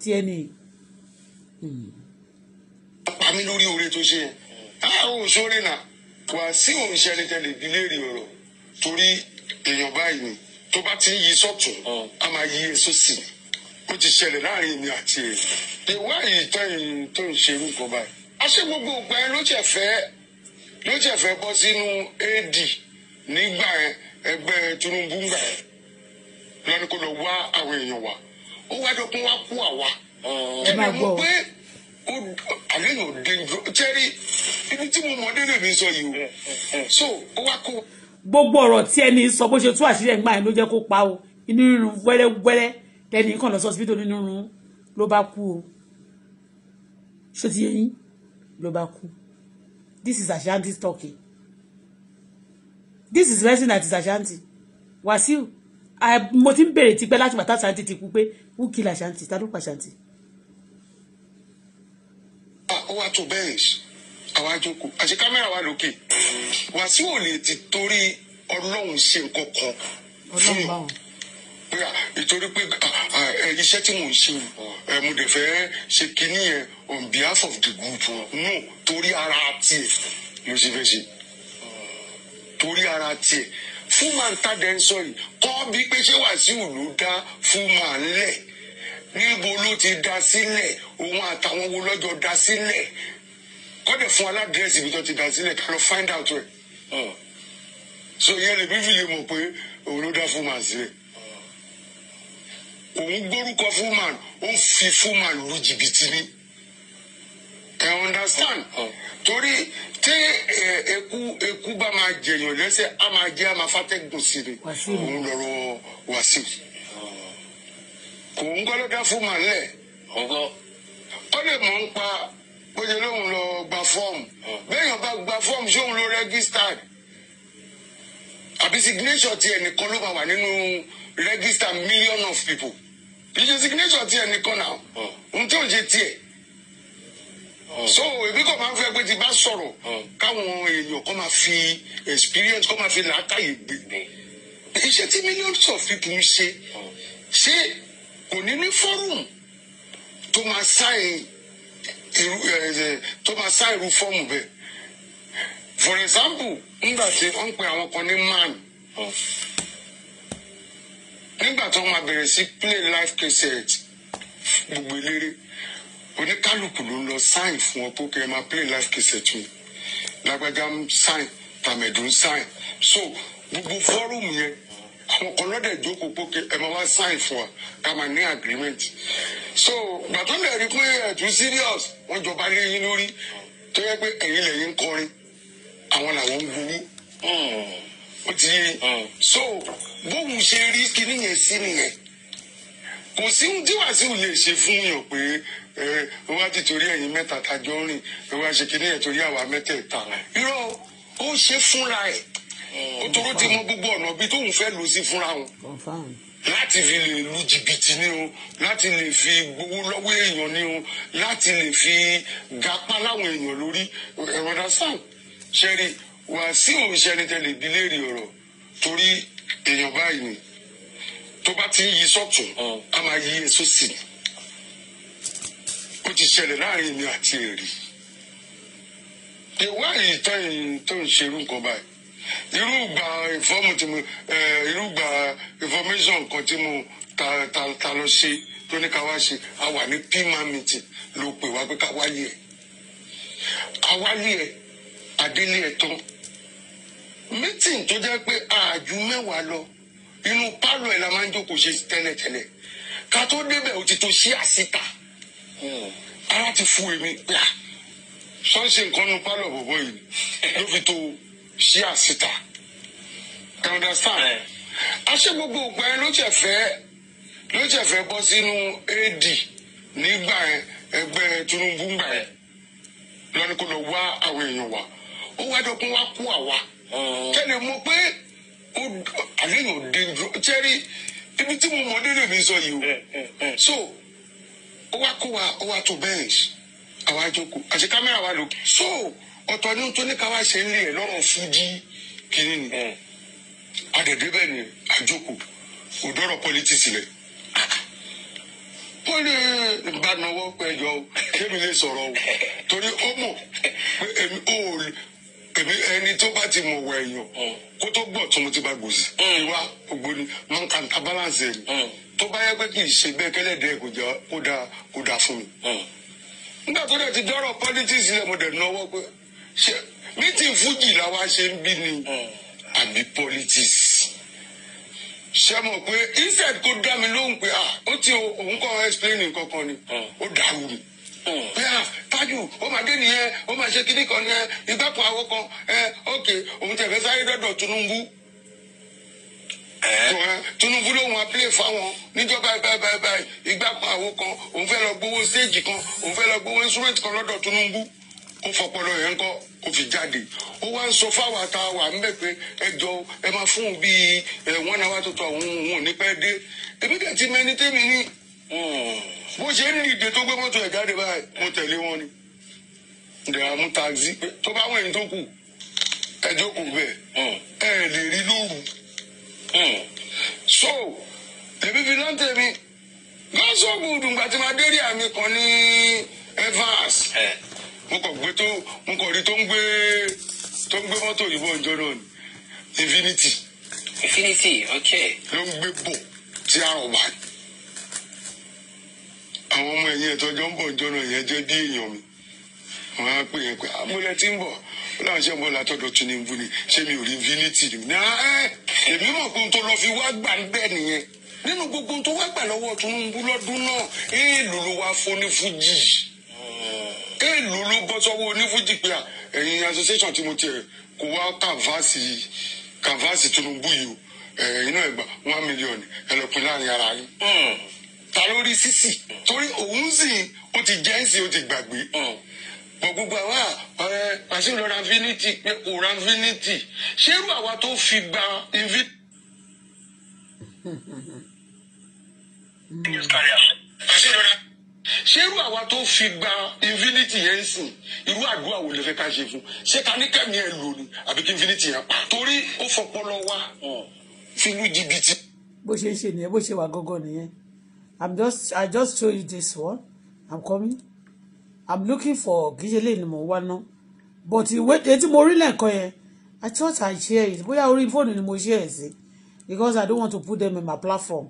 ti ẹni e pa mí lórí oore tó ṣe àwọn òṣèré náà wà sí òǹṣẹ́ ni tẹ́lẹ̀ ìdílé rí ọ̀rọ̀ torí èèyàn báyìí ni tó bá ti ń yí sọ́tún a máa yí èso sí i ó ti ṣẹlẹ̀ láàrin èmi àti ẹ̀ ìwádìí tẹ́yìn tó ń ṣe irú nǹkan báyìí. aṣẹ́ gbogbo ògbà yẹn ló tiẹ̀ fẹ́ ló tiẹ̀ fẹ́ bọ́ sínú ad nígbà ẹgbẹ́ Tinubu ńgbà yẹn lọ́ni kó lọ wá àwọn èèyàn wa ó wá jọ pé kú àwa. ẹ máa gbọ́ ọ àléyìn òde ìjọ jẹ́rí ibi tí mo mọ̀ délé mi sọ yìí o so ó wá kó. gbogbo ọ̀rọ̀ tí ẹni sọ bó ṣe tú àṣírí ẹ̀gbọ́n ẹ̀ ló jẹ́ kó pa o inú rírun wẹ́rẹ́wẹ́rẹ́ lẹ́ni kàn lọ sí nínú rírun ló bá kú o ṣó ti yẹ ló bá kú this is Ashanti talking this is person that is Ashanti Wasiu mo ti ń bèrè tipẹ́ láti bàtà Ashanti ti kú pé who kill Ashanti ta ló pa Ashanti ó wá tó bẹ́ẹ̀nsì àwa jókòó àti kámẹ́rà wa lókè Wàsíù ò lè ti torí ọlọ́run ṣe nǹkan kan fún mi bóyá ìtorí pé iṣẹ́ tí mò ń ṣe ẹ̀ mo dẹ̀ fẹ́ ṣe kínní yẹn on behalf of the group no torí ara tiẹ̀ ló ṣe fẹ́ ṣe torí ara tiẹ̀ fún màá ń tàdé ń sọ yìí kọ́ bí pé ṣé Wàsíù ló dá fún màá ń lẹ̀ níbo ló ti dá sílẹ̀ òun àtàwọn wo lọ́jọ́ dá sílẹ̀ kọ́dẹ̀ fún aládírẹ́sì ibi tó ti dá sílẹ̀ ká lọ find out rẹ̀ oh. so yẹn lè bí fìlè mọ̀ pé òun ló dá fúnmàn sílẹ̀ oh. òun gbórúkọ fúnmàn ó fi fúnmàn lu jìbìtì ni ẹ understand oh. torí tí eku eku bá máa jẹyàn lẹ́sẹ̀ á máa jẹ á máa fàtẹ́gùn sí ni òun lọ́rọ̀ wàásù kò ń gbọ́ ló dá fún màálẹ̀ ó lè mọ̀ ń pa bóyá lóun lọ gba fọ́ọ̀mù béèyàn bá gba fọ́ọ̀mù ṣé òun ló rẹ́gísítàd àbí signature tiẹ̀ nìkan ló máa wà nínú register million of people ìṣe signature tiẹ̀ nìkan náà ohun tí ò ṣe tiẹ̀ so èmi kò máa ń fẹ́ pé ti bá sọ̀rọ̀ káwọn èèyàn kó máa fi experience kó máa fi làákàyè gbé iṣẹ́ tí millions of people ń ṣe ṣé kò ní ní fọ́rùm tó máa sáyìn irú tó máa sá irú fọ́ọ̀mù bẹ́ẹ̀ for example nígbà tí wọ́n ń pe àwọn kan ní man nígbà tí wọ́n máa bẹ̀rẹ̀ sí play life cassette gbogbo eléré oníkálukú ló ń lọ sáyìn fún ọ pé ẹ máa play life cassette mi lágbájá ń sáyìn tàmẹ̀dù so gbogbo fọ́ọ̀rùmù yẹn àwọn kan lọ́dẹ̀ jókòó pókè ẹ máa wá sign fún wa ká máa ní agreement so gbàtọ́ lè rí pé ẹ̀tún serious wọ́n jọba lé yín lórí tó yẹ pé ẹ̀yin lẹ́yìn ń kọrin àwọn làwọn ń gbowó ó ti yé so bóun ṣe rí kíní yẹn sí nìyẹn kò sí ohun tí Wàsíù lè ṣe fún yàn pé ẹ wá ti torí ẹ̀yin mẹ́ta tàjọ rìn ẹ wá ṣe kíní yẹn torí àwa mẹ́tẹ̀ẹ̀ta oh. irọ́ ó ṣe fúnra ẹ̀ nítorí ti mọ gbogbo ọ̀nà bíi tóun fẹ́ lù sí fúnra wọn láti fi lè lu jìbìtì ni o láti lè fi gbowó lọ́wọ́ èèyàn ni o láti lè fi gapá láwọn èèyàn lórí ẹ̀rọ dasán ṣẹ́rí Wàsíù ṣẹ́ni tẹ́lẹ̀ ìdílé rí ọ̀rọ̀ torí èèyàn báyìí ni tó bá ti ń yí sọ́tún a máa yí èso sí i ó ti ṣẹlẹ̀ láàrin èmi àti èrè ìwádìí tó ń ṣerú nǹkan báyìí irúgbà ìfọ́mù tí mo irúgbà information kan tí mo ta ta ta lọ ṣe tó ní ká wá ṣe a wà ní pima meeting ló pè wá pé ká wáyé ẹ ká wáyé ẹ àdélé ẹ tán meeting tó jẹ́ pé ààjú mẹ́wàá lọ inú pálọ̀ ẹ̀ la máa ń jókòó ṣe tẹ́lẹ̀tẹ́lẹ̀ ká tó débẹ̀ ó ti tó sí àsìta ara ti fu èmi pé à sọ́ọ́sì nǹkan nu pálọ̀ bọ̀bọ̀ yìí ló fi tó o ṣí àṣìta you understand aṣẹ eh. gbogbo ògbà yẹn ló jẹ fẹ́ ló jẹ fẹ́ bọ́ sínú ad nígbà yẹn ẹgbẹ́ Tinubu gbà yẹn lọ́ni kó lọ wá àwọn èèyàn wa ó wá dọ́kun wá kú àwa hmm. kẹ́lẹ̀ mọ̀ pé àléyìn ò dé ibi tí mo mọ̀ dédé mi sọ yìí o hmm, hmm, so ó wá kó wa ó wá tó bẹ́ẹ̀nsì àwa jókòó àti kámẹ́rà wa lò so ọ̀tọ̀ ní tó ní ká wá ṣe nílé lọ́rùn fújì kìíní ni àdèdè bẹ́ẹ̀ ni àjòkò kò dọ́rọ̀ pọ́lítíìsì lẹ̀ pọ́lì bá náwó pẹ̀jọ kémi lè sọ̀rọ̀ o torí ó mọ̀ pé èmi ò èmi ẹni tó bá ti mọ̀ wẹ̀ èèyàn mm. kó tó gbọ̀ tó mo ti bá gbòsì ìwà mm. ògbóni máa ń ka ta balance ẹ̀ mm. tó bá yẹ pé kì í ṣe bẹ́ẹ̀ kẹ́lẹ́dẹ́ kò jẹ́ kó dáa kó dáa fún mi. nígbà tó dẹ̀ ti dọ́rọ̀ politics lẹ̀ mo dẹ̀ náwó pé ṣe mítìn fújì làwa ṣe ń bí ni hmm. àbí politics ṣe mọ̀ pé inside kó dá mi lóhùn pé ah ó ti òun kọ́ explain nǹkan ni hmm. ó dàrú ni hmm. pé ah tájù ó máa dé nìyẹn ó máa ṣe kíní kan nìyẹn ìgbàpọ̀ àwọn kan ẹ ok òun tẹ̀fẹ́ sáré dọ́dọ̀ Tinubu Tinubu ló wọn apilé fáwọn níjọba ìgbàpọ̀ àwọn kan òun fẹ́ lọ gbowó séèjì kan òun fẹ́ lọ gbowó instrument kan lọ́dọ̀ Tinubu kó fọpọlọ yẹn ńkọ́ kó fi jáde ó wá ń sọ fáwọn àtàwà ńbẹ pé ẹjọ ẹ máa fún un bíi wọn náà wá tó àwọn òun ní pẹ́ dé èmi dẹ̀ ti mẹni tèmi ní hmm. bó ṣe ń nìde tó gbé mọ́tò ẹ̀ jáde báyìí mo tẹ̀lé wọn ni ǹdẹ̀rà mú taxi tó bá wẹ̀yìn tó kù ẹ jókòó bẹ́ẹ̀ hmm. ẹ lè rí lóru hmm. so èmi fi lọ́ntẹ̀ mi lọ́sọ̀gùn dùgbàtí máa dérí àmì ní Evans mo kàn gbé tó mo kàn rí tó ń gbé tó ń gbé mọ́tò òyìnbó ọjọ́ náà ni infinity. infinity ok. ló ń gbé bò tí a ò bá àwọn ọmọ ẹ̀yìn ẹ̀tọ́jọ́ ń bọ̀ ọjọ́ náà yẹn jẹ́ bí èèyàn mi wọn á pè yẹn pé amúlẹ̀ ah, tí ń bọ̀ láwọn ṣe ń bọ̀ Tinubu ni ṣé mi ò rí infinity ni. náà ah, eh, èmi mọ̀ pé n tó lọ fi wá gbà ń bẹ́ẹ̀ nìyẹn nínú gbogbo tó wá gbà lọ́wọ́ Tinubu lọ́dún náà èèlò ló bọ́ sọ́wọ́ onífújì pé ẹ̀yin association tí mo wá kànfàsì kànfàsì Tinubu yìí o inú ẹ̀gbà one million ẹlẹ́pin láàrin ara yín hmm. ta ló rí torí òun sì ó ti jẹ́ sí ó ti gbàgbé pọ̀ hmm. gbogbo àwa ọ̀rẹ́ pàṣẹ lọ ranfinity pé kò ranfinity ṣérú àwa tó fi gba invi. pàṣẹ hmm, lọ ranfinity ṣé irú àwa tó fi gba infinity yẹn sìn irú àdúrà wo lè fẹ́ ká ṣe fún ṣé ká ní kẹ́mi ẹ̀ lò ní àbí kí infinity yẹn pa torí ó fọpọlọ wa fi lú jìbìtì. bó ṣe ń ṣe nìyẹn bó ṣe wà gángan nìyẹn i'm just i just show you this one i'm coming i'm looking for gíjẹlẹ ni mo wá ná but ìwé etí mo rí lẹ́ẹ̀kan yẹn i thought i share it bóyá orí fóònù ni mo share it because i don't want to put them in my platform.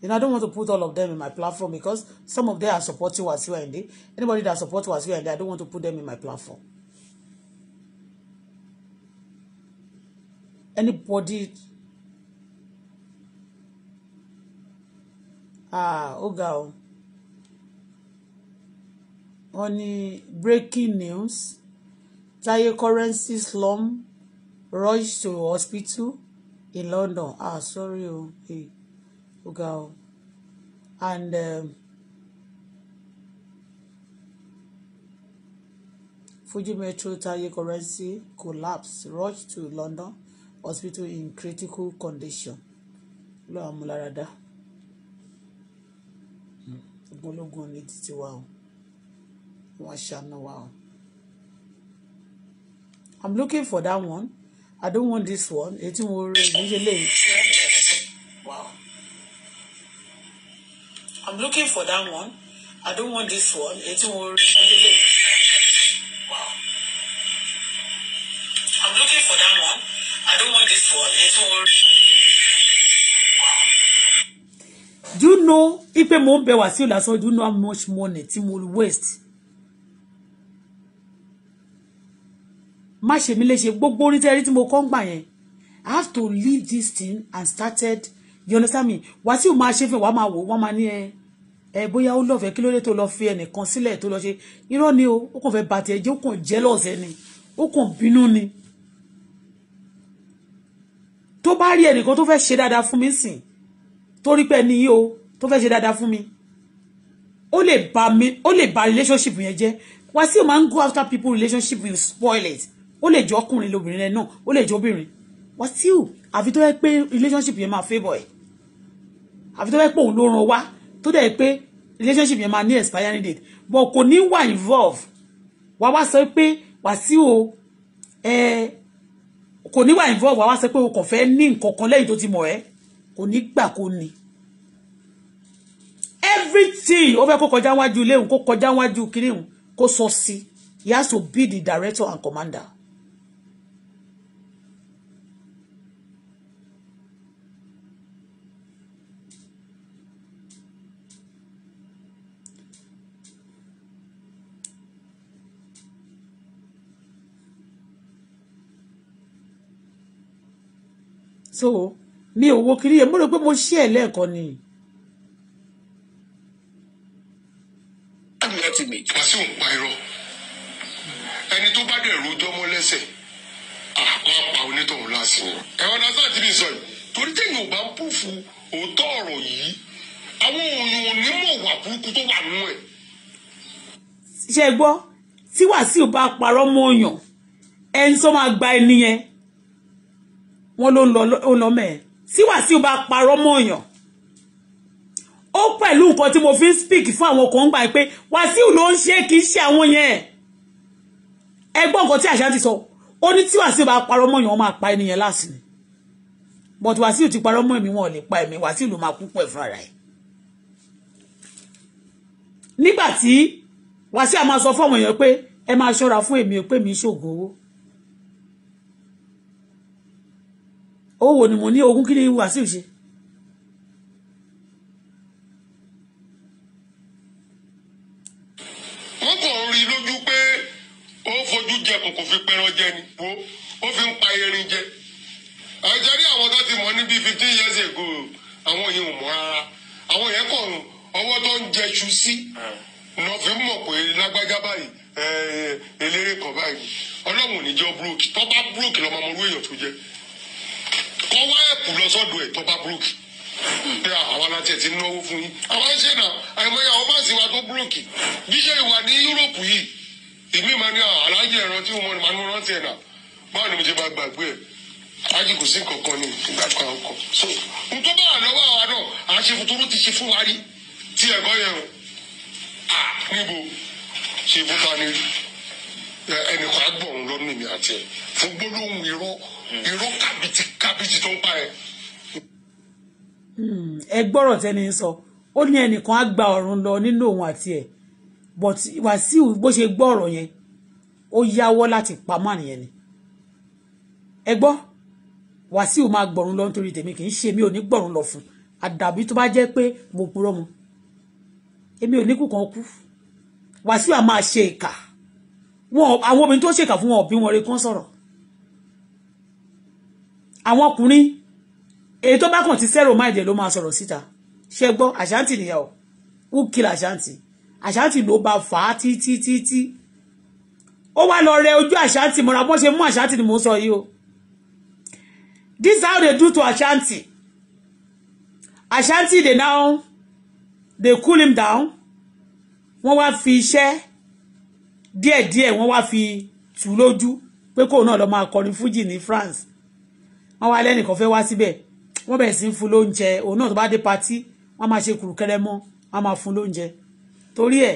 You I don't want to put all of them in my platform because some of them are supporting Wasiu Ayinde. Anybody that supports Wasiu Ayinde, I don't want to put them in my platform. Anybody. Ah, ó ga o. Wọ́n breaking news. Taye currency slum rush to hospital in London. Ah, sorry o. Oh. Hey ó ga ọ and um, Fuji Metro tire currency collapse rush to London hospital in critical condition Lo amúláradá gbólógún ní títí wa o wọ́n ṣàánú wa o. I'm looking for that one. I don't want this one. Ètí mo rí ìdíje lè. Wow. I'm looking for that one. I don't want this one. It's tí wọ́n I'm looking for that one. I don't want this one. It's tí wọ́n Do you know if ipe mo was bẹ Wàsíù lásán do you know how much money tí mo waste? Má ṣe mi léṣe gbogbo orí tẹ́rí I have to leave this thing and started you understand me Wasiu máa ṣe fún wa máa wò wọ́n máa ní ẹ eh, ẹ eh, bóyá ó lọ́fẹ̀ẹ́ kí ló dé tó lọ fi ẹnìkan sílẹ̀ tó lọ ṣe irọ́ ni o ó kàn fẹ́ bàtì ẹ̀jẹ̀ ó kàn jealous ni ó kàn bínú ni tó bá rí ẹnìkan tó fẹ́ ṣe dáadáa fún mi sìn torí pé ẹni yìí o tó fẹ́ ṣe dáadáa fún mi ó lè bà mí ó lè bà relationship yẹn jẹ́ Wasiu máa ń go after people relationship you spoil it ó lè jẹ́ ọkùnrin lóbìnrin rẹ̀ náà ó lè jẹ́ obìnrin Wasiu àfi tó yẹ pé relationship yẹn máa favour ẹ̀ àfi tó fẹ́ pé òun ló ràn wá tó dẹ̀ pé relationship yẹn máa ní expiring date but kò ní wà involve wà wá sọ pé Wàsíù ẹ kò ní wà involve wà wá sọ pé o kàn fẹ́ ní nǹkan kan lẹ́yìn tó ti mọ̀ ẹ́ kò ní gbà kó ni everything ó fẹ́ kó kọjá wájú léwu kó kọjá wájú kiri kó sọ sí he has to be the director and commander so mi ò wo kiri yẹn mo rò pé mo ṣí ẹ lẹ́ẹ̀kan ni. wàṣíù ń pa irọ́ ẹni tó bá dẹ̀ rojọ́ mọ́ lẹ́sẹ̀ àpá pa onítọ̀hún ẹ̀wọ̀n náà sáà ti bí sọ yìí torí téèyàn ò bá ń pùfù òótọ́ ọ̀rọ̀ yìí àwọn òyìn onímọ̀ burúkú tó wà nínú ẹ̀. ṣe gbọ́ tí wàṣíù bá parọ́ mọ́ òyàn ẹni tó máa gba ẹni yẹn wọ́n ló ń lọ mẹ́ẹ̀ tí Wàsíù bá parọ́ mọ́ọ̀yàn ó pẹ̀lú nǹkan tí mo fi ń speak fún àwọn kan gbà pé Wàsíù ló ń ṣe kì í ṣe àwọn yẹn ẹ gbọ́ nǹkan tí àṣà ti sọ ó ní tí Wàsíù bá parọ́ mọ́ọ̀yàn wọ́n máa pa ènìyàn lásìí ni but Wàsíù ti parọ́ mọ́ èmi wọn ò lè pa èmi Wàsíù ló máa kú pẹ̀ fúnra ẹ̀ nígbà tí Wàsíù a máa sọ fún àwọn èèyàn pé ẹ máa ṣọ́ra fún èmi pé mi ṣògo owó owó ni mo ní ogún kí ni Wàsíù ṣe. wọ́n kàn ń rí lójú pé ó fojú jẹ kò kò fi pẹran jẹ ni ó fi ń pa erin jẹ àjẹrí àwọn tó ti mọ̀ ní fifteen years ago àwọn yìí ò mọ̀ rárá àwọn yẹn kàn ọwọ́ tó ń jẹṣu sí lọ fi mọ̀ pé lágbájá báyìí eléré kan báyìí ọlọ́run ò ní jẹ́ búrọ́kì tó bá búrọ́kì lọ́mọ ọmọ orú èèyàn tó jẹ́ kọ́ wá ẹ̀kú lọ sọ́dọ̀ ẹ̀ tọ́ba búrúkì pé àwọn aláṣẹ ti náwó fún yín àwọn ṣe náà àìmọye àwọn máa sì wá tó búrúkì bí ṣe ìwà ní yúròpù yìí èmi máa ní aláàjì ẹ̀rọ tí mo máa ń rántí ẹ̀ náà báwo ni mo ṣe bá gbàgbé ẹ̀ ájì kò sí kankan ní ìgbà kan ọkọ so nǹkan bá wà lọ́wọ́ àwa náà àṣefuturu ti ṣe fún wa rí tí ẹ̀kọ́ yẹn o à níbo ṣe fúnta ni ẹnìkan á gbọ̀n lọ́nà mi àti ẹ̀ fún gbólóhùn irọ́ irọ́ kàbìtì kábíyèsí tó ń pa ẹ. Hmm, ẹ gbọ́rọ̀ tẹ́ni sọ ó ní ẹnìkan á gba ọ̀run lọ nínú òun àti ẹ̀ but Wàsíù bó ṣe gbọ́ ọ̀rọ̀ yẹn ó yáwọ́ láti pamọ́ àníyàn ni ẹ gbọ́ Wàsíù máa gbọ̀run lọ nítorí tèmi kì í ṣe mi ò ní gbọ̀run lọ fún àdàbí tó bá jẹ́ pé mo purọ́ mu èmi ò ní kú kan kú Wàsíù á máa ṣe ìkà àwọn obìnrin tó ṣèkà fún wọn òbí wọn rẹ kán sọ̀rọ̀ àwọn ọkùnrin èyí tó bá kàn ti sẹ́rò máìdẹ̀ ló máa sọ̀rọ̀ síta ṣe gbọ́ àṣántì nìyà o who kill àṣántì àṣántì ló bá fà á títí títí ó wá lọ rẹ ojú àṣántì mọ́ra bọ́n ṣe mú àṣántì ni mò ń sọ yìí o this how they do to àṣántì àṣántì dey now dey cool him down wọ́n wá fi iṣẹ́ díẹ̀díẹ̀ wọ́n wá fi tù lójú pé kóun náà lọ máa kọrin fújì ní France wọ́n wá lẹ́nìkan fẹ́ wá síbẹ̀ wọ́n bẹ̀rẹ̀ sí ń fún lóúnjẹ òun náà tó bá dé patí wọ́n máa ṣe kùrùkẹ́rẹ́ mọ́ wọ́n máa fún lóúnjẹ torí ẹ̀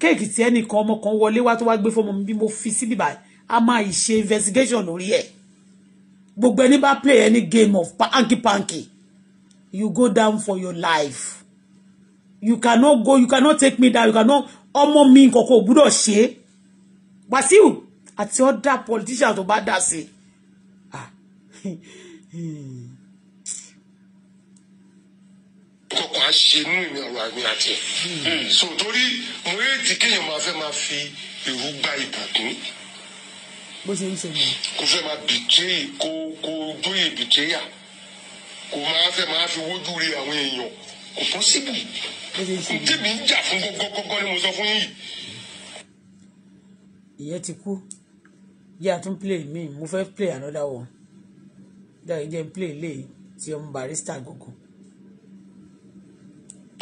kéèkì tí ẹnìkan ọmọ kan wọlé wá tó wá gbé fọmọ mi bí mo fi sí bíbá a máa ṣe investigation lórí ẹ̀ gbogbo ẹni bá play any game of panky panky you go down for your life you cannot go you cannot take me down you cannot ọmọ mi nǹkan kan ò gbúdọ̀ ṣe Wàsíù àti ọ̀dà politician tó bá dà sí i tọkọ àṣìṣe inú mi ọ̀rọ̀ àmì àti ẹ̀ hmm. so torí mo réètì kéèyàn máa fẹ́ máa fi èrú gba ìbùkún bó ṣe ń ṣe mọ. kò fẹ́ máa bìtírì kó kó dóye bìtírìà kò máa fẹ́ máa fi wójú rí àwọn èèyàn kò pọ́síbù tèmi ń jà fún gọ́gọ́gọ́ ni mo sọ fún yìí. ìyẹn ti kú yíyá tún play mi mo fẹ́ play another one dáa jẹ́ play lè ti ọmọ barista gògùn.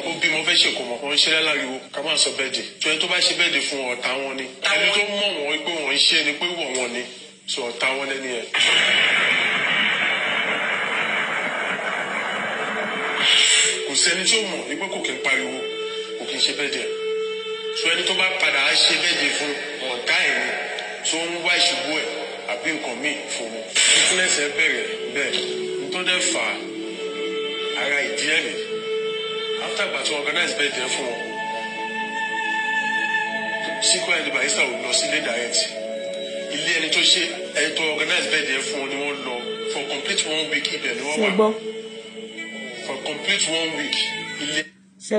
mo bí mo fẹ́ ṣèkó mọ̀ kó ń ṣe láláriwo ká má sọ bẹ́ẹ̀dì tó ẹni tó bá ṣe bẹ́ẹ̀dì fún ọ̀tá wọn ni ẹni tó mọ̀ wọ́n pé wọ́n ń ṣe ni pé wọ̀ wọ́n ni sọ ọ̀tá wọn lẹ́ni ẹ̀. kò sẹ́ni tí ó mọ̀ ní pé kò kí ń pariwo kò kí ń ṣe bẹ́ẹ̀dì ẹ̀ sọ ẹni tó bá padà ṣe bẹ́ẹ̀dì fún ọ̀tá ẹ̀ ni tó ń wá ìṣubú ẹ̀ àbí nǹkan míì fún un. sickness ẹ bẹ̀rẹ̀ bẹ́ẹ̀ nítorí dẹ́ fà ara ìdí ẹ̀ nìyí after gbàtú organize bẹ́ẹ̀ dẹ́ fún wọn. síkú ẹni barista ò lọ sílé direct ilé ẹni tó ṣe ẹni tó organize bẹ́ẹ̀ dẹ́ fún wọn ni wọ́n lọ for complete one week ibẹ̀ ni wọ́n wà for complete one week ilé. ṣe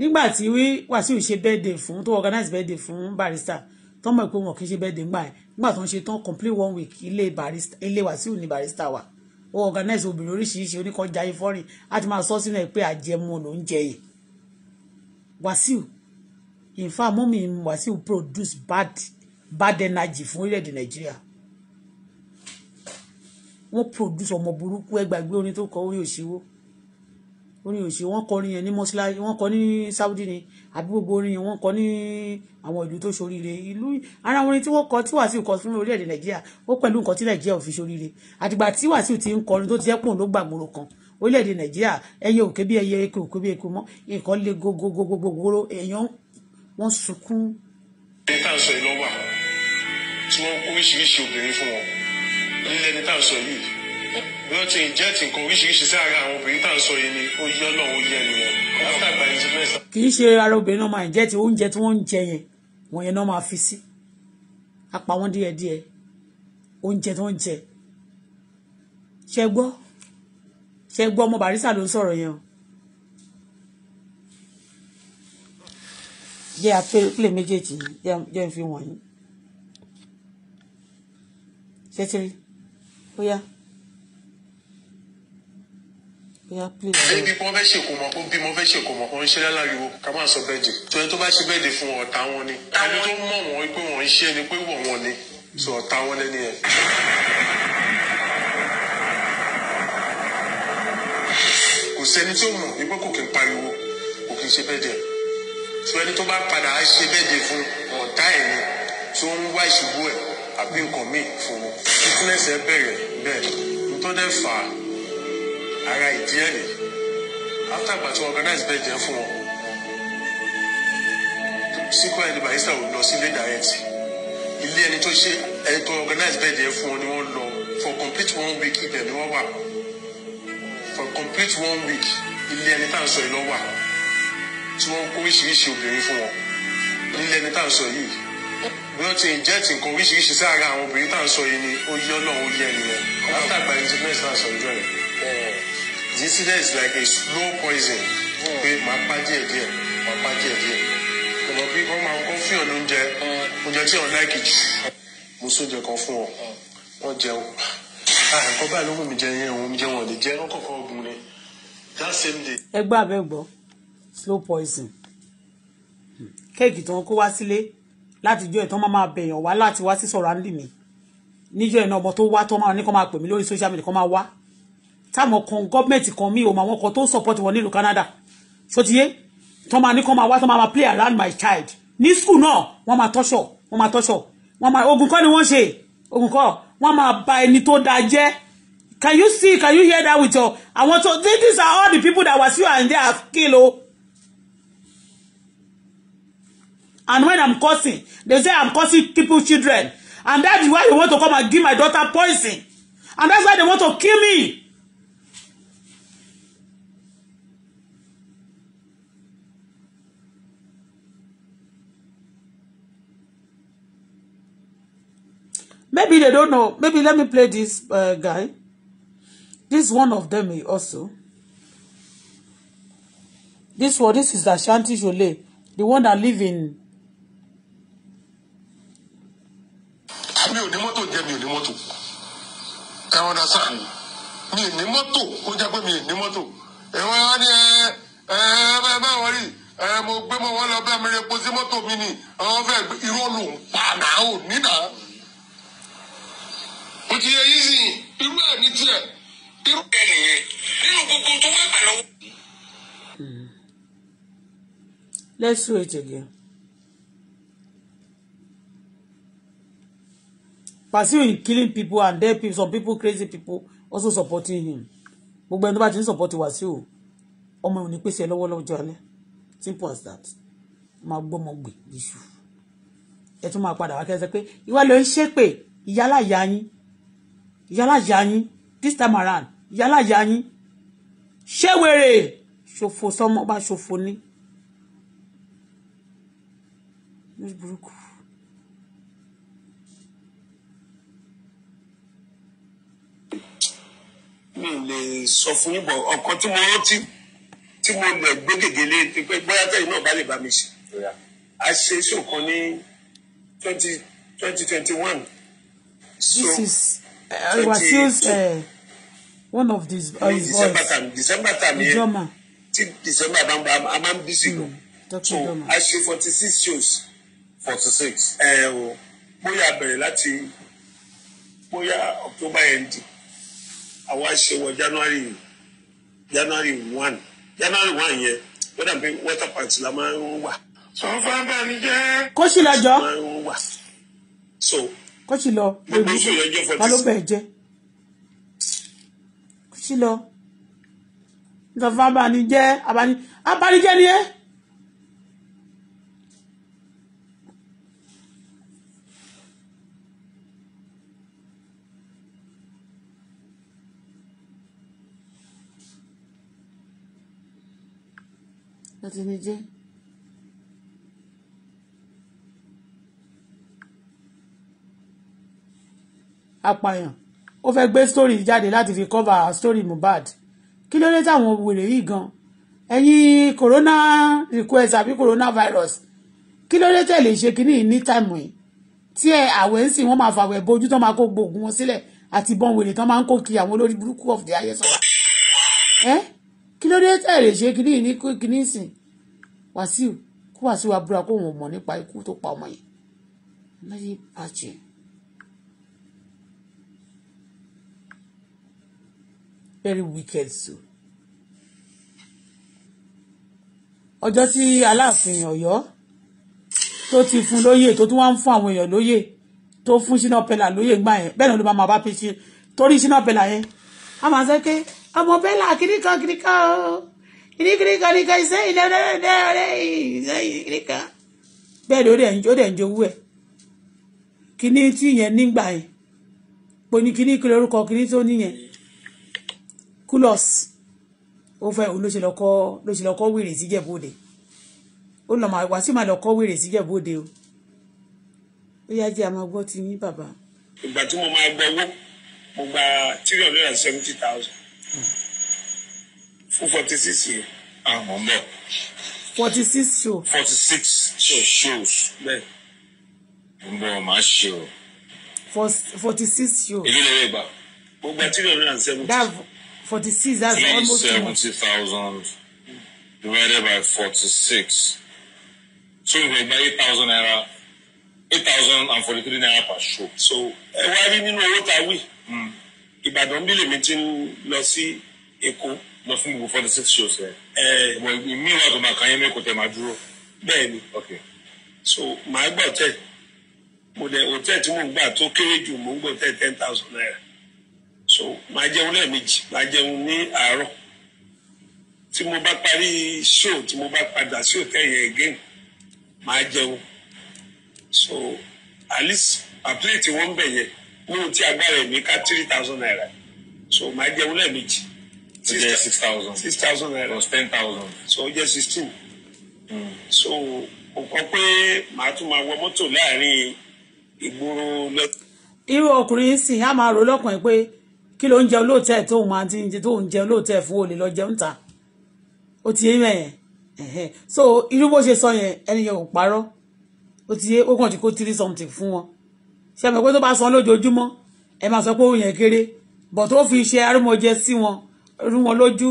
nígbà tí Wàsíù ṣe bẹ́ẹ̀ fún tó organize bẹ́ẹ̀ fún barista tọ́mọ̀ ìpò kì í ṣe bẹ́ẹ̀ dẹ̀ yẹn nígbà tó ń ṣe tán complete one week ilé barista ilé wàsíù ní barista wa ó organize obìnrin oríṣiríṣi oníkọjá ifọ̀rìn á ti máa sọ sínú ẹ̀ pé àjẹmú ló ń jẹ yìí wàsíù in fact mọ́mí wàsíù produce bad bad energy fún orílẹ̀-èdè nàìjíríà wọ́n produce ọmọ burúkú ẹgbàgbé orin tó kọ orí òṣìwò orin òsì wọ́n kọrin yẹn ní mọ́ṣáláṣí wọ́n kọ ní Saudi ni àbí gbogbo orin yẹn wọ́n kọ ní àwọn ìlú tó ṣoríire ìlú ara orin tí wọ́n kọ tí Wàsíù kọ fún orílẹ̀-èdè Nàìjíríà ó pẹ̀lú nǹkan tí Nàìjíríà ò fi ṣoríire àtìgbà tí Wàsíù ti ń kọrin tó ti jẹ́ pòun ló gbàgbóró kan orílẹ̀-èdè Nàìjíríà ẹyẹ òkè bí ẹyẹ eko òkè bí eko mọ́ nǹkan le gogogogogogo èèyàn wọ́n sunkún. ẹni tá à ń sọ yìí lọ wà tí wọ́n kó oríṣiríṣi obìnrin fún wọn nílẹ̀ ẹni tá à ń sọ yìí wọ́n ti inject nǹkan oríṣiríṣi sí ara àwọn obìnrin tá à ń sọ yìí ni ó yẹ náà ó yẹ nìyẹn after gba influencer. kì í ṣe ara obìnrin náà máa inject oúnjẹ tí wọ́n ń jẹ yẹn wọ́n yẹn náà máa fi sí apá wọn díẹ̀díẹ̀ oúnjẹ tí wọ́n jẹ ṣe gbọ́ ṣe gbọ́ ọmọ barisa ló ń sọ̀rọ̀ yẹn o. jẹ́ apẹ́lẹ́ méjèèjì jẹ́ n fi wọ̀nyí ṣé tí ó yá ṣé ní wọ́n fẹ́ ṣèkó mọ́ kó bí mo fẹ́ ṣèkó mọ́ kó ń ṣe lálàriwo ká máa sọ bẹ́ẹ̀dì tó ẹni tó bá ṣe bẹ́ẹ̀dì fún ọ̀tá wọn ni ẹni tó mọ̀ wọ́n pé wọ́n ń ṣe ni pé wọ̀ wọ́n ni sọ ọ̀tá wọn lẹ́ni ẹ̀. kò sẹ́ni tó mọ̀ wípé kò kí n pariwo kò kí n ṣe bẹ́ẹ̀dì ẹ̀ tó ẹni tó bá padà á ṣe bẹ́ẹ̀dì fún ọ̀tá ẹ̀ ni tó ń wá ìṣubú ẹ̀ àbí nǹkan míì fún un fitness ara ìdí ẹ̀ nìyí látàgbà tí wọn organize bẹ́ẹ̀ jẹ́ fún wọn síkú ẹni barista ò lọ sílé direct ilé ẹni tó ṣe ẹni tó organize bẹ́ẹ̀ jẹ́ fún wọn ni wọ́n lọ for complete one week ibẹ̀ ni wọ́n wà for complete one week ilé ẹni tá à ń sọ yìí lọ wà tí wọ́n kó oríṣiríṣi obìnrin fún wọn nílé ẹni tá à ń sọ yìí bí wọ́n ti inject nǹkan oríṣiríṣi sára àwọn obìnrin tá à ń sọ yìí ni ó yẹ ọlọ́run ó yẹ ẹni yẹn látàgbà ẹni tí mẹ́sàn-án sọ ìjọ yẹn. This jisida is like a slow poison pé màá pa díẹ̀ díẹ̀ màá pa díẹ̀ díẹ̀ ọmọ bí wọn máa kọ fún ọdún jẹ oúnjẹ tí wọn láìkì jù mo sóúnjẹ kan fún ọ wọn jẹun ah, nǹkan báyìí ló mú mi jẹ yẹn òun jẹ wọn lè jẹ wọn kọkọ ogun ni that same day. ẹ gbọ́ abẹ́ gbọ́ slow poison kéèkì tí wọ́n kó wá sílé látijọ́ ẹ̀ tán máa máa bẹ̀yàn wá láti wá sí sọ̀rọ̀ àǹdí mi níjọ́ ẹ̀ náà ọmọ tó wá tán máa ní kó máa pè mí lórí social media kó máa wá táwọn kan gọ́ọ̀mẹ̀ntì kan mi ò mọ àwọn kan tó ń support wọn nílùú Canada ṣòtíyé tó máa ní kó máa wá tó máa máa play around my child ní school náà wọ́n máa tọ́ṣọ̀ wọ́n máa tọ́ṣọ̀ wọ́n máa ogun kọ́ ni wọ́n ṣe ogun kọ́ wọ́n máa ba ẹni tó dáa jẹ́ can you see can you hear that with your àwọn tó these are all the people that was you and they are kill o oh. and when i'm cursing they say i'm cursing people children and that's why they want to come and give my daughter poison and that's why they want to kill me Maybe they don't know. Maybe let me play this uh, guy. This one of them also. This one, this is Ashanti Jolie, the one that live in. mi ò ní mọ́tò jẹ́ mi ò ní mọ́tò ẹ wọn náà sàn mi ò ní mọ́tò ó jẹ́ pé mi ò ní mọ́tò ẹ wọn á ní ẹ ẹ bẹ́ẹ̀ bá wọ́n rí ẹ mo gbé mọ́ wọn lọ bẹ́ẹ̀ mi rẹ po sí mọ́tò mi ni àwọn fẹ́ẹ́ irọ́ ló ń pa náà ò ní náà kò ti yẹ yín sìn irú ẹ̀ ní tiẹ̀ irú ẹ̀ nìyẹn nínú gbogbo tó wá gbà lọ́wọ́. Hmm. Let's wait again. Wasiu is killing people and dead people, some people, crazy people also supporting him. Gbogbo ẹni tó bá ti ń support Wasiu, ọmọ ìwọ̀n ní pèsè lọ́wọ́ lọ́jọ́ alẹ́. Simple as that. Máa gbọ́ ọmọ gbè bíṣù. Ẹ tún máa padà wá kẹ́sẹ̀ pé ìwà ló ń ṣépè ìyálà ìyá yín yálà yá this time around yálà yá yín ṣé wèrè ṣòfò sọmọ bá ṣòfò ní. burúkú. mi ò lè sọ fún yín bọ̀ ọkọ tí mo rántí tí mo lọ gbégede lé ní pé bóyá tẹ̀yìn náà bá lè bá mi ṣe. a ṣe iṣu ní twenty twenty twenty one. so was Wasiu's eh, one of these uh, his voice December time December time yẹn ti December bá ń bá a busy lọ hmm, so a ṣe forty six shows forty six ẹ eh, o bóyá bẹ̀rẹ̀ láti bóyá October end àwa ṣe wọ January January one January one yẹn wọ́n dàbí water park la máa ń wà. sọ fún abẹ́ni jẹ́. kó sì lọ jọ. so kọ́sì lọ ta ló bẹ̀ jẹ́ kọ́sì lọ nítorí fún abanijẹ́ abanijẹ́ ni ẹ́. Abanijẹ́. apààyàn ó fẹ́ gbé story jáde láti fi cover story Mohbad kí ló dé táwọn wèrè yìí gan ẹ̀yin corona request àbí coronavirus kí ló dé tẹ̀lé ṣe kínní ní táìmù yìí tí ẹ àwẹ̀ ń sìn wọ́n máa fàwẹ̀ bójú tán máa kó gbòògùn wọn sílẹ̀ àti ìbọn wèrè tán máa ń kó kiri àwọn olórí burúkú of the ayé sọ̀rọ̀ ẹ́ kí ló dé tẹ̀lé ṣe kínní ní kínní sìn Wàsíù kó Wàsíù abúra kó wọn mọ̀ nípa ikú tó pa ọmọ yìí láyé bàjẹ́. very wicked too. ọjọ́ tí aláàfin ọ̀yọ́ tó ti fún lóyè tó tún wá ń fún àwọn èèyàn lóyè tó fún Shina Peller lóyè gbà yẹn bẹ́ẹ̀ náà ló máa bá pèsè torí Shina Peller yẹn a máa sọ pé ọmọ Peller kìnnìkan kìnnìkan o kìnnìkan kìnnìkan ìṣe ìdẹ́rẹ́dẹ́ ọ̀rẹ́ ìṣe kìnnìkan bẹ́ẹ̀ ló dẹ̀ ó dẹ̀ ń jowú ẹ̀ kìnnì tí yẹn nígbà yẹn pò ní kìnnì kí lórúkọ kìnnì tó níyẹn Kulos ó fẹ́ ló ṣe lọ́kọ́ ló ṣe lọ́kọ́ wèrè síjẹ̀bú òde ó lọ́ máa wá sí máa lọ́kọ́ wèrè síjẹ̀bú òde o ó yá jẹ́ àmọ́ gbọ́ ti yín bàbá. ìgbà tí mo máa gbọ́ owó mo gba three hundred and seventy thousand fún forty six years. àwọn ọmọ ẹ. forty six shows. forty six shows. bẹ́ẹ̀. mo ń bọ̀ ọ́ máa ṣe o. forty six shows. èyí lè rẹ̀ gbà mo gba three hundred and seventy. 46, that's almost 70,000 divided by 46. So we buy 8,000 naira, 8,043 naira per show. So, why we know what are we? Ìbàdàn bí lèmi ti ń lọ sí Èkó lọ fún gbogbo forty six shows ẹ. Ẹ mi wà tó máa kàn yín mẹ́kọ̀ọ́ tẹ̀ máa dúró. Bẹ́ẹ̀ni. So màá gbọ́ tẹ̀. Mo dẹ̀ hòtẹ́ẹ̀ tí mò ń gbà tó kéré jù mò ń gbọ́ tẹ̀ ten thousand naira so máa jẹun lẹ́ẹ̀mejì máa jẹun ní àárọ̀ tí mo bá parí show tí mo bá padà sí hòtẹ́ẹ̀lì yẹn again máa jẹun so at least àpílẹ̀tì wọn bẹ̀ yẹn mú ti agbára ẹ̀mí ká three thousand naira so máa jẹun lẹ́ẹ̀mejì ó jẹ́ six thousand six thousand naira plus ten thousand so ó jẹ́ sixteen hmm. so o kọ́ pé màá tún máa wọ mọ́tò láàrin ìgboro lọ. irú ọkùnrin sì á máa rò lọ́kàn pé kí ló ń jẹ olóòtẹ́ tó máa ti ń jẹ tó ń jẹ olóòtẹ́ fún olè lọ jẹun ta ó ti yé mẹ́yẹn so irú bó ṣe sọ yẹn ẹni yẹn ò parọ́ ó ti yé ó kàn ti kó three something fún wọn ṣe àmọ́ pé tó bá san lójoojúmọ́ ẹ máa sọ pé òun yẹn kéré bọ̀ tó fi ṣe arúmọjẹ sí wọn rú wọn lójú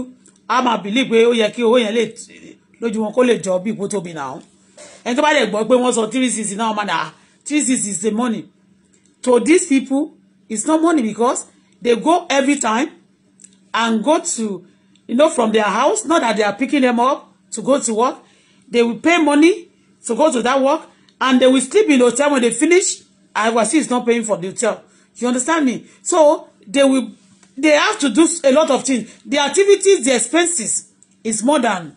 a máa bìlí pé ó yẹ kí owó yẹn lè lójú wọn kó lè jọ bí ipò tóbi náà ẹni tó bá lè gbọ́ pé wọ́n sọ three sixty náà máa nà ah, three sixty is the money to these people it's not money because they go every time and go to, you know, from their house, not that they are picking them up to go to work. They will pay money to go to that work and they will sleep in the hotel when they finish. I Iwasi is not paying for the hotel. You understand me? So they will, they have to do a lot of things. The activities, the expenses is more than,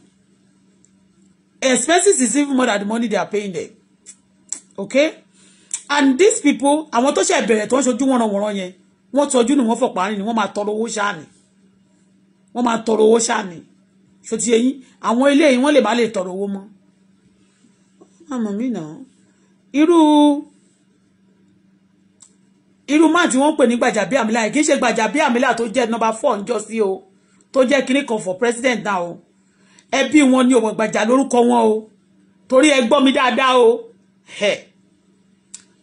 expenses is even more than the money they are paying them. Okay? And these people, I want to bẹ̀rẹ̀ tó ń ṣojú wọ́nrọ̀wọ́nrọ̀ yẹn, wọ́n tọ́jú ni wọ́n fọ̀pá ni wọ́n máa tọrọ owó ṣáà ni wọ́n máa tọrọ owó ṣáà ni ṣòtí eyín àwọn ilé yìí wọ́n lè bá lè tọrọ owó mọ́ àmọ́ mi nà irú irú máà wọ́n pè ní Gbajabiamila yìí kì í ṣe Gbajabiamila tó jẹ́ nọ́mbà four ń jọ sí o tó jẹ́ kinní kan for president náà o ẹbí wọn ní ọ̀wọ̀ gbàjà lórúkọ wọn o torí ẹ gbọ́ mi dáadáa o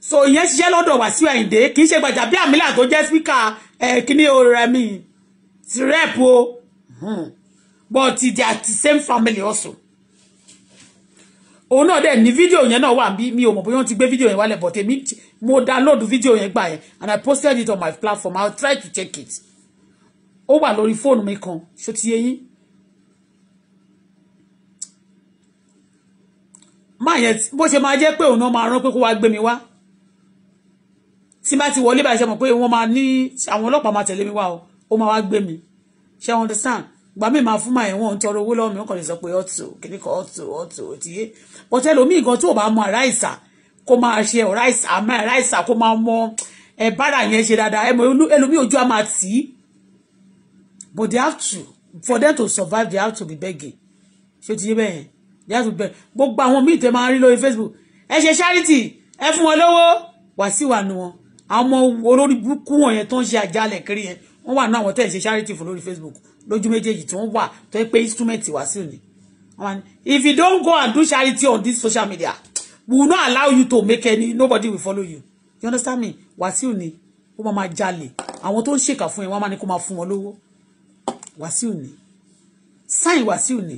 so ìyẹn ṣiṣẹ́ lọ́dọ̀ Wàsíù Àyìndé kì í ṣe Gbajabiamila tó jẹ́ spíkà kíní oremi ti rep o hmm. but they are the same family also òun náà dẹ̀ ní fídíò yẹn náà wà bí mi ò mọ̀ bóyá wọ́n ti gbé fídíò yẹn wálẹ̀ but èmi mo download fídíò yẹn gbà yẹn and I posted it on my platform I try to check it ó wà lórí fóònù mi kan ṣó ti yé yín máa yẹn bó ṣe máa jẹ́ pé òun náà máa rán pé kó wá gbé mi wá tí bá ti wọlé báyìí ṣe mọ̀ pé wọ́n máa ní àwọn ọlọ́pàá máa tẹ̀lé mi wá o ó máa wá gbé mi ṣe wọn understand gbà mí máa fún máa ẹ̀wọ̀n ń tọrọ owó lọ́wọ́ mi wọ́n kàn lè sọ pé ọ̀tò kìíní kan ọ̀tò ọ̀tò ti yé bọ́tẹ́ lómi nǹkan tó o bá mọ àrá ìsà kó máa ṣe ọ̀rá ìsà àmọ́ àrá ìsà kó máa mọ ẹ̀ bára yẹn ṣe dáadáa ẹ̀ ẹlòmí ojú á tì í but they have to for them to survive they have to be begging ṣé o ti yé bẹ́ẹ̀ they have to beg gbogbo àwọn míì tẹ máa rí lórí Facebook ẹ ṣe charity ẹ fún wọn lówó wàásù wà nù wọn àwọn olórí burúkú wọ̀nyẹn tó ń ṣe àjálẹ̀ kiri yẹn wọ́n wà náà àwọn tẹ̀ ń ṣe charity fún lórí Facebook lójú méjèèjì tí wọ́n wà tó ń pe instrument wá sí ni if you don't go and do charity on this social media we will not allow you to make any nobody will follow you you understand me Wàsíù ni ó máa máa jalè àwọn tó ń ṣèkà fún ẹ wọ́n máa ní kó máa fún wọn lówó Wàsíù ni sáyìn Wàsíù ni.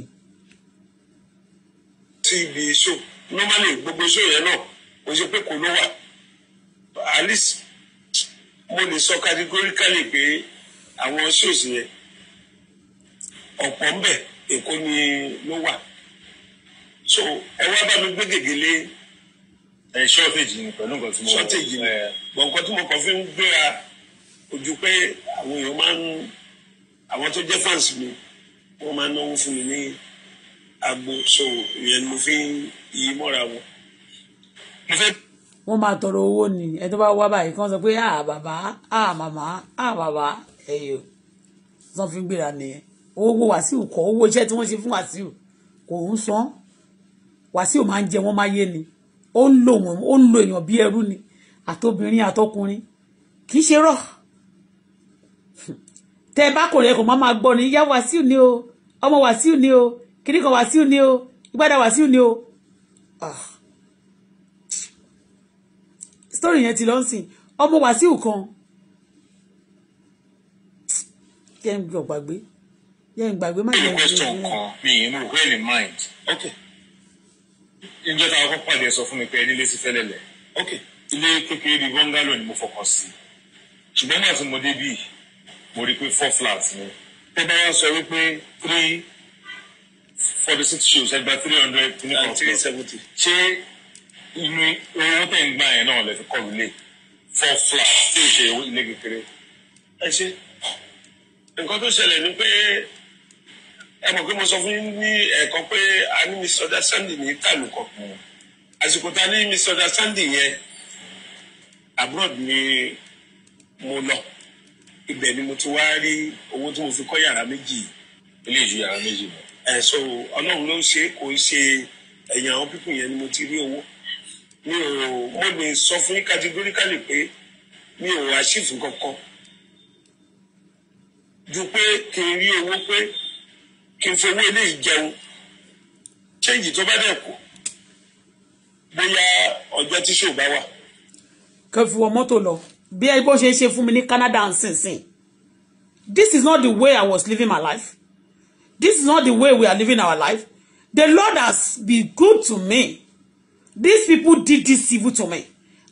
tv show normally gbogbo show yẹn náà kò ṣe pé kò ló wà at least mo lè sọ categorically pé àwọn shows yẹn ọ̀pọ̀ ń bẹ èkó ni ló wà so ẹ wá bá mi gbé gègé lé ṣọ́ọ̀tẹ̀jì ni pẹ̀lú nǹkan tí mo ṣọ́ọ̀tẹ̀jì ni bọ̀ nǹkan tí mo kàn fi ń gbéra ojú pé àwọn èèyàn máa ń àwọn tó jẹ́ fans mi wọ́n máa ń náwó fún mi ní agbo so ìyẹn ni mo fi ń yí mọ́ra wọn wọ́n máa tọrọ owó ni ẹni tó bá wá báyìí kí wọ́n sọ pé à bàbá à màmá à bàbá ẹ̀yọ́ san fi ń gbéra nìyẹn owó wàsíù kọ owó iṣẹ́ tí wọ́n ṣe fún wàsíù kò ń san wàsíù máa ń jẹ wọ́n máa yé ni ó ń lò wọ́n ó ń lo èèyàn bí ẹrú ni àtobìnrin àtọkùnrin kì í ṣe rọ̀ tẹ ẹ bá kò rẹ kò má máa gbọ́ ni yá wàsíù ni o ọmọ wàsíù ni o kìnnìkan wàsíù ni o ìgbádà wàsíù ni o. Ah story yẹn ti lọ sìn ọmọ wàsíù kan jẹ́ ń gbọ̀ gbàgbé jẹ́ ń gbàgbé má jẹ́ ń gbàgbé. question kan mi ì mo rò pé in mind ok ǹjẹ́ táwọn kọ́kọ́ àdé sọ fún mi pé nílé sí fẹ́lẹ́lẹ̀ ok ilé kékeré bíi bọ́ngálò ni mo fọkàn sí ṣùgbọ́n náà tí mo dé bíi mo rí i pé four flats ni tẹ́ bá wá sọ wípé three forty six shows ẹgbẹ́ three hundred three hundred ṣé inú owó tẹ̀ ń gbà yẹn náà lè fi kọ́ ilé fọ́ fúlà tí ì ṣe ilé kékeré. ẹ ṣe nǹkan tó ṣẹlẹ̀ ni pé ẹ mọ̀ pé mo sọ fún yín ní ẹ̀ẹ̀kan pé a ní misunderstanding ní tàlùkọ̀ àsìkò tá a ní misunderstanding yẹn abroad ni mo lọ ibẹ̀ ni mo ti wá rí owó tí mo fi kọ́ yàrá méjì ilé ìjú yàrá méjì ẹ̀ so ọlọ́run ló ṣe kò ṣe ẹ̀yìn àwọn pípọ̀ yẹn ni mo ti rí owó mi ò mo lè sọ fún categorically pé mi ò achieve kankan ju pé kí n rí owó pé kí n fi eléyìí jẹun change tó bá dẹ̀ kù bóyá ọjọ́ tí ṣò wà. kò fi wọ mọ́tò lọ bí ẹ bó ṣe ṣe fún mi ní Canada and this is not the way I was living my life this is not the way we are living our life the Lord has been good to me. These people did this evil to me.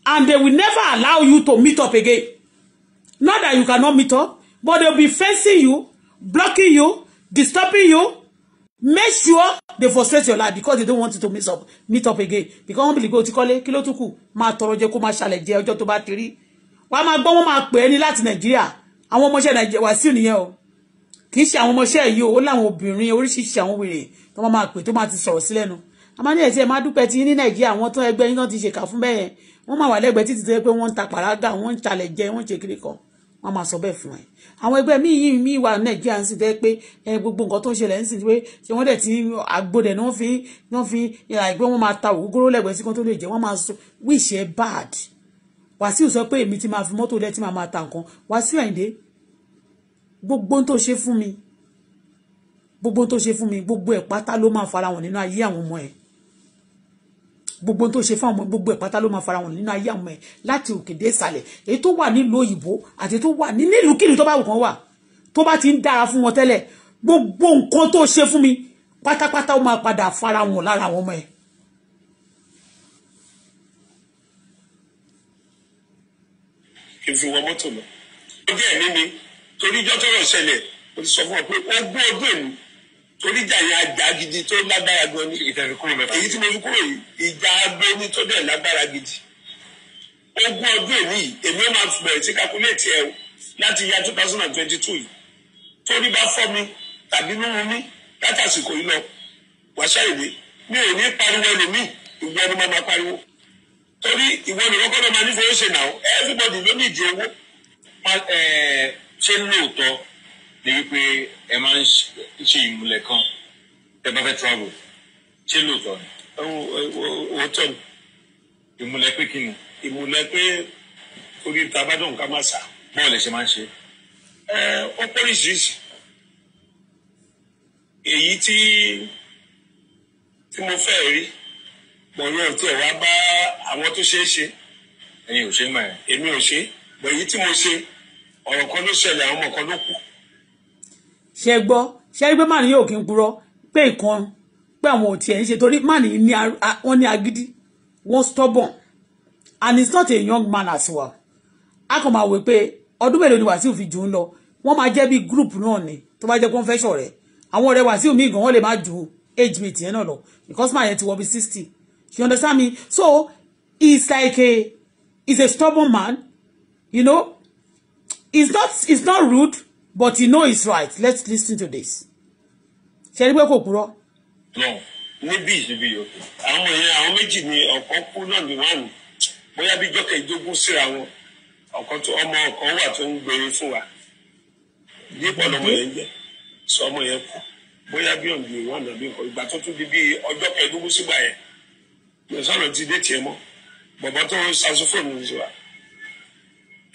And they will never allow you to meet up again. Not that you cannot meet up, but they'll be facing you, blocking you, disturbing you. Make sure they frustrate your life because they don't want you to meet up, meet up again. Because wọ́n bìlì pé o ti kọ́lé kí ló tún kù máa tọrọ jẹ kó máa ṣàlẹ̀ jẹ ọjọ́ tó bá ti rí. Wàá máa gbọ́ wọ́n máa Nigeria. é ní láti Nàìjíríà. Àwọn ọmọọṣẹ́ Nàìjíríà Wàsíù nìyẹn o. Kì í ṣe àwọn ọmọọṣẹ́ yìí o, ó láwọn obìnrin oríṣiríṣi àwọn obìnrin tó máa pè tó máa ti sọ̀rọ̀ sí lẹ́nu a máa ní ẹ̀sìn ẹ̀ máa dúpẹ́ tí ní nàìjíríà àwọn tó ẹgbẹ́ yín náà ti ṣèkà fún bẹ́ẹ̀ wọ́n máa wà lẹ́gbẹ̀ẹ́ títí tó yẹ pé wọ́n ń ta pàrágà wọ́n ń talẹ̀ jẹ wọ́n ń ṣe kiri kan wọ́n máa sọ bẹ́ẹ̀ fún ẹ àwọn ẹgbẹ́ míì yìí míì wà nàìjíríà ń sì tẹ́ pé gbogbo nǹkan tó ń ṣẹlẹ̀ ń sì pé ṣé wọ́n dẹ̀ ti àgbọ̀dẹ̀ ni wọ́n fi wọ́n fi àìpé wọ́n máa ta ògógóró lẹ́gbẹ̀ẹ́ sí kan tó lè jẹ́ wọ́n máa sọ wíṣẹ́ bad wàsíù sọ pé èmi ti máa fi mọ́tò lẹ́ tí máa máa ta nǹkan wàsíù àyìndé gbogbo tó ṣe fún mi gbogbo tó ṣe fún mi gbogbo ẹ̀ pátá ló máa fara wọn nínú ayé àwọn ọmọ ẹ̀ gbogbo tó ṣe fún àwọn gbogbo ẹ̀ pátá ló máa fara wọn nínú ayé àwọn ẹ̀ láti òkè dé ìsàlẹ̀ èyí tó wà nílùú òyìnbó àti tó wà nílùú kìlì tó bá wù kán wà tó bá ti ń dára fún wọn tẹ́lẹ̀ gbogbo nǹkan tó ṣe fún mi pátápátá ó máa padà fara wọn lára àwọn ọmọ ẹ̀. ìfìwọ́ mọ́tò lọ. ọjọ́ ẹ̀mí mi torí ìjọ́ ṣẹlẹ̀ mo sọ fún ọ pé ogún ọdún èmi torí ìjà yẹn àjà gidi tó lágbára gan ni èyí tí mo fi kúrò yìí ìjà agbóni tó dẹ̀ lágbára gidi ogún ọdún èmi èmi ó máa bẹ̀rẹ̀ sí kakuléètì ẹ̀ láti ya two thousand and twenty two yìí torí bá fọ́ mi tàbí mímú mi láti àsìkò yìí lọ wàṣà ìwé mi ò pariwo pariwo torí ìwọ ni kọ́ máa nífẹ̀ẹ́ ṣe everybody ló ní ìdí owó. lóòótọ́ ni wípé ẹ máa ń ṣe ìmùlẹ̀ kan tẹ bá fẹ́ travel ṣé lóòótọ́ ni. òótọ́ ni. ìmùlẹ̀ pé kí ni. ìmùlẹ̀ pé orí ta bá dùn ká má sà. bọ́ọ̀lù ẹ̀ṣẹ̀ máa ń ṣe. ẹ ó pọ́lísìírísì. èyí tí tí mo fẹ́ rí pọ̀lú ọ̀tí ẹ̀ wá bá àwọn tó ṣeé ṣe. ẹ̀yin ò ṣe é mà ẹ̀. èmi ò ṣe é. bọ̀ tí mo ṣe ọ̀rọ̀ kan ló ṣẹlẹ̀ àwọn ọmọ kan ló kù ṣe gbọ́ ṣe rí pé màní yóò kí n purọ́ pé nǹkan pé àwọn ò tiẹ̀ ń ṣe torí màní ní wọ́n ní agídí wọ́n stubborn and it's not a young man as well a kàn máa wò pé ọdún mélòó ni Wàsíù fi jù ú lọ wọ́n máa jẹ́ bí group náà ni tó bá jẹ́ pé wọ́n fẹ́ ṣọ̀rẹ́ àwọn ọ̀rẹ́ Wàsíù míì gan wọ́n lè má ju age mate yẹn náà lọ because màá yẹn ti wọ́n bí sixty you understand me so he's like a he's a stubborn man you know he's not he's not rude but you know it's right let's listen to this ṣe rí pé kò purọ́. níbi ìṣubí o àwọn èèyàn àwọn méjì ni ọ̀kan kú náà ní wọ́n bóyá bí jọ́kẹ́ ìdógún síra wọn ọ̀kan tó ọmọ ọ̀kan wà tó ń gbèrè e fún wa yípo lọmọ yẹn jẹ sọ ọmọ yẹn kú bóyá bí òǹdè wọn nà nǹkan ìgbà tó tún di bí ọjọ́ kẹẹ̀ẹ́dógún sígbà yẹn lọ́sọ̀rọ̀ ti dé tiẹ̀ mọ́ bọ̀bọ̀ tó ń saxophone ní wa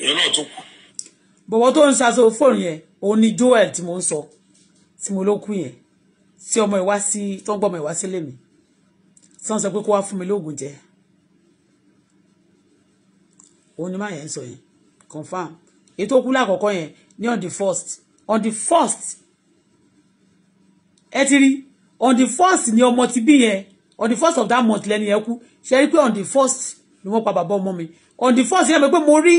èèyàn náà tó kù bọ̀wọ́ tó ń ṣaṣọ fóònù yẹn òun ni Joel tí mo ń sọ tí mo ló kú yẹn tí ọmọ ìwá sí tó ń gbọ́ ọmọ ìwá sílé mi tí wọ́n sọ pé kó wá fún mi lóògùn jẹ òun ni má yẹn sọ yẹn confam ètò òkú lákọ̀ọ́kọ́ yẹn ní on the first on the first ẹ ti rí on the first ni ọmọ ti bí yẹn on the first of that month lẹ́ni yẹn kú ṣe é rí pé on the first ni wọ́n pa bàbá ọmọ mi on the first yẹn mi pé mo rí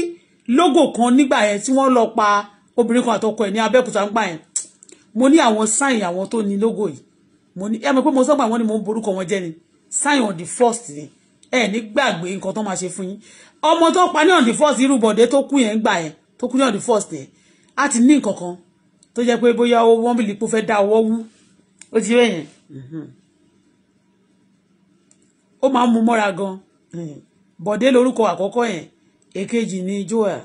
logo kan nígbà yẹn tí wọ́n lọ pa obìnrin kan àtọkọ ẹ̀ ní Abẹ́òkúta nígbà yẹn mo ní àwọn sign àwọn tó ní logo yìí mo ní ẹ mọ̀ pé mo sọ́gbà wọn ni mo ń borúkọ wọn jẹ́ ni sign on the first ni ẹ ní gbàgbé nǹkan tó máa ṣe fún yín ọmọ tó pa ní on the first irú bọ̀dé tó kú yẹn gbà yẹn tó kú ní on the first yẹn á ti ní nǹkan kan tó jẹ́ pé bóyá wọ́n bìlì pé ó fẹ́ dá ọwọ́ wú ó ti rẹ̀ yẹn mhm. ó máa ń mu mọ́ra gan mhm. bọ̀dé lórúkọ àkọ́kọ́ yẹn èkejì ni joel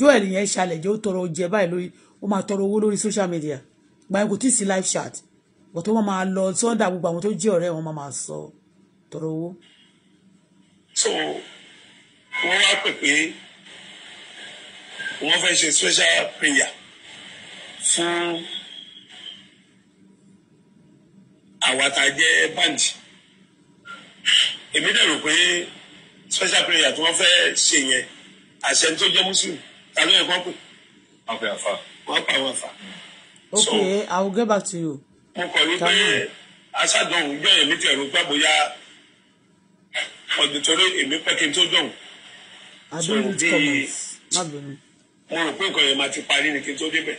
joel yẹn ṣalẹ̀ jẹ́ ó tọrọ oúnjẹ báyìí lórí ó máa tọrọ owó lórí social media gbàyẹn kò tí ì sí live chat bọ̀tọ́ wọn máa lọ sunday gbogbo àwọn tó jẹ́ ọ̀rẹ́ wọn máa sọ tọrọ owó. so wọ́n wá pè pé wọ́n fẹ́ ṣe special prayer fún àwa tá a jẹ́ èmi dẹ̀ pé special prayer tí wọ́n fẹ́ ṣe yẹn àṣẹ tó jẹ́ mùsùlùmí ta ló yẹ kó pè. wọ́n pe àfa. àwọn àfa. okay i will get back to you. mo kọ̀ ní pé aṣáàdánwò gbẹ̀yìn ní tẹ̀rù gbà bóyá ọ̀dùn torí èmi pẹ́ kí n tó dọ̀hùn. i don't read comments. mo rò pé nǹkan yẹn máa ti parí ni kí n tó débẹ̀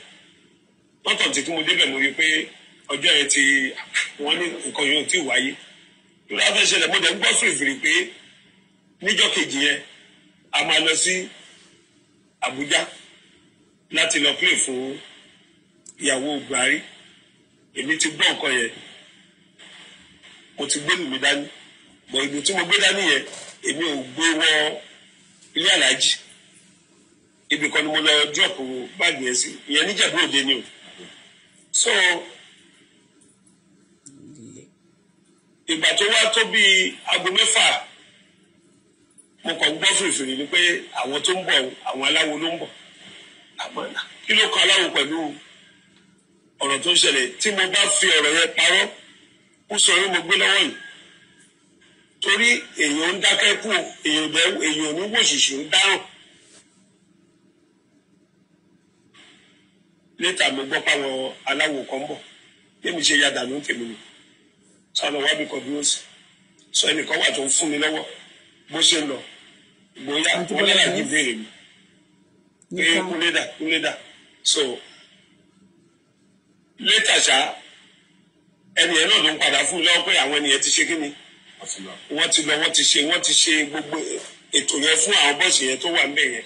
lọ́tọ̀ tí mo débẹ̀ mo rí pé ọjọ́ yẹn ti wọ́n ní nǹkan yẹn ò tí ì wáyé. ìrora fẹ́ ṣẹlẹ̀ mo dẹ̀ ń gbọ́ fìrìfìrì pé níjọ́ kejì yẹn a máa lọ sí Àbújá láti lọ play fún ìyàwó Buhari èmi ti gbọ́ nǹkan yẹn mo ti gbé mi dání bọ̀ ìlú tí mo gbé dání yẹn èmi ò gbé wọ ilé aláàjì ibì kan ni mo lọ drop báàgì yẹn sí ìyẹn níjẹ̀bú òde ni o so ìgbà tó wá tó bíi aago mẹ́fà mo kàn gbọ́ fìrìfìrì ni pé àwọn tó ń bọ̀ àwọn aláwo ló ń bọ̀ àmọ́ kí ló kọ aláwo pẹ̀lú ọ̀rọ̀ tó ń ṣẹlẹ̀ tí mo bá fi ọ̀rọ̀ yẹn parọ́ ó sọ yín mo gbé lọ́wọ́ yìí torí èèyàn ń dákẹ́ kú èèyàn ní wòṣìṣì ń dáràn. létà mo gbọ́ páwọn aláwo kan bọ̀ yémi ṣe yàdà ló ń tèmi nù sọ lọ bí ó sì sọ ẹnìkan wà tó ń fún mi lọ́wọ́ bó ṣe ń lọ bóyá wọ́n lẹ́la jí béèrè mi pé kúlé dà kúlé dà so létà ṣá ẹni yẹn náà ló ń padà fún un lọ́wọ́ pé àwọn ènìyàn ti ṣe kí ni wọ́n ti lọ wọ́n ti ṣe wọ́n ti ṣe gbogbo ètò yẹn fún àwọn bọ́ọ̀sì yẹn tó wà ń bẹ̀ yẹn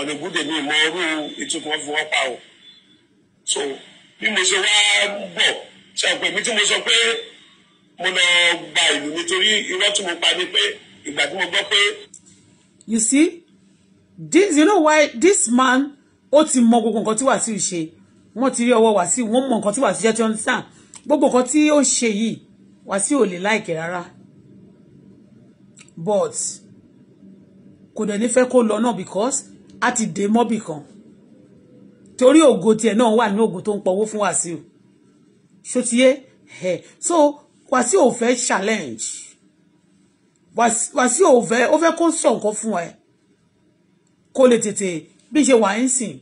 ọ̀nà ìgbúdè mi mọ irú ìtukọ̀ fún wọn pa o so bí mo ṣe wá bọ̀ ṣe àpò èmi tí mo sọ pé mo lọ gba ìlú nítorí irọ́ tí mo pa ni pé ìgbà tí mo gbọ́ pé. you see this you know why this man ó ti mọ gbogbo nǹkan tí Wàsíù ṣe wọ́n ti rí ọwọ́ Wàsíù wọ́n mọ nǹkan tí Wàsíù jẹ́ tí wọ́n ń sàn gbogbo nǹkan tí ó ṣe yìí Wàsíù ò lè láìkè rárá but kò dẹ̀ ní fẹ́ kó lọ náà because a ti dè mọ́bì kan torí ògo tiẹ̀ náà wà ní ògo tó ń pọ̀wó fún Wàsíù ṣó ti yé so Wàsíù ò fẹ́ challenge Wàsíù ò fẹ́ ó fẹ́ kó sọ nǹkan fún ẹ kó lè tètè bí ṣe wà ń sìn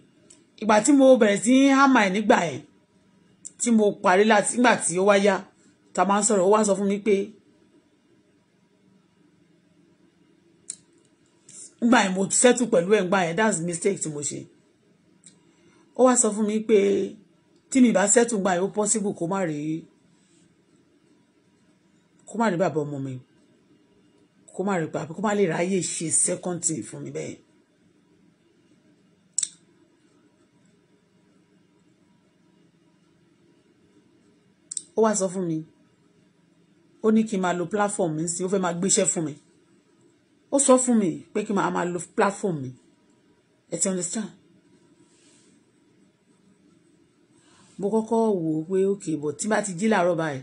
ìgbà tí mo bẹ̀rẹ̀ sí hámà ẹ̀ nígbà ẹ̀ tí mo parí láti nígbà tí ó wá yá ta máa ń sọ̀rọ̀ ó wá sọ fún mi pé nígbà yẹn mo settle pẹ̀lú ẹ̀ nígbà yẹn that's mistake tí mo ṣe ó wá sọ fún mi pé tí mi bá settle nígbà yẹn ó possible kó má rí kó má rí bàbá ọmọ mi kó má rí pa kó má lè ráyè ṣe second thing fún mi bẹ́ẹ̀. ó wá sọ fún mi ó ní kí n máa lo platform mi sí ó fẹ́ máa gbéṣẹ́ fún mi ó sọ fún mi pé kí n máa lo platform mi ẹ ti understand. mo kọ́kọ́ wò ó pé ok but tí bá ti jí làárọ̀ báyìí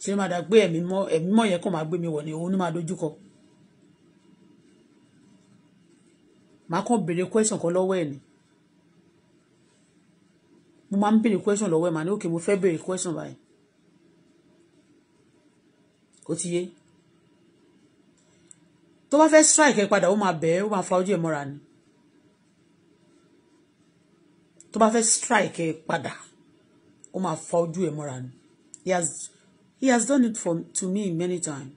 ṣe ló máa dá gbé ẹ̀mí mọ́ ẹ̀mí mọ́ yẹn kàn máa gbé mi wọ̀ ni òun ni máa dojúkọ màá kàn béèrè question kan lọ́wọ́ ẹ̀ ni mo máa ń béèrè question lọ́wọ́ ẹ̀ màá ní òkè mo fẹ́ béèrè question báyìí ó ti yé tó bá fẹ́ strike ẹ padà ó máa bẹ̀ ẹ́ ó máa fa ojú ẹ̀ mọ́ra ni tó bá fẹ́ strike ẹ padà ó máa fa ojú ẹ̀ mọ́ra ni he has he has done it for, to me many times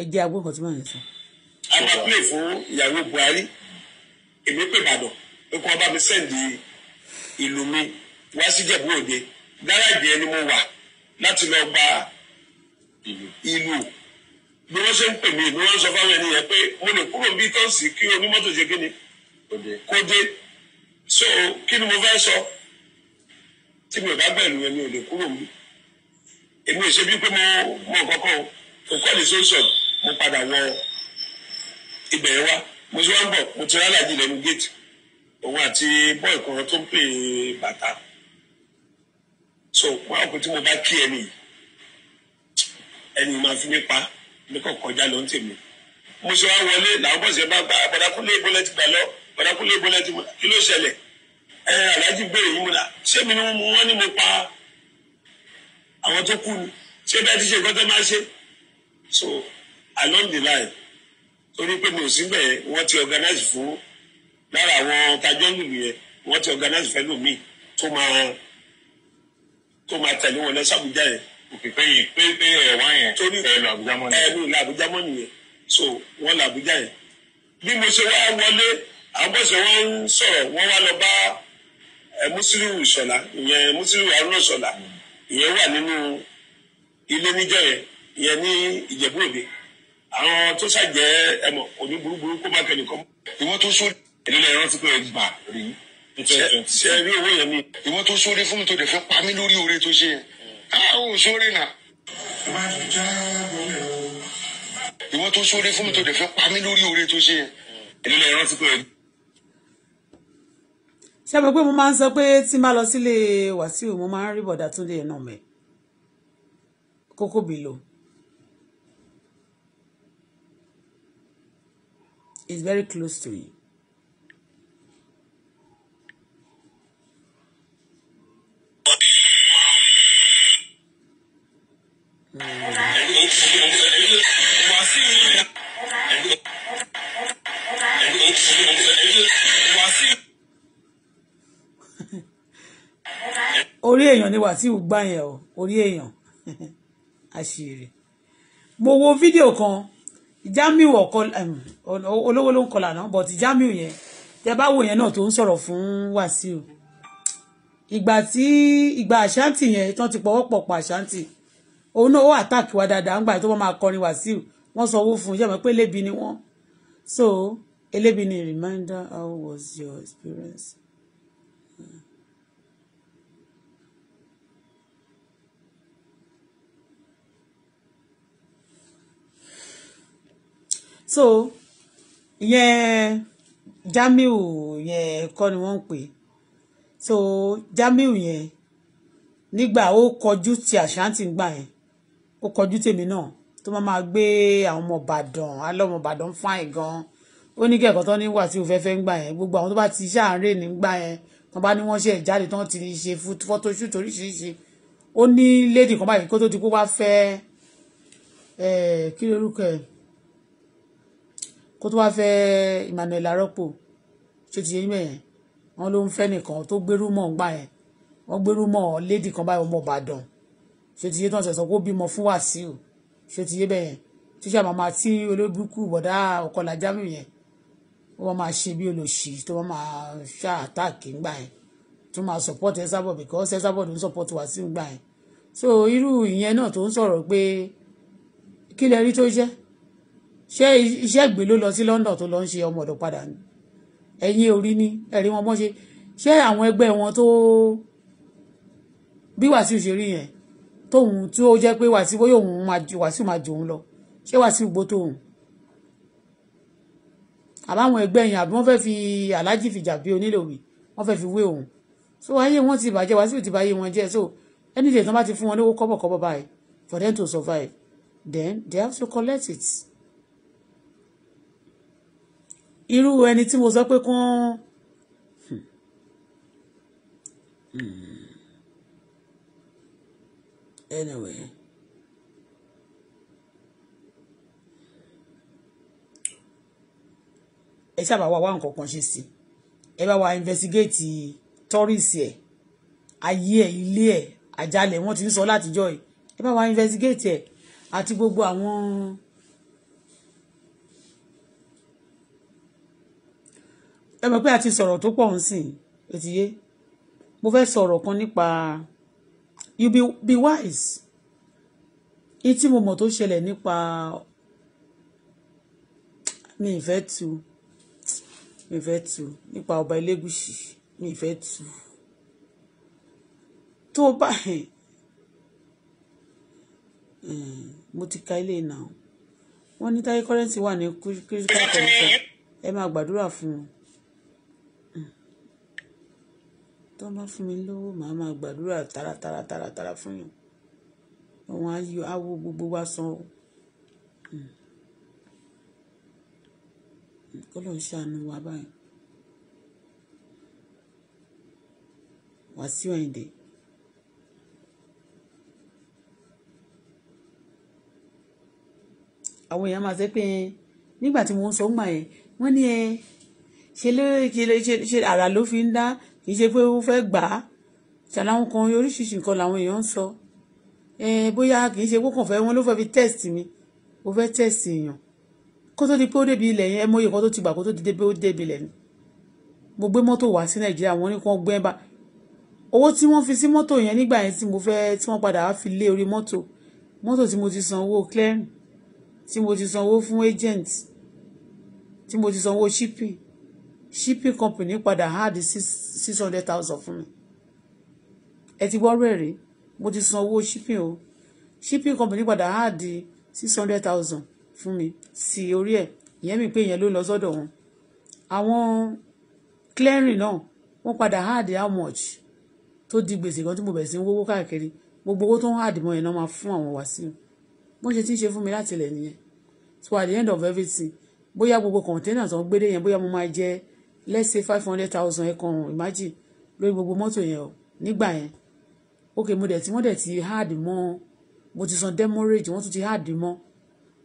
ẹ jẹ́ agbó kan tí màá yẹn sọ. àwa pè fún ìyàwó Buhari èmi pè Ìbàdàn ó kọ́ bá mi sẹ́ǹdì ìlú mi wá sí Ìjẹ̀bú Òde gáràjì ẹni mo wà láti lọ gba ìlú bí wọ́n ṣe ń pè mí bí wọ́n sọ fáwọn ènìyàn pé mo lè kúrò bí tọ́sí kí onímọ́tò ṣe kí ni kó dé so kí ni mo fẹ́ sọ tí mi ò bá bẹ̀rù ẹni ò lè kúrò mí èmi ò ṣe bí pé mo mọ nǹkan o kò kọ́ ni sọ́sọ̀rọ̀ mo padà wọ ibẹ̀ wá mo ti wá ń bọ̀ mo ti rá làjì lẹ́nu gate òun àti bọ́ọ̀ ìkọ̀rọ̀ tó ń pè bàtà so wọn á kó tí mo bá kí ẹ nìyí ẹni máa fi mí pa mi kàn kọjá ló ń tèmi mo ṣe wá wọlé làwọn bọ̀sẹ̀ bá gba bọ̀dákúnlé ìbọlẹ̀ ti gbà lọ bọ̀dákúnlé ìbọlẹ̀ ti mọ̀ kí ló ṣẹlẹ̀ ẹ aláàjì gbèrè yìí mo là ṣé mi ni wọ́n ní mo pa àwọn tó kú ni ṣé bẹ́ẹ̀ ti ṣe nǹkan tó máa ṣe so along the line torí pé mi ò síbẹ̀ wọ́n ti organize fún lára àwọn tajọ́ nìlú yẹn wọ́n ti organize fẹ́ lómi tó máa tó máa tẹ̀lé wọn lọ sí Àbújá yẹn. òkèké yìí pé pé ẹ wá yẹn torí ẹ lọ Àbújá mọ́ nìyẹn. ẹ mi lọ Àbújá mọ́ nìyẹn so wọ́n lọ Àbújá yẹn. bí mo ṣe wá wọlé àwọn bọ́sẹ̀ wọn ń sọ̀rọ̀ wọ́n wá lọ bá Musiliu Ìṣọ̀lá ìyẹn Musiliu Haruna Ìṣọ̀lá ìyẹn wà nínú ilé níjọ́ yẹn ìyẹn ní Ìjẹ̀bú Òde àwọn tó ṣàgbẹ́ ẹ̀mọ̀ òní burúburú kó má kẹ́nìkan mú. ìwọ́n tó sórí ìdílé rántí pé ẹ gbà rí ṣe rí owó yẹn ni. ìwọ́n tó sórí fún mi tó dẹ̀ fẹ́ pa mí lórí oore tó ṣe yẹn. àwọn sórí nà. ìwọ́n tó sórí fún mi tó dẹ̀ fẹ́ pa mí lórí oore tó ṣe yẹn. ìdílé rántí pé ẹ gbà ṣe mọ̀ pé mo máa ń sọ pé tí n bá lọ sílé Wàsíù mo máa ń rí bọ̀dà Túndé náà mẹ́ kókó bìlò is very close to you. <laughs> orí èèyàn ni Wàsíù gbá yẹn o orí èèyàn <laughs> àṣírí mo wo fídíò kan Jamiu ọkọ olówó ló ń kọlà náà but Jamiu yẹn tẹ bá wò yẹn náà tó ń sọ̀rọ̀ fún Wàsíù ìgbà tí ìgbà àṣántì yẹn tán ti pọ̀wọ́pọ̀ pa àṣántì òun náà ó àtàkì wa dáadáa ńgbà tó wọ́n máa kọrin Wàsíù wọ́n sọ owó fún un yẹ́mọ̀ pé elébi ni wọ́n so elébi ni reminder how was your experience. so ìyẹn Jamiu yẹn kọ́ ni wọ́n ń pè so Jamiu yẹn nígbà ó kọjú ti àṣántì ńgbà yẹn ó kọjú tèmi náà tó máa máa gbé àwọn ọmọ Ìbàdàn alọ́mọ Ìbàdàn fáìn gan ó ní kẹ́kọ̀ọ́ tó ní wà tí o fẹ́fẹ́ ńgbà yẹn gbogbo àwọn tó bá ti ṣàárẹ̀ nígbà yẹn tó bá ní wọ́n ṣe ìjáde tó ti ṣe photoshoot oríṣiríṣi ó ní lady kan báyìí kó tó di pé wá fẹ́ eh, kí lorúkọ ẹ̀ kó tó wá fẹ́ Emmanuel arọ́pò ṣé ti yé yín bẹ́ẹ̀ wọn ló ń fẹ́ nìkan tó gbérú mọ̀ ń gbà yẹn wọ́n gbérú mọ̀ léèdì kan báyìí ọmọ Ìbàdàn ṣé ti yé tán ṣẹ̀ṣọ́ kó bímọ fún Wàsíù ṣé ti yé bẹ́ẹ̀ tíṣà màmá tí olóbùkù bọ̀dá ọ̀kọ́lá jámù yẹn wọ́n máa ṣe bí olóṣì tó wọ́n máa ṣá àtàkì ńgbà yẹn tó máa support ẹ̀sàbọ̀ because ẹ̀sàbọ̀ ló ń support Wàsíù ńgbà yẹn so irú ìyẹn náà tó ń sọ̀rọ̀ pé kí lẹ rí tó jẹ́ ṣé iṣẹ́ ìgbé ló lọ sí London tó lọ ń ṣe ọmọ ọ̀dọ̀ padà ni ẹ̀yin orí ni ẹ̀rí wọn bọ́n ṣe ṣé àwọn ẹgbẹ́ wọn tó bí Wàsíù ṣe rí yẹn tóun tí ó jẹ́ pé Wàsíù bóyá òun Wàsíù máa jòun lọ ṣé Wàsíù gbó tóun àbáwọn ẹgbẹ́ yẹn àbí wọ́n fẹ́ fi aláàjì fìjà bí onílò wì wọ́n fẹ́ fi wé òun so ayé wọn ti bàjẹ́ Wàsíù ti báyé wọn jẹ́ so anything tó bá ti fún wọn lówó kọ́bọ̀kọ́bọ̀ báyìí for them to survive then they have to collect it irú ẹni tí mo sọ pé kán hmm. anyway ẹ sábà wá wá nǹkan kan ṣe sí ẹ bá wa investigate tourist ẹ ayé ẹ ilé ẹ àjálẹ̀ wọ́n ti ń sọ látijọ́ ẹ ẹ bá wa investigate ẹ àti gbogbo àwọn. Àwọn ẹ mọ̀ pé a ti sọ̀rọ̀ tó pọ̀ ń sìn ètìyé mo fẹ́ sọ̀rọ̀ kan nípa you be, be wise ní tí mo mọ̀ tó ṣẹlẹ̀ nípa mi ìfẹ́ tu mi ìfẹ́ tu nípa ọba Elégùṣì mi ìfẹ́ tu tó bá hẹ̀ <laughs> mo ti ka ilé náà wọ́n ní Táyé currency wà ní critical condition ẹ máa gbàdúrà fún un. tó bá fún mi lówó màá máa gbàdúrà tààràtààrà tààràtààrà fún yín òun ayọ̀ awo gbogbo wa san o hmm. hmm, kọlọ ń ṣàánú wa báyìí Wàsíù Àyìndé. àwọn èèyàn máa ṣe pé nígbà tí mo ń sọ ń gbà yẹn wọ́n ní ẹ ṣe ló ṣe ara ló fi ń dá kì í ṣe pé ó fẹ́ gbà á ṣàlàwọn kan oríṣiríṣi nǹkan làwọn èèyàn ń sọ bóyá kì í ṣe pé kàn fẹ́ wọn ló fẹ́ fi test mi ó fẹ́ test èèyàn kó tó di pé ó débi ilẹ̀ yẹn ẹ mọ iye kan tó ti gbà kó tó di pé ó débi ilẹ̀ ni mo gbé mọ́tò wá sí nàìjíríà wọn ní kí wọ́n gbé bá owó tí wọ́n fi sí mọ́tò yẹn nígbà yẹn tí mo fẹ́ tí wọ́n padà wá fi lé orí mọ́tò mọ́tò tí mo ti san owó clearing tí mo ti san owó fún agent tí mo ti san owó shipping shipping company padà hard six six hundred thousand fún mi ẹ ti gbọ́ rẹ̀ rí mo ti san owó shipping o shipping company padà hard six hundred thousand fún mi sí orí ẹ̀ ìyẹn mi pé ìyẹn ló lọ sọ́dọ̀ wọn àwọn clearing náà wọ́n padà hard how much tó di gbèsè kan tí mo bẹ̀rẹ̀ sí ń wówó káàkiri gbogbo owó tó ń hard mọ́ yẹn náà máa fún àwọn wá sí wọ́n ṣe ti ń ṣe fún mi láti ilẹ̀ nìyẹn so at the end of everything bóyá gbogbo kọ̀ǹténà tó ń gbé dé yẹn bóyá mo máa jẹ́ let's say five hundred thousand ẹ̀ kan imagine lórí gbogbo mọ́tò yẹn o nígbà yẹn ok mo dẹ̀ tí wọ́n dẹ̀ ti hard mọ́ mo ti san demurrage wọ́n tún ti hard mọ́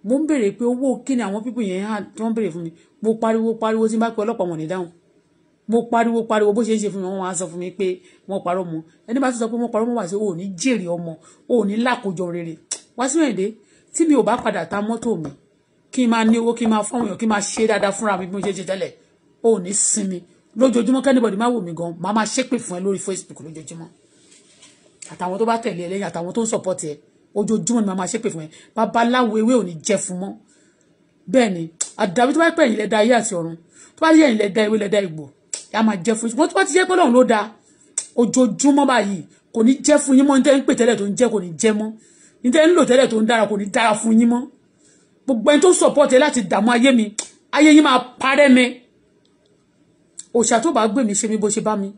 mo ń béèrè pé owó kí ni àwọn pípù yẹn hard tí wọ́n béèrè fún mi mo pariwo pariwo tí n bá pe ọlọ́pàá wọn ní dáhùn mo pariwo pariwo bó ṣe ń ṣe fún mi wọ́n wá sọ fún mi pé wọ́n parọ́ mu ẹni bá tún sọ pé wọ́n parọ́ mu wà sí o ò ní jèrè ọmọ o ò ní lákòjọ rere wá sí mẹ́rìndé tí mi ò bá padà ta mọ́tò mi kí n máa ní owó kí n máa fáwọn èèyàn kí n máa ṣe dáadáa fúnra mi bí mo ṣe ṣe tẹ́lẹ̀ o ò ní sinmi lójoojúmọ́ kẹ́nìbọ̀dì má wò mí gan màá máa ṣépè fún ẹ lórí Facebook lójoojúmọ́ àtàwọn tó bá tẹ̀lé ẹ lẹ́yìn àtàwọn tó ń support ẹ ojoojúmọ́ ni màá máa ṣépè fún ẹ babaláwo ewé ò ní jẹ fún mọ́ bẹ́ẹ̀ ni àdàbí tó bá pẹ́ ẹ̀yìn lẹ́dá ayé àti ọ̀run tó bá yẹ ẹ̀yìn lẹ́dá ewé lẹ́dá ìgbò a máa jẹ fún ṣùgbọ́n tó bá ti jẹ́ pé lọ́run ló da ojoojúmọ́ báyìí kò ní jẹ́ fún yín mọ́ nítorí pé tẹ́lẹ̀ tó ń jẹ́ kò ní jẹ́ mọ́ nítorí lò tẹ́lẹ̀ tó ń dára kò ní dára fún yín mọ́ gbogbo mi ayé yín máa parẹ́ mi òṣà tó bá gbé mi ṣe mi bó ṣe bá mi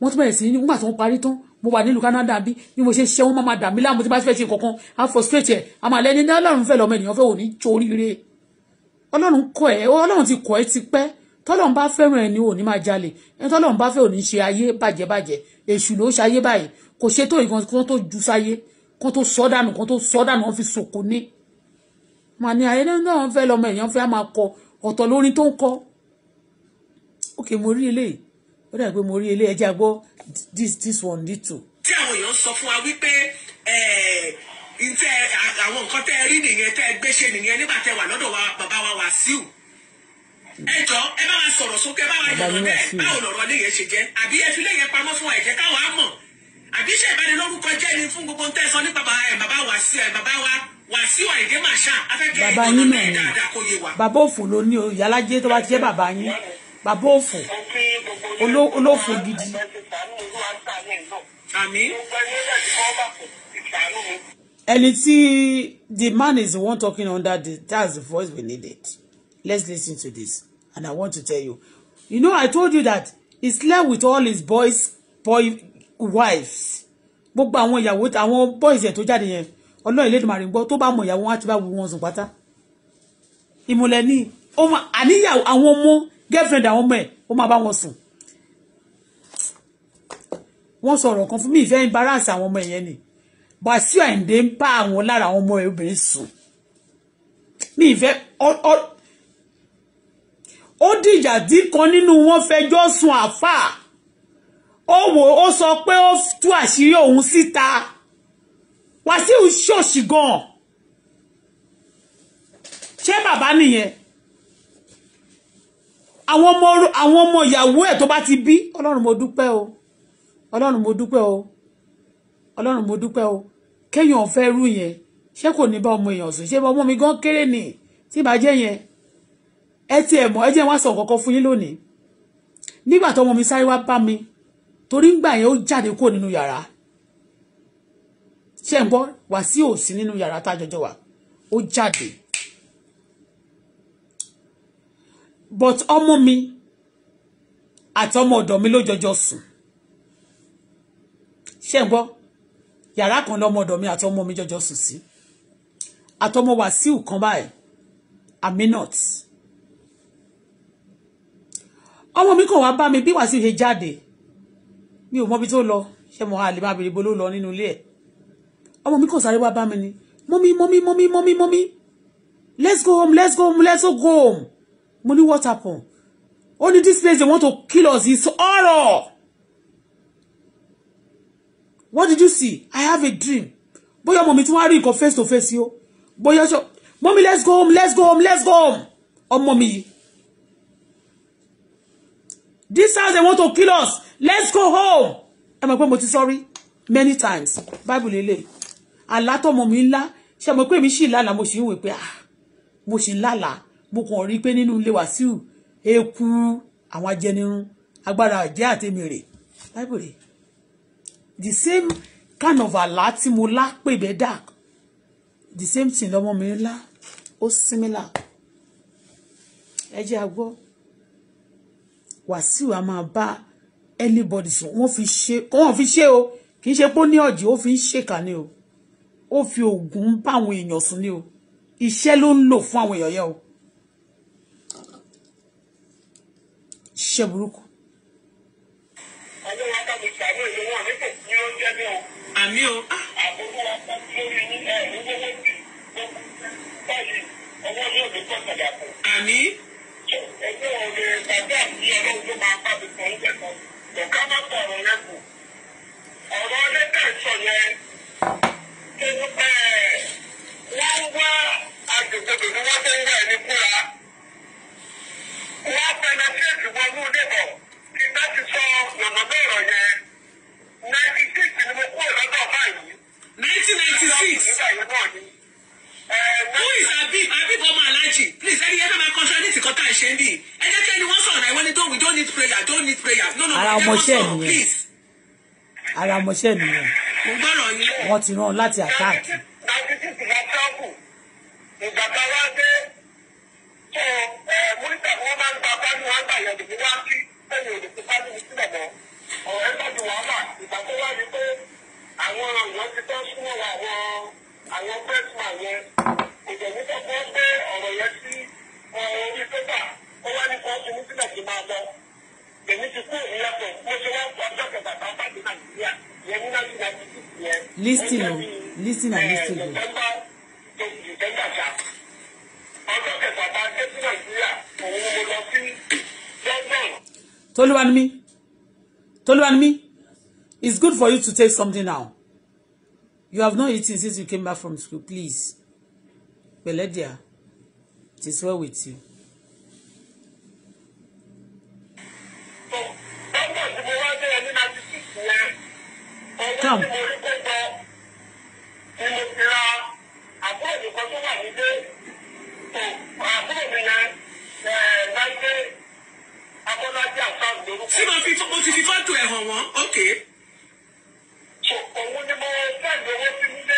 wọ́n tún bẹ̀rẹ̀ sí nígbà tó ń parí tán mo wà nílùú Canada bí bí mo ṣe ṣe wọ́n máa dà mí láàmú tí bá fẹ́ ṣe kankan á frustrate ẹ̀ a máa lẹ́ni ní ọlọ́run fẹ́ lọ́mọ ènìyàn fẹ́ òní toríire ọlọ́run kọ́ ẹ ọlọ́run ti kọ́ ẹ ti pẹ́ tọ́lọ́run bá fẹ́ràn ẹni òní máa jalè ẹni tọ́lọ́run bá fẹ́ òní ṣe ayé bàjẹ́ bàjẹ́ èṣù ló ṣayé báyìí kò ṣe tó ìkan kan tó ju sáyé kan tó sọ dànù kan tó sọ dànù wọn fi sòkò ní. màá ní ayé náà wọn fẹ́ lọ́mọ èèyàn fẹ́ máa kọ ọ̀tọ̀ lórin tó ń kọ ok mo rí eléyìí ó dàbí pé mo rí eléyìí ẹjẹ́ àgbọ́ this this one need to. tí àwọn èèyàn sọ fún wa wípé àwọn nǹkan tẹ rí nìyẹn tẹ gbé ṣe nìyẹn nígbà tẹ wà lọ́dọ̀ wa bàbá wa Wàsíù ẹ jọ ẹ bá wa sọ̀rọ̀ sókè bá wa yọ̀rọ̀ bẹ́ẹ̀ báwo lọ̀rọ̀ léyẹn ṣe jẹ́ àbí ẹ fi léyẹn pamọ́ fún ẹ̀jẹ̀ káwọn á mọ̀ àbí ṣe ìbánilórúkọ jẹ́ ni fún gbogbo ntẹ́ sọ nípa bàbá ẹ̀ bàbá Wàsíù ẹ̀ bàbá wa Wàsíù Àyìndé Màṣá afẹ́kẹ́ ìgbọ̀nà náà dáadáa kó yé wa. bàbá òfò ló ní o ìyálájé tó bá jẹ́ bàbá yín bàbá òfò olófò gidi. ẹni tí the man is the one talking under the that's the voice we needed let's listen to this and i want to tell you you know i told you that he slept with all his boys boy wives gbogbo àwọn ìyàwó àwọn boys yẹn tó jáde yẹn ọlọ́run Elédùmarè ń gbọ́ tó bá mọ ìyàwó wọn á ti bá wù wọn sùn pátá ìmùlẹ̀ ni àníyàwó àwọn ọmọ girlfriend àwọn ọmọ ẹ̀ ó máa bá wọn sùn wọ́n sọ̀rọ̀ kan fún mi ìfẹ́ embarrass àwọn ọmọ ẹ̀yẹn ni Wàsíù Àyìndé ń bá àwọn lára àwọn ọmọ ẹ̀ obìnrin sùn mi ìfẹ́ ó dìjà tí kan nínú wọn fẹjọ́ sùn àfáà ó wò ó sọ pé ó tú àṣírí òun síta Wàsíù ṣòṣì gan-an ṣé bàbá nìyẹn àwọn ọmọ àwọn ọmọ ìyàwó ẹ̀ tó bá ti bí ọlọ́run mo dúpẹ́ o ọlọ́run mo dúpẹ́ o ọlọ́run mo dúpẹ́ o kéèyàn fẹ́ rú yẹn ṣé kò ní bá ọmọ èèyàn sùn ṣé ọmọ mi gan kéré ni. tí bá jẹ́ yẹn ẹ ti ẹ̀ mọ̀ ẹ jẹ́ wá sọ kọ̀ọ̀kan fún yín lónìí nígbà tó ọmọ mi sáré wá bá mi torí ńgbà yẹn ó jáde kúrò nínú yàrá ṣé ń gbọ́ wàsíù sí nínú yàrá tá a jọjọ wà ó jáde but ọmọ mi àti ọmọ ọ̀dọ̀ mi ló jọjọ sùn ṣé ń gbọ́ yàrá kan lọ́mọ ọ̀dọ̀ mi àti ọmọ mi jọjọ sùn sí àtọmọ Wàsíù kan báyìí Aminat ọmọ mi kàn wá bá mi bí Wàsíù ṣe jáde mi ò mọbi tó lọ ṣé mo àlè bá bèrè bolo lọ nínú ilé ẹ ọmọ mi kàn sáré wá bá mi ni mọ́mí mọ́mí mọ́mí mọ́mí mọ́mí let's go home let's go home let's go home mo what happened? only this place they want to kill us is horror what did you see i have a dream bóyá ọmọ mi tí wọ́n á face to face yìí o bóyá ṣọ mọ́mí let's go home let's go home let's go home Oh, mommy. this house they want to kill us let's go home ẹ mọ̀ pé mo ti many times bible lele àlá tọmọ mi ńlá ṣe mọ̀ pé èmi ṣì lálàá mo ṣì ń wè pé ah mo la. lálàá mo kàn rí pé nínú ilé Wàsíù eku àwọn ajẹnirun agbára àjẹ́ àtẹmìrè báìbòrè the same kind of àlá tí mo lá pè bẹ́ẹ̀ dà the same thing lọ́mọ mi lá ó similar ẹ jẹ́ àgbọ́ Wàsíù a máa bá anybody sùn wọ́n fi ṣe wọ́n fi ṣe o kì í ṣe pé ó ní ọ̀jì ó fi ń ṣèkà ni o ó fi oògùn bá àwọn èèyàn sùn ni o iṣẹ́ ló ń lò fún àwọn èèyàn yẹn o ṣiṣẹ́ burúkú. ọlọ́wọ́ bá mi pàdé ìlú wọn ní kò ní oúnjẹ náà. àmì o. Ah. àbúrò ọkọ lórí ní ẹ ní gbogbo bí gbogbo báyìí ọwọ́ ní òde kọ́ sọ̀dà kù. àmì. ẹgbẹ́ òde bàbá àti ẹ̀rọ ojú máa bá mi sọ oúnjẹ kan ọ̀gá má pọ̀ ọ̀rọ̀ rẹ kù. ọ̀rọ̀ lẹ́tà sọ yẹn tó wọ́n wá agbègbè tó wọ́n fẹ́ ń wá ẹni kúra wọ́n penetrate wọnú labour kí n bá ti sọ ọ̀nà lọ́rọ̀ yẹn ninety six ni mo kúrò lọ́dọ̀ báyìí. nineteen ninety six. who is Habib Habib ọmọ Alhaji please ẹni yẹn náà máa contradict nǹkan tá à ń ṣe níbí ẹ jẹ́ kí ẹni wọ́n sọ̀rọ̀ náà ìwọ́n ni don't we don't need prayer don't need prayer no no ẹ jẹ́ wọ́n please. ara ọmọọṣẹ́ nìyẹn wọ́n ti rán láti àkáàkì. ninety ìgbà tá a dé. mínísítà wọn máa gba bájú wọn gbà yẹn wa Toluwanimi, Toluwanimi, it's good for you to take something now. You have not eaten since you came back from school, please. Beledia, it is well with you. Come. sí mo fi mo ti fi fọ́tò ẹ̀ hàn wọ́n ok. òun ni mo fẹ́ẹ̀dì owó sí nílé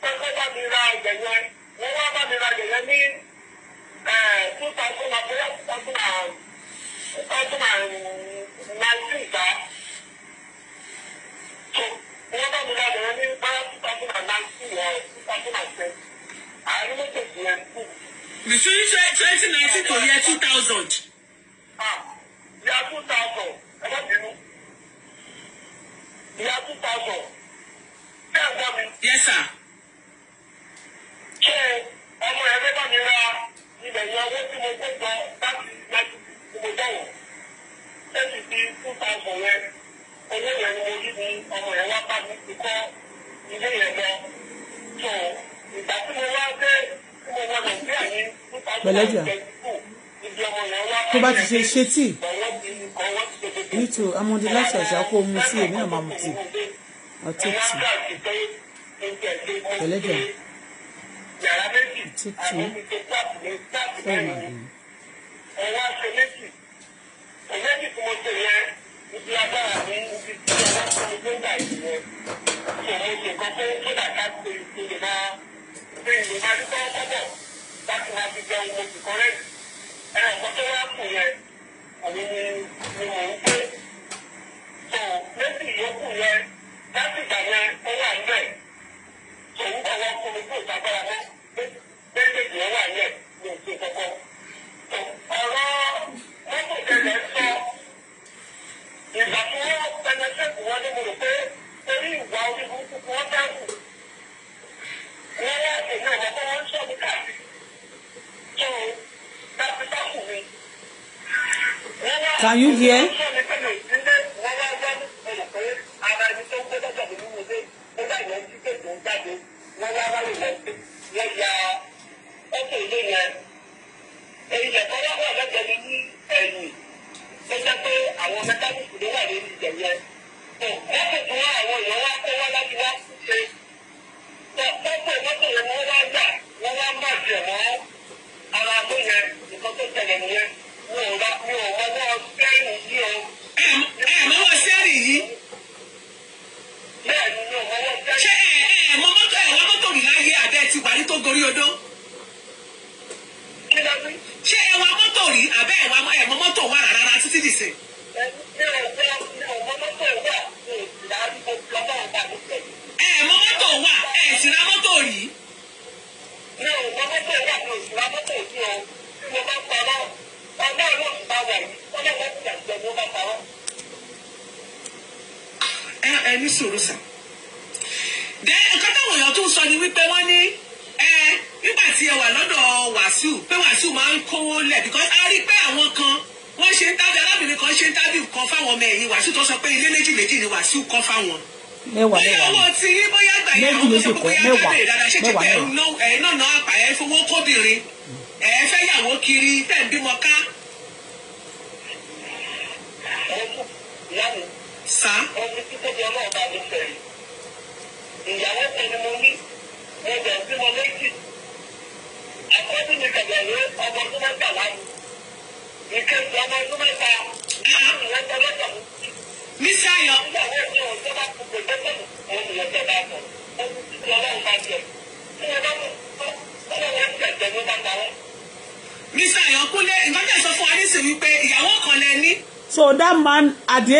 pẹ́pẹ́ bá mi ra ẹ̀jẹ̀ yẹn wọ́n wá bá mi ra ẹ̀jẹ̀ yẹn ní eh, two thousand and four thousand and two thousand and nineteen ta. wọ́n bá mi ra ẹ̀jẹ̀ yẹn ní bá two thousand and nineteen yẹn two thousand and ten àárín méjèèjì yẹn two between twenty nineteen to year two thousand. Ah, year two thousand ẹ má year two thousand ṣé ẹ yes sir. ṣé ọmọ ẹ fẹ́ bá mi ra ilẹ̀ yẹn owó tí mo kó jọ láti láti fi mo jọ̀wọ́ ṣé ti two thousand yẹn owó yẹn ni mo rí ni ọmọ yẹn wá bá mi ti kọ́ ilé yẹn lọ. so ìgbà tí mo wá dé pẹ̀lẹ́jà tó bá ti ṣe ṣe tíì nítò amọ̀dé láti àṣà kó mu tíì èmi náà máa mu ọtí tíì pẹ̀lẹ́jà ọtí tíì fẹ́ẹ̀ máa bù. ọwọ́ aṣọ méjì tí mo ṣe yẹn ibi agbára mi ibi tí ọwọ́ aṣọ mi ló gbà dàgbà tó ìṣòro náà bí ìlú bá ní kọ́kọ́ bọ̀ láti wá fi jẹun mo sì kọ́rẹ́ẹ̀tì ẹ̀rọ nǹkan tó wá kù yẹn. Are you here?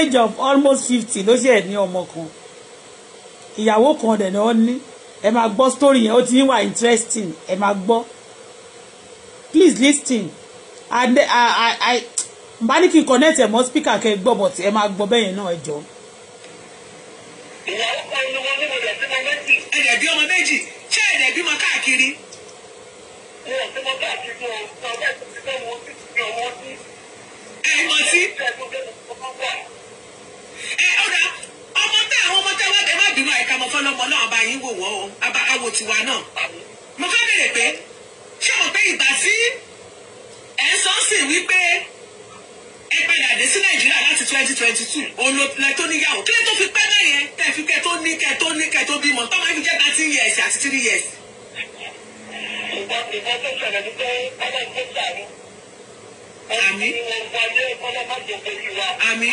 age of almost fifty ló ṣe ẹ̀ ní ọmọ kan ìyàwó kan dẹ̀ ni wọ́n ní ẹ máa gbọ́ story yẹn ó ti ń wà interesting ẹ máa gbọ́ please listen and I I I bá ní kí n connect ẹ̀ mọ́ speaker kẹ́ ẹ gbọ́ but ẹ máa gbọ́ bẹ́yẹn náà ẹ jọ̀ọ́. tiwa náà mo fẹ́ bèrè pé ṣé o pé ìgbà tí ẹ̀ ń sọ sí wípé ẹ padà dé sí nàìjíríà láti twenty twenty two olùlẹ tó níyàwó kílẹ̀ tó fi pẹ́ bẹ́ẹ̀ yẹn tẹ̀ fi kẹ́ tó ní kẹ́ tó ní kẹ́ tó bímọ tọ́mọ ẹ fi jẹ́ thirteen years àti three years. ìgbà àmì.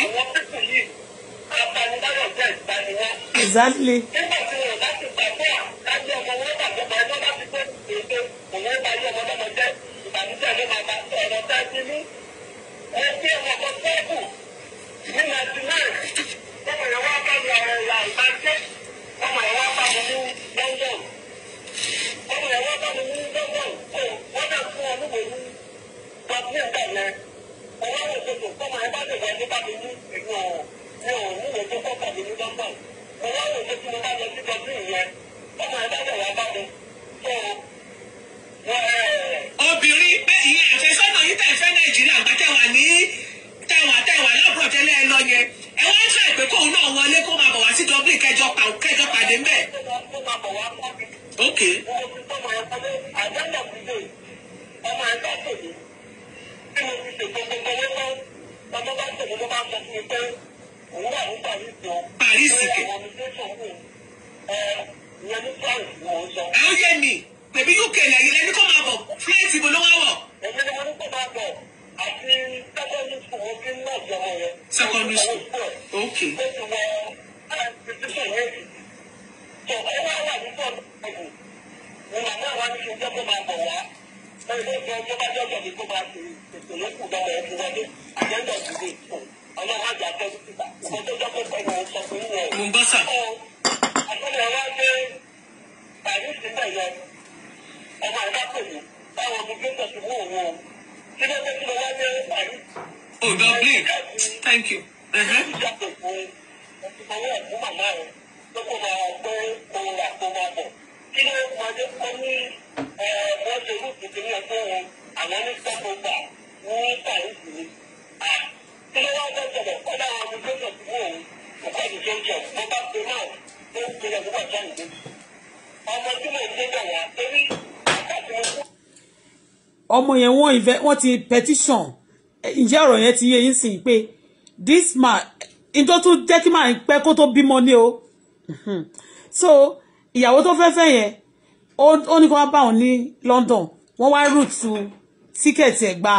Àmì. Exactly. nípa ayé ọmọ lọ́mọ jẹ́ ìbànújẹ́ ló máa máa tọ́ ọmọ tá ti mú. ẹ gbé ọmọ kan sẹ́ẹ̀kù ní ninety nine ọmọ yẹn wá bá mi àwọn ìyá ìbájẹ́ ọmọ yẹn wá bá mi mú london ọmọ yẹn wá bá mi mú london kó wọ́n dà fún ọmọ mi mú pàtó ìgbà yẹn ọwọ́ àwọn òṣèlú ọmọ yẹn bá mi mú ní ọ̀hún mi mú london invest wọ́n ti petition ǹjẹ́ ọ̀rọ̀ yẹn ti yé yín sìn pé this man in tó tún jẹ́ kí màá pẹ́ kó tó bímọ ní o hmm. so ìyàwó tó fẹ́ fẹ́ yẹn ó ní kó wá bá òun ní London wọ́n wá rúùtù tíkẹ̀tì ẹ̀ gba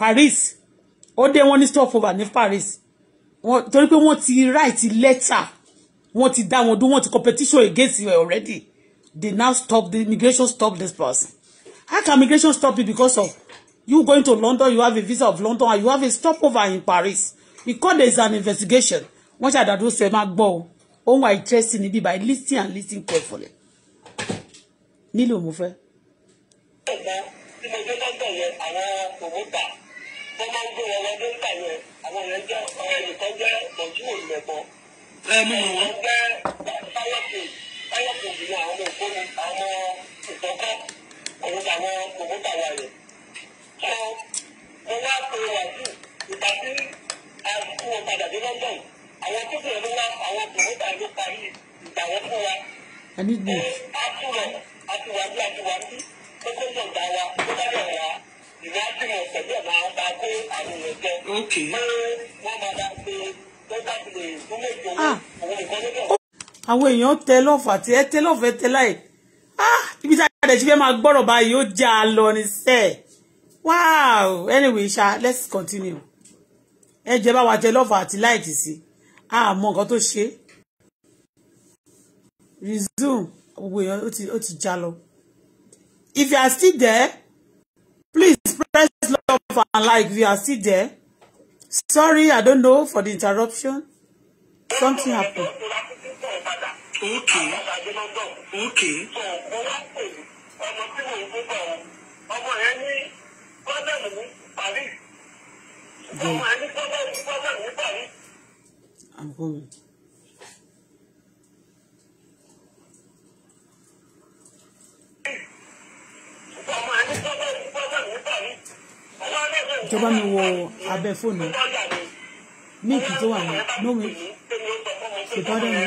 Paris ó dé wọ́n ní stopover ní Paris torí pé wọ́n ti write letter wọ́n ti dá wọn dún wọ́n ti competition against you already they now stop the immigration stop this person How can migration stop you because of you going to London, you have a visa of London, and you have a stopover in Paris? Because there is an investigation. Wọ́n I do ẹ máa gbọ́ o. Ó wà ìtẹ́sí by listening and listening carefully. Nílò mo fẹ́. Ọ̀gá òun tàwọn òun tàwọn ayọ̀ so mo wá pe wàásù ìgbà tí àìsí wọn padà dé london àwọn tó bẹ̀rẹ̀ ló wá àwọn tòmọ́tà ló parí ìgbà wọn fún wa àtúwọ̀ àtúwàdí àtúwàdí kókó sọ̀gbà wa tó bá yẹ̀ wá ìwádìí wọn pẹ̀lú ọ̀nà àgbà kó àwọn èèyàn jẹ pé wọ́n máa bá ṣe tó bá ti lè fún ètò àwọn ìkọ́lẹ́dọ̀. àwọn èèyàn tẹ lọ́ọ̀fù àti ẹ tẹ lọ́ọ̀fù ẹ tẹ láì ah, àdẹ̀ ti fẹ́ máa gbọ́rọ̀ báyìí ó já a lọ ní wow anyway ṣá let's continue ẹ jẹ́ bá wa tẹ lọ́fà àti láìkì sí àmọ́ nǹkan tó ṣe resume gbogbo èèyàn ó ti já lọ if you are still there please press love and like if you are still there sorry i don't know for the interruption something happened. okay okay ọmọ tí mò ń kó bọ̀ o ọmọ yẹn ní pọ́nẹ́mù ní Paris ọmọ yẹn ní pọ́nẹ́mù ní Paris. I'm coming. ìjọba mi wọ abẹ́ fóònù míìkì tó wà ní nómi ṣèpádé mi.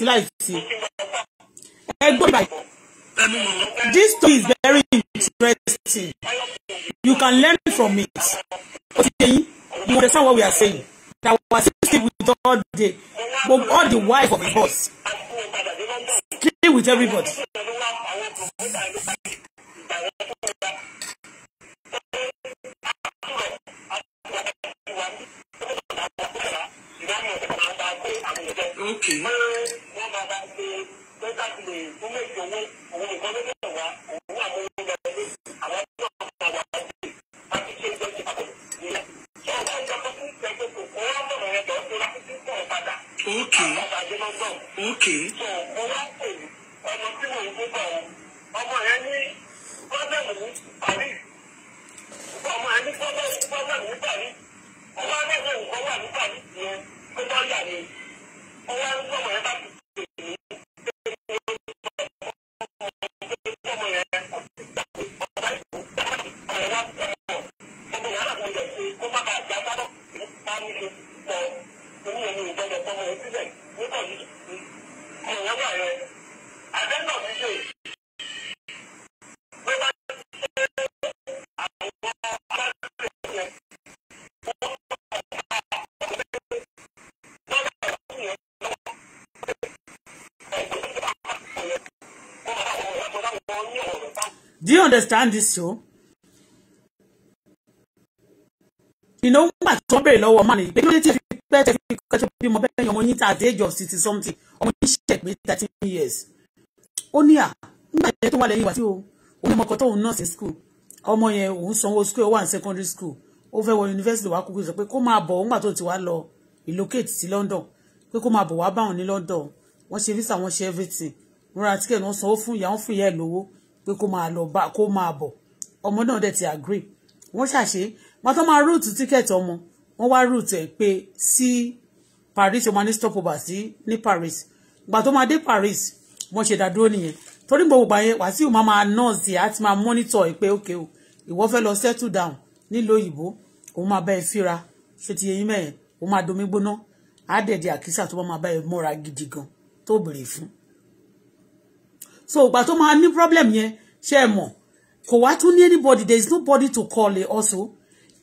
láìsí láìsí. Ẹgbọ́n ìbàdí. This story is very interesting. You can learn from it. You understand what we are saying? That our sleep with all the all the wife of the boss. Sleep with everybody. Okay pé bẹ́tà ti lè fún méjì owó òun nìkan ló bẹ̀rẹ̀ wá òun wà lórí ọgbà ilé àwọn tó wà àwọn àgbẹ̀ láti ṣe ìjọ ti pàtó nílẹ̀. ṣé ọ̀gá ìjọ tó tún tẹ pé kò kó wá bọ̀rọ̀ yẹn tó tó láti tún tọ̀ padà. ok ok. so mo wá pè ọmọ tí mo ń gbé bọ̀ wọn ọmọ yẹn ní pọ́bẹ́mù ní Paris ọmọ yẹn ní pọ́bẹ́mù ní Paris ọmọ yẹn ní nǹkan wà ní Paris yẹn tó bá yà ni ọmọ yẹn ní pọ́bẹ́mù yẹn bá ti understand this show? You know, nígbà tó ń bèrè lọ́wọ́ ọmọ nìyí pé kí ló dé tí ẹ fi pẹ́ tẹ́ fi kọ́ tó age of sixty something ọmọ yín ṣẹ̀ pé thirteen years. Ó ní à nígbà yẹn tó wà lẹ́yìn wá sí o, òun ni ọmọkọ tóun nọ́ọ̀sì school, ọmọ yẹn òun sanwó school wà secondary school, ó fẹ́ wọ university wá kúkú sọ pé kó máa bọ̀ nígbà to ti wá lọ relocate sí London, pé kó máa bọ̀ wá báwọn ní London, wọ́n ṣe visa wọ́n ṣe everything, wọ́n ra ticket wọ́n sanwó fún ìyá wọn fún ìyá pé kó máa lọ bá kó máa bọ̀ ọmọ náà dẹ̀ ti agree wọ́n ṣàṣe wọ́n tó máa rúùtù tíkẹ́ẹ̀tì ọmọ wọ́n wá rúùtù ẹ̀ pé sí Paris ọmọ ní stopover sí ní Paris ìgbà tó máa dé Paris wọ́n ṣe dádúró nìyẹn torí gbogbo gbà yẹn Wàsíù máa máa nọ́ọ̀sì àti máa mọ́nítọ̀ ẹ̀ pé ókè o ìwọ fẹ́ lọ settle down nílùú òyìnbó òun máa bá ẹ fíra ṣe ti yẹyin mẹ́rin òun máa domi gbóná á dẹ̀dẹ̀ àkísà tó máa bá ẹ mọ́ra gidi gan tó bèrè fún so ìgbà tó máa ní problem yẹn ṣe é mọ̀ kò wá tún anybody there is nobody to call it also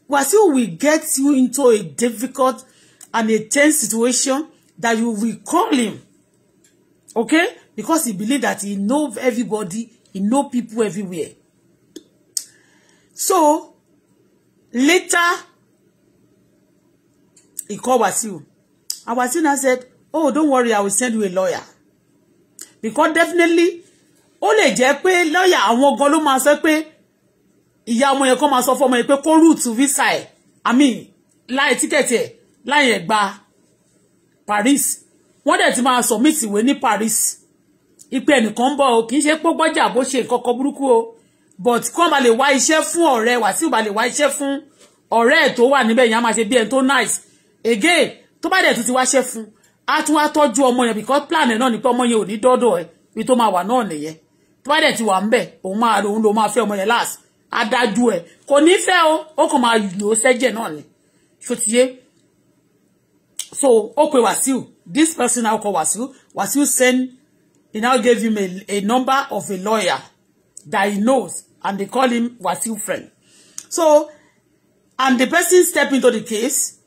Wasiu will get you into a difficult and a tense situation that you will call him okay because he believe that he know everybody he know people everywhere so later he call Wasiu and Wasiu now said oh don't worry I will send you a lawyer because definitely ó lè jẹ́ pé lọ́ọ̀yà àwọn gan ló máa sọ pé ìyá ọmọ yẹn kó máa sọ fọmọ yẹn pé kó rúùtù visa ẹ̀ i mean láì tíkẹ̀tì ẹ̀ láì yẹn gba Paris wọ́n dẹ̀ ti máa submit ìwé ní Paris ìpè ẹnìkan ń bọ̀ o kì í ṣe pé gbọ́jà bó ṣe nǹkan kan burúkú o but kí wọ́n bá lè wá iṣẹ́ fún ọ̀rẹ́ Wàsíù bá lè wá iṣẹ́ fún ọ̀rẹ́ ẹ̀ tó wà níbẹ̀ yẹn á máa ṣe bí ẹni tó nice again tó bá dẹ̀ tún ti wáṣẹ́ fún á tún wá tọ́jú ọmọ yẹn because plan ẹ̀ náà ni pé ọmọ yẹn ò ní dọ́dọ̀ ẹ̀ ibi tó máa wà náà nìyẹn tó ti wà ń bẹ̀ òun máa òun ló máa fẹ́ ọmọ yẹn láàsì adájú ẹ̀ kò ní fẹ́ o ó kàn máa lò ó sẹ́jẹ̀ náà ni ṣòtìyé so ó pe Wàsíù this person now call Wàsíù Wàsíù send he now gave him a, a number of a lawyer that he knows and they call him Wasiu friend. So, and the person step into the case.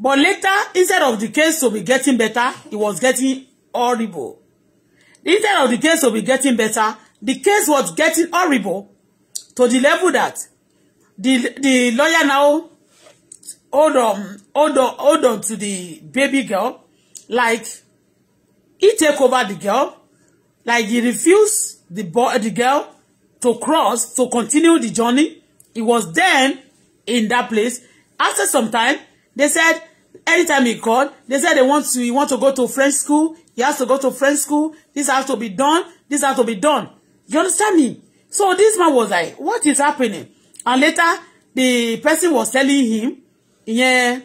But later, instead of the case to be getting better, it was getting horrible. Instead of the case will be getting better, the case was getting horrible to the level that the the lawyer now hold on hold on hold on to the baby girl like he take over the girl like he refused the boy the girl to cross to continue the journey he was then in that place after some time they said anytime he called they said they want to he want to go to French school He has to go to French school. This has to be done. This has to be done. You understand me? So this man was like, what is happening? And later, the person was telling him, yeah,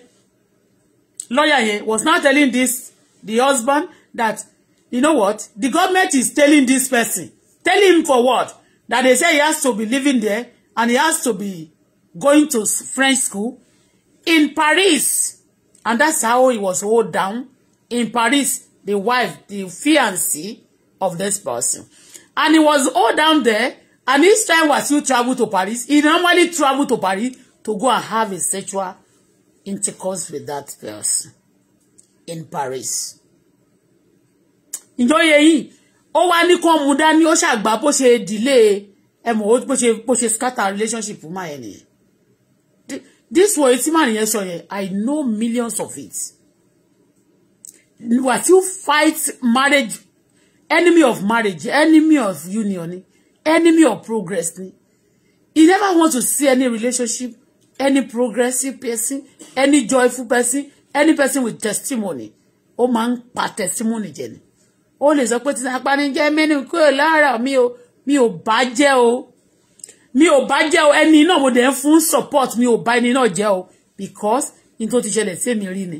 lawyer here was now telling this, the husband, that, you know what? The government is telling this person. Telling him for what? That they say he has to be living there and he has to be going to French school in Paris. And that's how he was hold down in Paris the wife, the fiancé of this person. And he was all down there. And each time was Wasiu travel to Paris, he normally travel to Paris to go and have a sexual intercourse with that person in Paris. Enjoy yìí, Oh, when you come, mú dání, ó ṣàgbá bó ṣe delay ẹmọ bó ṣe bó ṣe scatter relationship máa yẹn nìyẹn. This way tí màá nìyẹn sọ I know millions of it. What you fight marriage enemy of marriage enemy of union enemy of progress he never wants to see any relationship any progressive person any joyful person any person with testimony ó máa ń pa testimony jẹ ni ó lè sọ pé tí apanijẹ mi ni kúrò lára mi o mi ò bá jẹ́ o mi ò bá jẹ́ o ẹni náà mo dẹ̀ fún support mi ò bá ẹni náà jẹ́ o because nítorí ti ṣẹlẹ̀ sí èmi rí ni.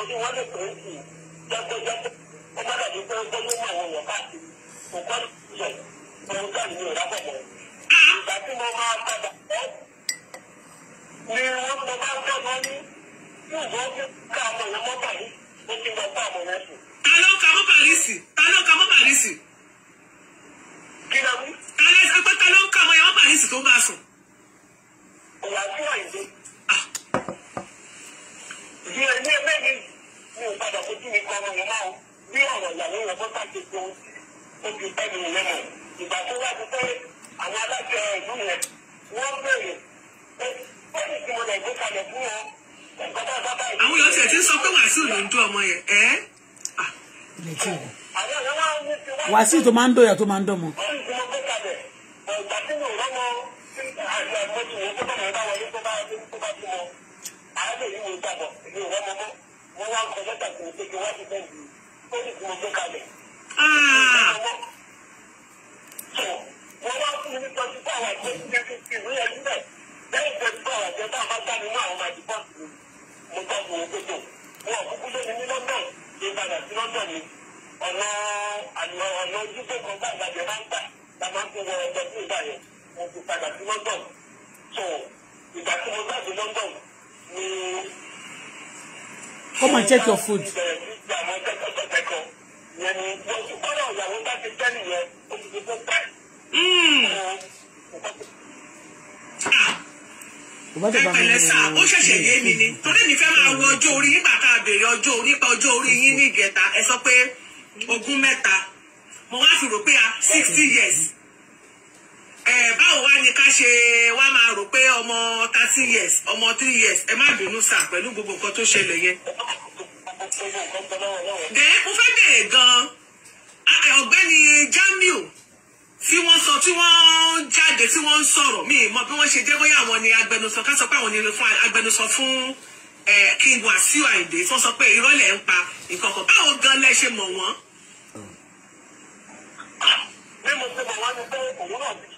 ojú wọn lè tó ń kù jẹ́gbẹ́jẹ́gbẹ́ ó má dàbí pé ó gbóyún mọ́ àwọn èèyàn káàkiri kò kọ́ ní ìṣẹ̀ òun kàn ní ìrábọ̀ mọ́. ìgbà tí mo máa padà bọ́ ni wọ́n mo bá gbọ́ mọ́ ní yóò gbọ́ ká àwọn èèyàn mọ́ bàyí ó ti lọ fún àwọn èèyàn sùn. ta ló ka mọ́ Barrister ta ló ka mọ́ Barrister. kí ló ń. ta ló ń ka mọ́ Barrister tó ń bá sùn. ìyá tí àìsí bí ewé mẹ́rin mi ò padà fojú mi kọ́ ọmọ mi bí ọ̀rọ̀ ìyàwó yẹn bó sáà ṣe tó ó ti mi lẹ́mọ̀ ìgbà tó wá ti pé àwọn alájọ ìlú yẹn wọ́n béèrè pé bẹ́ẹ̀ni tí mo lè gbé kalẹ̀ fún wọn nǹkan bá yìí. àwọn yòókè tí sọ pé wàásù ló ń dún ọmọ yẹn ẹ́ ah. wàásù tó máa ń dọ̀yà tó máa ń dọ̀mọ́. ìgbà tí mo rọ́mọ àti àgbọ̀tì yẹn tó bá mọ̀ àádọ́ yìí wọ́n gbàgbọ́ èmi ò wọ́n mọ́ wọ́n wá ń kọ lẹ́tà tó ń pé kí wọ́n ti fẹ́ di ó ní kí mo gbé kalẹ̀. wọ́n wá fún mi tọ́jú bá wà jẹ́ ní ẹni tí ìwé ẹni bẹ̀ lẹ́yìn tọ́jú bá wà jẹ́ táwọn bá gbá mi mú àwọn máa di pọ́ǹpù mo Come and check your food. pẹ̀lẹ́ sá ó ṣẹ̀ṣẹ̀ yé mi ni torí mi fẹ́ máa wo ọjọ́ orí nígbà tá a béèrè ọjọ́ orí nípa ọjọ́ orí yín ní ìgẹta ẹ sọ pé ogún mẹ́ta mo wá fi rò pé a sixty years báwo wá ni ká ṣe wá máa rò pé ọmọ thirty years ọmọ three years ẹ má bínú sà pẹ̀lú gbogbo nǹkan tó ṣẹlẹ̀ yẹn. bẹ́ẹ̀ mo fẹ́ bèrè gan-an ọ̀gbẹ́ni Jamiu tí wọ́n sọ tí wọ́n jáde tí wọ́n ń sọ̀rọ̀ mi mọ bí wọ́n ṣe jẹ́ bóyá àwọn ni agbẹnusọ ká sọ pé àwọn ni agbẹnusọ fún King Wasiu Ayinde tí wọ́n sọ pé ìrọ̀lẹ́ ń pa nǹkan kan báwo gan lẹ ṣe mọ̀ wọ́n. bí mo ṣe wá ni pé òun ti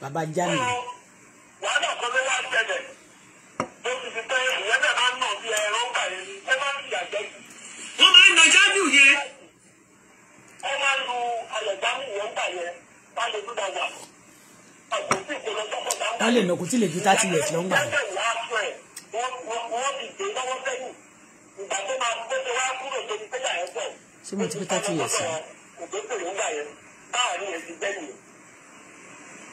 bàbá Jamiu. wàhálà kan ló wá ṣẹlẹ̀ tó ti fi pẹ́ ìyẹn náà máa ń nà bí ẹran ń bàyẹn ní ẹ máa ń fi àjẹ́ jù. wọ́n máa ń nà Jamiu yẹn. ẹ máa ń lu àyẹ̀dámù yẹn ń bàyẹn bá lè dúdà wà. wọ́n lè nà kó tí lè ju thirty years lọ́ngbà. wọ́n ti dé lọ́wọ́ sẹ́yìn ìgbà tó máa gbé tó wá kúrò tó ti pé ṣé mo ti pé thirty years. òbí kò ní gbà yẹn báà ní èsì bẹ́ẹ̀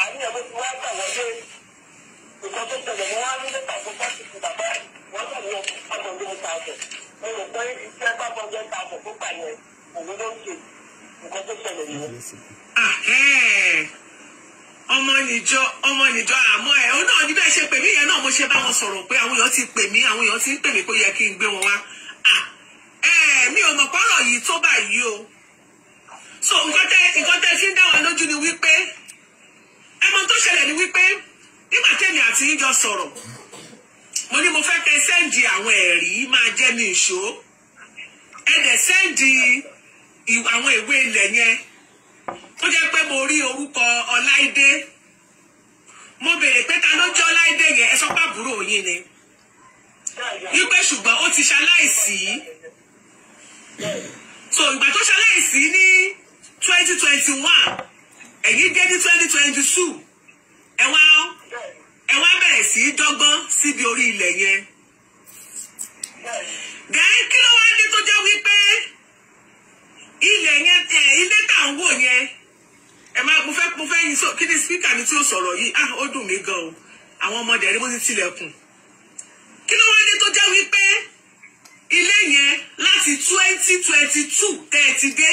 àníyàn ló ti wá gbà wọlé nǹkan tó tẹ́lẹ̀ ni wọn á ní lẹ́tà fún pásítì bàbá wọn kàn ní ọkọ àgbọn ló ń ta ọkọ mo rò pé iṣẹ́ bábọ jẹ ta ọkọ tó gbà yẹn òun ló ń ṣe nǹkan tó tẹ́lẹ̀ nìyẹn. ọmọ nìjọ ọmọ nìjọ ẹ ọ náà níbẹ̀ ṣe pè yẹn náà mo ṣe bá wọn sọ̀rọ̀ pé àwọn èèyàn ti pè mí àwọn èèyàn ti ń pè mí pé ó yẹ kí n gbé wọn wá mi ò mọ̀ pọ́rọ̀ yìí tó báyìí o so nǹkan tẹ́ nǹkan tẹ́ fi ń dá wa lójú ni wípé ẹ mọ tó ṣẹlẹ̀ ni wípé nígbà tèmi àti yín jọ sọ̀rọ̀ mo ní mo fẹ́ kẹ́ sẹ́ǹdì àwọn ẹ̀rí máa jẹ́ mi ìṣó ẹ dẹ̀ sẹ́ǹdì àwọn ìwé ilẹ̀ yẹn tó jẹ́ pé mo rí orúkọ Ọláìdé mo béèrè pé ta ló jẹ́ Ọláìdé yẹn ẹ sọ pé àbúrò yín ni wípé ṣùgbọ́n ó ti ṣaláìsí so ìgbà tó ṣaláìsí ní twenty twenty one ẹ̀yin dé ní twenty twenty two ẹ wá ẹ wá bẹ̀rẹ̀ sí í dọ́gbọ́n síbi orí ilẹ̀ yẹn. gàí kí ló wá dé tó jẹ́ wípé ilẹ̀ yẹn tẹ̀ ilé tà ń wò yẹn ẹ máa mo fẹ́ mo fẹ́ yin kí ni spíkà mi tí ó sọ̀rọ̀ yìí ah ó dùn mí gan o àwọn ọmọdé rí mo ti tilẹ̀kùn kí ló wá dé tó jẹ́ wípé ilé yẹn láti twenty twenty two tẹ̀ ẹ ti dé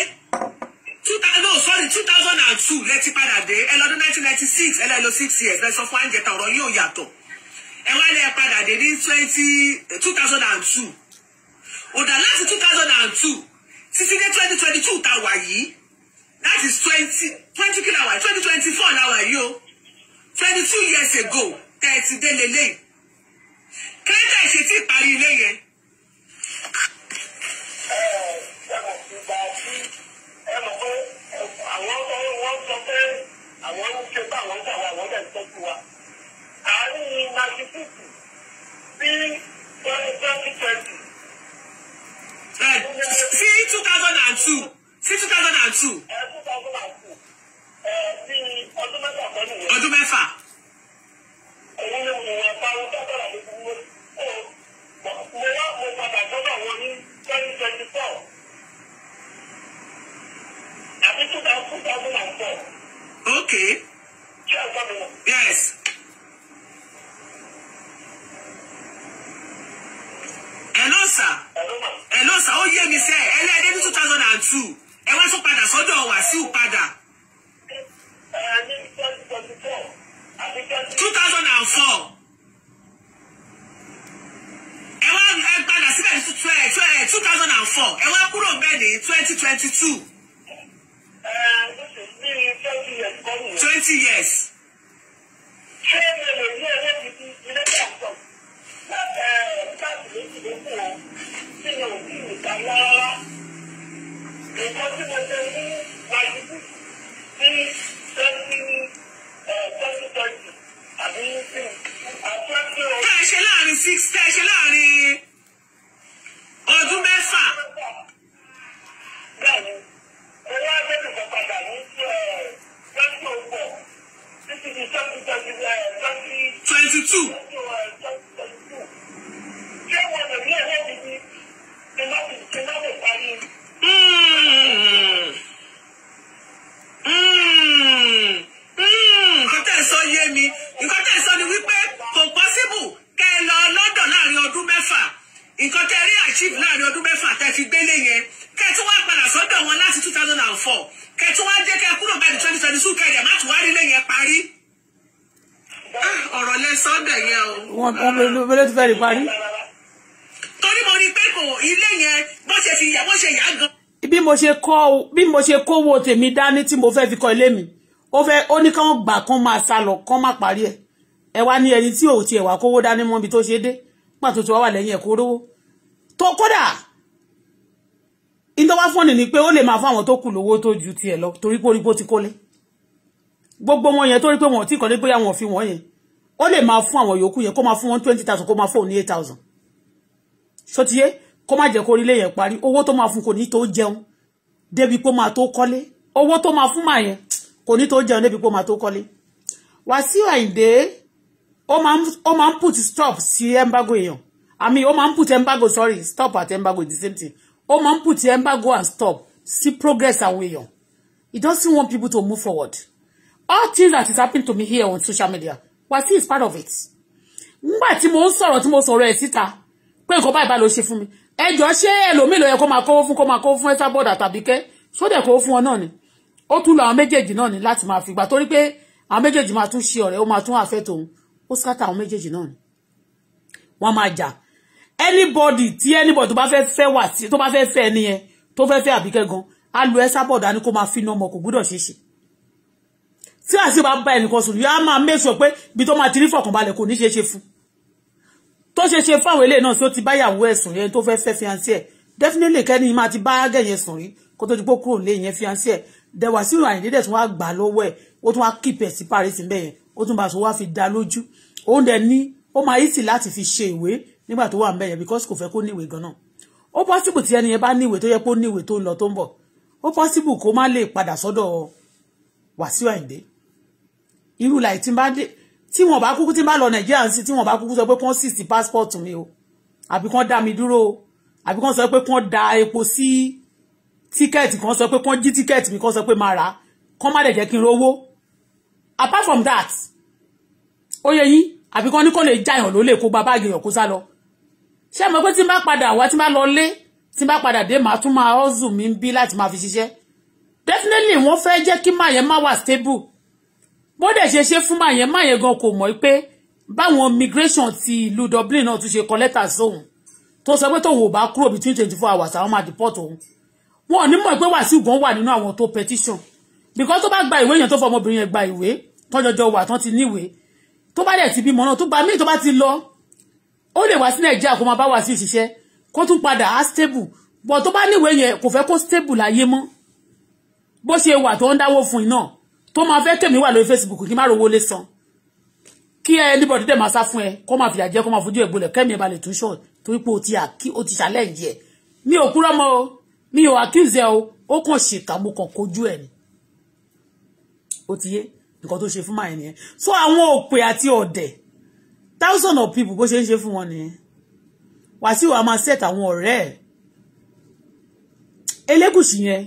two no sorry two thousand and two lẹ́tí padà dé ẹ lọ́dún nineteen ninety six ẹ lọ lo six years ẹ sọ fún àǹjẹta ọ̀rọ̀ yóò yàtọ̀ ẹ wá lẹ́ padà dé ní twenty eh, two thousand and two ọ̀dà láti two thousand and two títí dé twenty twenty two tá a wà yìí that is twenty twenty kí la twenty twenty four la wà yìí o twenty two years ago thirty dé lélẹ́yìí kẹ́ńtà ìṣe tí ìparí ilé yẹn ẹ mọ̀ pé àwọn tó wọ́n sọ pé àwọn ń ṣe bá àwọn tàwa àwọn dẹ̀ ń tọ́jú wa. àárín masipúpù bí twenty twenty. sí two thousand and two sí two thousand and two. ẹ two thousand and two ẹ bí ọdún mẹ́fà kan nìyẹn. ọdún mẹ́fà. òun ni mo wà pa ohun tó bọ̀rọ̀ mi mo wá mo padà sọ́dọ̀ wọn ní twenty twenty four. Okay. Yes. Hello sir. Hello sir. Ó mi say ẹlẹ́dẹ́ ní two thousand and two. so wá tún padà sọ́dọ̀ Wàsíù padà. Two 2004 and four. Ẹ wá padà síbẹ̀ bí twenty years kọ́ nìyẹn. twenty years. ṣé mi lè ní owó mi ti ilé ìyàtọ̀ lábẹ́ káàdì méjì lókù o tí mi ò bí mi kà rárá. nǹkan tí mo ṣe ní wájú ní twenty twenty twenty àbí three àti twenty. tẹ́ ẹ ṣe láàrin six tẹ́ ẹ ṣe láàrin ọdún mẹ́fà. bẹ́ẹ̀ ni mo wá gbẹ́dùn kan padà ní twenty two. ṣé hmm. wọn hmm. lè hmm. ní ẹ̀rọ mi ni iná iná lè parí. nǹkan tẹ̀ sọ yé mi nǹkan tẹ̀ sọ ni wípé kò pọ́síbù kẹ́ ẹ lọ lọ́dọ̀ láàrin ọdún mẹ́fà nǹkan tẹ́ rí achieve láàrin ọdún mẹ́fà tẹ́ fi gbélé yẹn kẹ́ tún wá padà sọ́dọ̀ wọn láti two thousand and four kẹ́ tún wá jẹ́ kẹ́ kúrò bá di twenty twenty two kẹrẹ má tún wá rí lẹ́yìn parí. Ah, ọ̀rọ̀ lẹ sọ́dọ̀ yẹn o. wọn wọn bẹ̀rẹ̀ ti fẹ́ rí parí. torí mo rí pé kò ilé yẹn bó ṣe fi yà bó ṣe yà gan. bí mo ṣe kọ bí mo ṣe kówó tèmi dání tí mo fẹ́ fi kọ́ ilé mi ó fẹ́ ó ní káwọn gbà kán máa sá lọ kán má parí ẹ̀ ẹ wá ní ẹni tí ò tiẹ̀ wá kówó dání mọ́ ibi tó ṣe dé pàtó tó wà lẹ́yìn ẹ̀kọ́ rówó tó kódà ìtọ́wá fọ́nì ni pé ó lè máa fún àwọn tó kù lówó tó ju tiẹ̀ lọ torí pé orígbó ti kólé gbogbo wọn yẹn torí pé wọn ò tí kọ́lé bóyá wọn ò fi wọ́n yẹn ó lè máa fún àwọn yòókù yẹn kó máa fún wọn twenty thousand kó máa fún òun ní eight thousand ṣótiyé kó má jẹ́ kó orílẹ̀ yẹn parí owó tó máa fún kò ní tó jẹun débi pé máa tó kọ́lé owó tó máa fún màá yẹn kò ní tó jẹun débi pé máa tó kọ́lé Wàsíù Àyìndé ó máa ń put stop sí embargo èèyàn I mean, ó máa put embargo, sorry, stop at embargo, the same thing. Ó máa ń put embargo and stop. See progress away yon. It doesn't want people to move forward. All things that is happening to me here on social media, Wasiu is part of it. Nígbà most sorrow, ń sọ̀rọ̀ tí mo sọ̀rọ̀ ẹ̀ síta, pé nǹkan báyìí bá lọ ṣe fún mi. Ẹjọ́ ṣé ẹlòmíì ló yẹ kó I kówó fún kó máa kówó fún call bọ́ọ̀dà tàbí kẹ́ sódẹ̀ kówó fún wọn náà ni. Ó tún lọ àwọn méjèèjì náà ni láti máa fìgbà torí pé àwọn méjèèjì máa tún ṣe ọ̀rẹ́ ó máa tún àfẹ́ tòun ó scatter àwọn méjèèjì anybody tí anybody tó bá fẹ́ fẹ́ wà sí tó bá fẹ́ fẹ́ ẹni yẹn tó fẹ́ fẹ́ Àbíkẹ́ gan á lo ẹ sábọ̀dá ni kó máa fi iná ọmọ kò gbúdọ̀ ṣe ṣe tí àti bá bá ẹnìkan sùn yóò á máa mẹ́sọ̀ pé ibi tó máa ti rí fọkànbalẹ̀ kò ní ṣe ṣe fún tó ṣe ṣe fún àwọn eléyìí náà tí ó ti bá yàwó ẹ̀ sùn yẹn tó fẹ́ fẹ́ fiancé definitely kẹ́ni máa ti bá gẹ̀yẹn sùn rí kó to ti gbó kúrò lé yẹn fiancé ẹ̀ dẹ̀wà sí ìrìn àyíndé dẹ̀ tún wá gbà lọ́wọ́ ẹ̀ ó tún wá kíìpẹ̀ sí paris mẹ́yẹn ó tún bá sọ wá fi dá lójú òun dẹ̀ ní ó máa yí sí fi ṣe ìwé nígbà tó wà ń bẹ̀yẹ̀ because kò fẹ́ kó níwèé gan-an ó possible tí ẹni yẹn bá níwèé tó yẹ kó níwèé tó ń lọ tó ń bọ̀ ó possible kó má lè padà sọ́dọ̀ Wàsíù Àyìndé irú làì tí bá dé tí wọn bá kúkú tí bá lọ Nàìjíríà ń sí tí wọn bá kúkú sọ pé kán sì sí passport mi o àbí kán dá mi dúró o àbí kán sọ pé kán da epo sí tíkẹ́ẹ̀tì kán sọ pé kán jí tíkẹ́ẹ̀tì mi kán sọ pé máa rà kán má dẹ̀ jẹ́ kí n rówó apart from that ó yẹ yín àbí kán ní kán lè jáyàn lólè kó gba báàgì yàn kó sá lọ ṣé mo pé tí n bá padà wá tí n bá lọ lé tí n bá padà dé màá tún máa ọ́zù mi bí láti máa fi ṣiṣẹ́ definitely wọ́n fẹ́ jẹ́ kí máa yẹn má wà stable bó dẹ̀ ṣe ṣe fún máa yẹn máa yẹn gan kò mọ̀ pé báwọn migration ti ìlú Dublin náà tún ṣe kọ lẹ́tà sóhun tó sọ pé tóun ò bá kúrò between twenty four hours àwọn máa deport òun wọn ò ní mọ̀ pé Wàsíù gan wà nínú àwọn tó petition because tó bá gba ìwé yẹn tó fọ ọmọbìnrin yẹn gba ìwé tọ́jọjọ wà tán ti níwèé tó bá dẹ̀ ti bímọ náà tó bá míì tó bá ti lọ ó lè wá sí nàìjíríà kó máa bá wá sí ìṣiṣẹ́ kó tún padà á stable bọ̀ tó bá níwèé yẹn kò fẹ́ kó stable láyé mọ́ bó ṣe wà tó ń dáwó fún iná tó máa fẹ́ tèmi wà lórí facebook kí má rówó lé san kí ẹ níbọ̀ dídẹ̀ máa sá fún ẹ kó máa fìyà jẹ kó máa fojú ẹ gbolẹ̀ kẹ́mi ẹ balẹ̀ tún ṣọ̀ torí pé o ti àkí o ti ṣàlẹ́ǹjì mi ò kúrọ́ mọ́ o mi ò accuse ẹ o ó kàn ṣèkà mo kàn kojú ẹ ni ó ti yé nǹkan tó ṣe fún màá yẹn nìyẹn so àwọn òpè àti ọ̀dẹ̀ thousand of people bó ṣe ń ṣe fún wọn nìyẹn wàsíù a máa set àwọn ọ̀rẹ́ ẹ̀ elégùsì yẹn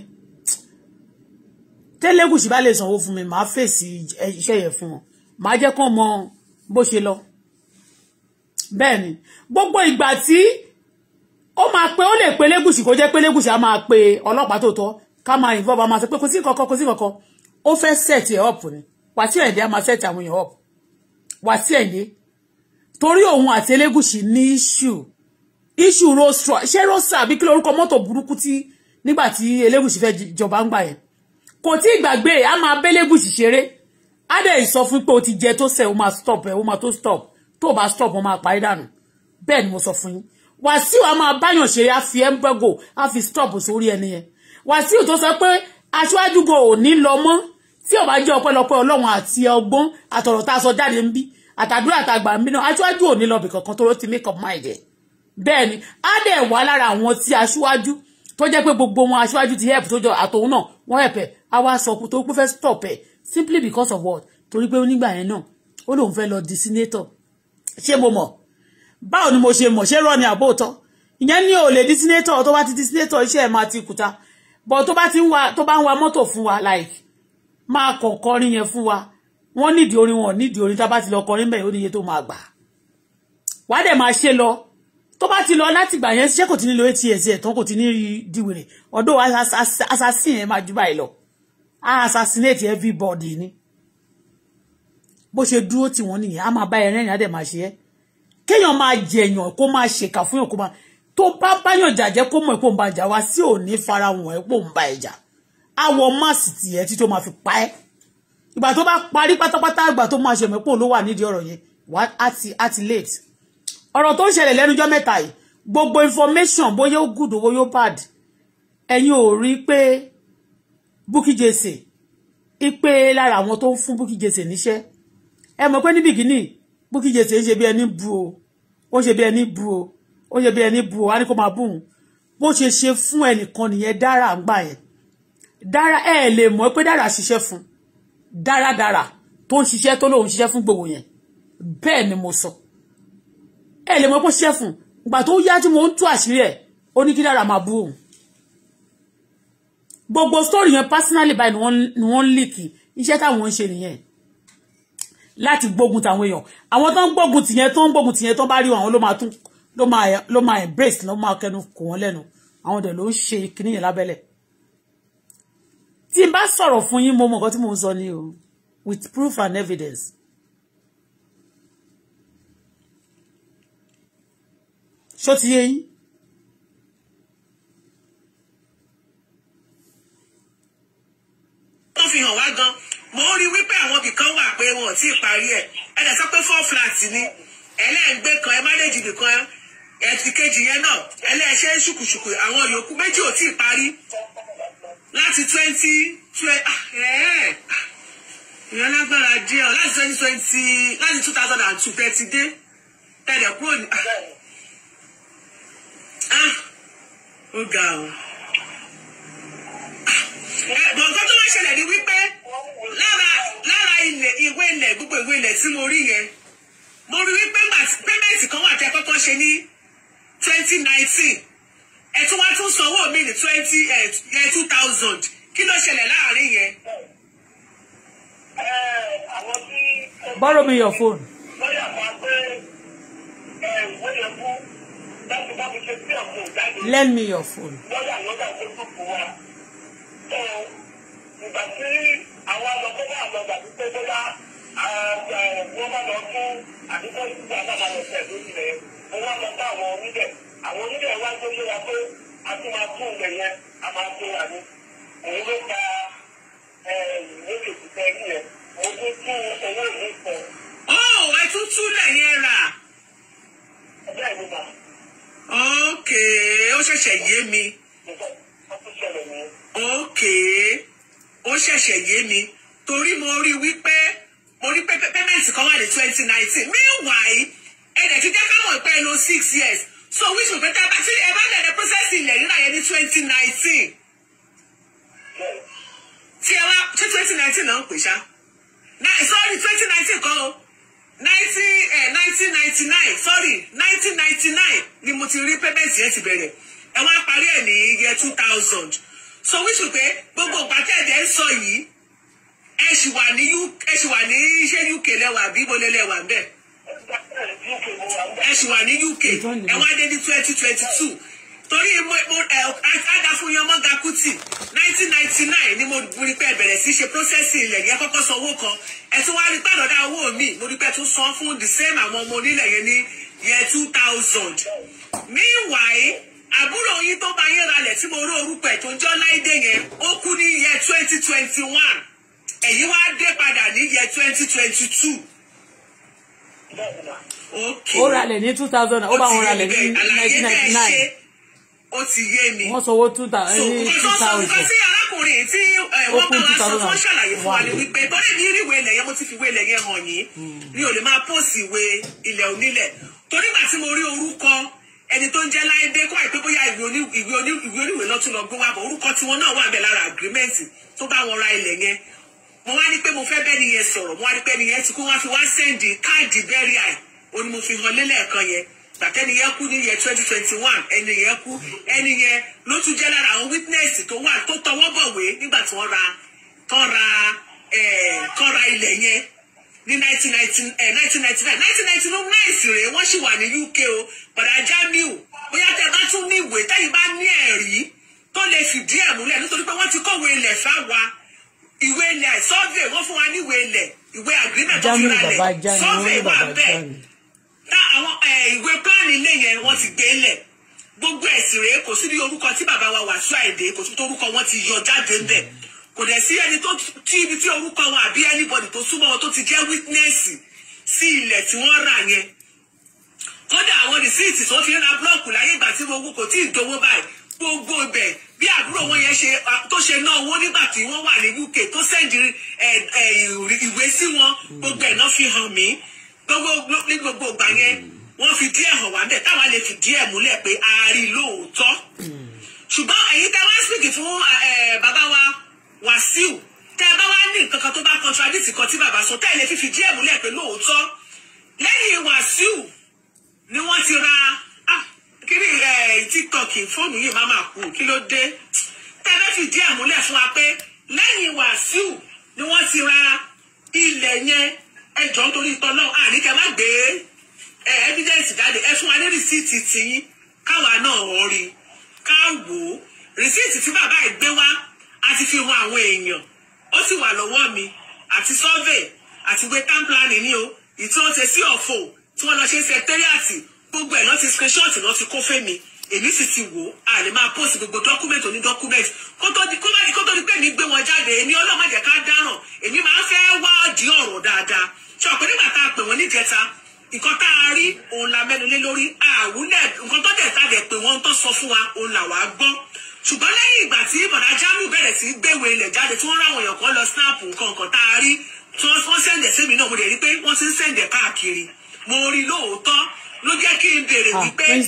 tẹ́lẹ́gùsì bá lè sanwó fún mi màá fèsì iṣẹ́ yẹn fún wọn màá jẹ́ kán mọ bó ṣe lọ bẹ́ẹ̀ ni gbogbo ìgbà tí ó máa pe ó lè pe elégùsì kó jẹ́ pé elégùsì á máa pe ọlọ́pàá tó tọ́ ká máa involve a máa sọ pé kò sí kankan kò sí kankan ó fẹ́ set ẹ̀ up ni wàsíù ẹ̀dẹ́ a máa set àwọn èèyàn up wàsíù ẹ̀dẹ́ torí òun àti Elégùṣì ní issue issue rostra ṣé rostra àbí kí lorúkọ mọ́tò burúkú tí nígbà tí Elégùṣì fẹ́ jọba ń gbà yẹn kò tí ìgbàgbé e, a máa bá Elégùṣì ṣeré á sọ fún pé o ti jẹ tó sẹ̀ o máa stop ẹ̀ o máa tó stop tó o bá stop o máa parí dànù bẹ́ẹ̀ ni mo sọ fún yín Wàsíù a máa báyàn ṣeré á fi ẹ́ńbẹ́gò á fi stop sórí ẹni yẹn Wàsíù tó sọ pé aṣáájú go ò ní lọ mọ́ tí ò ọpẹ́lọpẹ́ Ọlọ́run àti ọgbọ́n àtọ̀rọ̀ tá a sọ jáde ń bí àtàdúrà àtàgbà mi náà aṣáájú ò ní lọ bì kankan tóró ti make up mind ẹ̀ bẹ́ẹ̀ ni á dẹ̀ wá lára àwọn tí aṣáájú tó jẹ́ pé gbogbo wọn aṣáájú ti help tó jọ àtòun náà wọ́n help ẹ̀ á wá sọ tó pé fẹ́ stop ẹ̀ simply because of what torí pé onígbà yẹn náà ó lóun fẹ́ lọ di senator ṣé mo mọ̀ báwo ni mo ṣe mọ̀ ṣé rọ́ ni àbóòtọ́ ìyẹn ní ò lè di senator tó bá ti di senator iṣẹ́ ẹ̀ máa ti kùtà but tó bá ń wa mọ́tò fún wa like máa kọ̀ọ̀kọ́rin yẹn fún wa wọ́n nídìí orin wọn nídìí orin tá bá ti lọ kọrin bẹ́ẹ̀ ó níye tó máa gbà wàá dẹ̀ máa ṣe lọ tó bá ti lọ láti gbà yẹn ṣé kò ti nílò ats ẹ̀ tán kò ti ní rí diwèrè ọ̀dọ̀ assassin yẹn máa ju báyìí lọ a assassinate everybody ni bó ṣe dúró tí wọ́n nìyẹn a máa bá ẹrẹ́rìn á dẹ̀ máa ṣe ẹ́ kéèyàn máa jẹ̀yàn kó máa ṣèkà fún yàn kó máa tó bá báyàn jàjẹ́ kó mọ̀ pò ń ba jà wá sí òní farahàn ẹ̀ pò ń ba ẹ̀jà awọ máàsì tiẹ̀ tí tó máa fi pa ẹ́ ìgbà tó bá parí pátápátá ìgbà tó máa ṣèmọ̀ pò ló wà nídìí ọ̀rọ̀ yẹn wá á ti late ọ̀rọ̀ tó ń ṣẹlẹ̀ lẹ́nujọ́ mẹ́ta yìí gbogbo information bóyá ó good bóyá ó bad ẹ̀yin ò rí pé Bukky Jesse ipe lára àwọn tó ń fún Bukky Jesse níṣẹ́ ẹ mọ̀ pé ní bìgínì Bukky Jesse ń ṣe bí ẹni bu o ó ṣe bí ẹni bu o ó ṣe bí ẹni bu o á ní kó máa bùn bó ṣe ṣe fún ẹnìkan nìyẹn dára ń gbà yẹn dára ẹ lè mọ̀ pé dára ṣiṣẹ́ fún dáradára tó ń ṣiṣẹ́ tó lóun ṣiṣẹ́ fún gbogbo yẹn bẹ́ẹ̀ ni mo sọ ẹ lè mọ pé ṣiṣẹ́ fún ìgbà tó yá tí mo ń tú àṣírí ẹ̀ ó ní kí dára máa bú òun gbogbo story yẹn personally by ni wọ́n ń leak iṣẹ́ táwọn ń ṣe nìyẹn láti gbógun tàwọn èèyàn àwọn tó ń gbógun tìyẹn tó ń gbógun tìyẹn tó bá rí àwọn ló máa tún ló máa embrace ló máa kẹnu kò wọ́n lẹ́nu àwọn dẹ̀ ló ń ṣe kíníyẹn lábẹ́lẹ̀ tí n bá sọ̀rọ̀ fún yín mo mọ̀ nǹkan tí mo ń sọ ni o with proof and evidence. ṣó ti yé yín. ó fi hàn wá gan mo ń rí wípé àwọn ibìkan wà pé wọn ò tí ì parí ẹ̀ ẹ dẹ̀ sọ pé four flat ni ẹlẹ́ǹgbẹ́ kan ẹ mánéjì nìkan ẹtì kejì yẹn náà ẹlẹ́ẹ̀ṣẹ́ ṣùkùṣùkù àwọn yòókù méjì ò tí ì parí láti twenty twenty èèyàn ah, eh, lágbára díẹ̀ ọ̀ láti twenty twenty láti two thousand and two thirty dé ẹ̀rẹ̀ kúrò ní. Ah. Ah, ó ga o. Eh, bọ̀ǹkan tó wọ́n ṣẹlẹ̀ ni wípé lára lára ilẹ̀ ìwé ilẹ̀ gbogbo ìwé ilẹ̀ tí mo rí yẹn mo rí wípé payment kan wà tẹ́ kọ́kọ́ ṣe ní twenty nineteen ẹ tún wá tún sanwó mi ní twenty ẹ eh, eh, two thousand kí ló ṣẹlẹ̀ láàrin yẹn. borrow me your phone. Eh, lend me your phone. lọ́yà lọ́yà tó tún àwọn alọ́kọ́ bá bóyá wọ́n bá lọ fún àdúgbò ìgbà náà máa lọ sí ẹ̀dọ́ ìlẹ̀ wọ́n wá oníbẹ̀ àwọn oníbẹ̀ wá gbé léra pé a tún máa tún ilẹ̀ yẹn a máa tún ra ní òun ló pa lókè títẹ yẹn mo tún tún owó ìlú sọ. ó ẹ tún túlẹ̀ yẹn rà. bẹ́ẹ̀ ni mà. ok ó ṣẹ̀ṣẹ̀ yé mi. ok ó ṣẹ̀ṣẹ̀ yé mi torí mo rí wípé mo rí pé payment kan wà ní twenty nineteen meanwhile ẹ̀ẹ́dẹ̀ ti jẹ́ ká mọ̀ pé ẹ lo six years so which means pé tí ẹ bá the process ilẹ̀ rírà yẹn ní twenty nineteen tí ẹ wá Now twenty nineteen náà ń pè ṣá sorry twenty nineteen kan o eh, nineteen ninety nine sorry nineteen ninety nine ni mo ti rí payment yẹn ti bẹ̀rẹ̀ ẹ wá parí ẹ̀ ní iye two thousand so which means pé gbogbo ìpàtẹ́ẹ̀dẹ̀ ń sọ yìí ẹ ṣì wà ní uk ẹ ṣì you. ní ṣé uk lẹ́wà bí mo lè lẹ́wà bẹ́ẹ̀ ẹ ṣì wà ní UK ẹ wá dé ní twenty twenty two torí ada fún yan mọ́ga kùtì nineteen ninety nine ni mo rí pé bẹ̀rẹ̀ sí ṣe processing ilẹ̀ yẹn kọ́kọ́ san owó kan ẹ tún wá rí pé àdọ́dá owó mi mo rí pé tún san fún the same àwọn ọmọ onílẹ̀ yẹn ní year two thousand meanwhile àbúrò yín tó bá yín ralẹ̀ tí mo rí orúkọ ẹ̀ tó ń jọ́ láìdé yẹn ó kú ní year twenty twenty one èyí wá dé padà ní year twenty twenty two ó ralẹ̀ ní two thousand ó bá wọn ralẹ̀ ní nineteen ninety nine ó ti yé mi wọ́n sanwó two thousand ní two thousand ọkùnrin tí wọ́n bá máa fún ṣàlàyé fún wa ni wípé bọ́dẹ̀ mi rí ìwé ilẹ̀ yẹn mo ti fi ìwé ilẹ̀ yẹn hàn yín hmm. mi ò lè máa pòsì ìwé ilẹ̀ onílẹ̀ torí gbà tí mo rí orúkọ ẹni tó ń jẹ́ láìdé kó àìpé bóyá ìwé oníwèé lọ́tún lọ gbé bọ̀ orúkọ tiwọn náà wà bẹ̀ lára àgírímẹ́ǹtì tó bá wọn ra ilẹ̀ yẹn mo wá ní pé mo fẹ́ bẹ́ẹ̀ nìyẹn sọ̀rọ̀ mo wá ní pé nìyẹn ti kú wọ́n fi wá sẹ́ndì káàdì bẹ́ríà ó ní mo fi hàn lélẹ́ẹ̀kan yẹn gbàtẹ́ni yẹn kú ní yẹn twenty twenty one ẹni yẹn kú ẹni yẹn ló tún jẹ́ lára àwọn witness tó wà tó tọwọ́ bọ̀wé nígbà tí wọ́n ra tán ra tán ra ilẹ̀ yẹn ní nineteen ninety nine nineteen ninety nine nineteen ninety nine wọ́n sì wà ní UK o padà Jamiu bóyá tẹ bá tún ní ìwé tẹ́yìn bá ní ẹ̀rí tó lè fìdí ẹ̀ múlẹ̀ nítorí pé wọ́n ti kọ̀wé ilẹ̀ fáwa ìwé ilẹ̀ survey wọn fún wa ní ìwé ilẹ̀ agreement wà bẹ́ẹ̀ àwọn ìwé plan ti gbé gbogbo ẹ̀sìn kò sí ní orúkọ tí bàbá wa Wàsíù Àyìndé kò sí wọn ti yọ jáde kò sí ẹni tó tí ibi tí orúkọ wọn àbí tó wọn tó ti sí tí rà yẹn kódà àwọn rìsíìtì tó fi ń ra gbogbo ibẹ̀ bí àbúrò wọn yẹn ṣe tó ṣe ná owó nígbà tí wọ́n wà ní UK tó sẹ́ndì eh, eh, ìwé sí wọn gbogbo ẹ̀ náà fi hàn mí gbogbo ní gbogbo ìgbà yẹn wọ́n fi díẹ̀ hàn wá bẹ́ẹ̀ táwa lè fi díẹ̀ múlẹ̀ pé a rí lóòótọ́ ṣùgbọ́n èyí tẹ́ wá sípìkì fún eh, bàbá wa Wàsíù tẹ́ bá wá ní nǹkan kan tó bá contradict kan tí bàbá sọ tẹ́ lè fífi díẹ̀ múlẹ̀ pé lóòótọ́ lẹ́yìn Wàsíù ni wọ́n ti ra kíni eh, tiktok fóònù yìí máa máa kú kí ló dé tẹ́lẹ̀ fìdí ẹ̀ múlẹ̀ fún wa pé lẹ́yìn wàsíù ni wọ́n ti ra ilẹ̀ yẹn ẹjọ́ nítorí tọ́lọ́ àníkẹ́ má gbé evidence jáde ẹ fún wa ní rìsíìtì tìyín káwa náà rí ká wò ó rìsíìtì tí bàbá ẹ̀ gbé wá a ti fi hàn àwọn èèyàn ó sì wà lọ́wọ́ mi àti survey àti gbé town planning ni o ìtí sí ọ̀fọ̀ tí wọ́n lọ ṣe secretariat gbogbo ẹ̀ náà ti screenshot náà ti kó fẹ́ mi èmi sì ti wò á lè máa post gbogbo document oní document kó tó di kó tó di pé mi gbé wọn jáde èmi ọlọ́mọ jẹ́ ká dáràn èmi máa ń fẹ́ wá di ọ̀rọ̀ dáadáa ṣọ̀pẹ́ nígbà tá a pè wọ́n níjẹta nǹkan tá a rí òun la mẹ́nu lé lórí àwùlẹ̀ nǹkan tó dẹ̀ ta dẹ̀ pé wọ́n tó sọ fún wa òun là wá gbọ́ ṣùgbọ́n lẹ́yìn ìgbà tí bọ̀dá Jamiu bẹ̀rẹ̀ sí gbéwèé ilẹ̀ jáde tí wọ́n ráwọn èèyàn kan lọ snap nǹkan nǹkan tá a rí tí wọ́n sẹ́ǹdẹ̀ sí mi náà mo lè rí pé wọ́n ti ń sẹ́ǹdẹ̀ káàkiri mo rí lóòótọ́ ló jẹ́ kí n béèrè ah, wípé ẹ̀jọ̀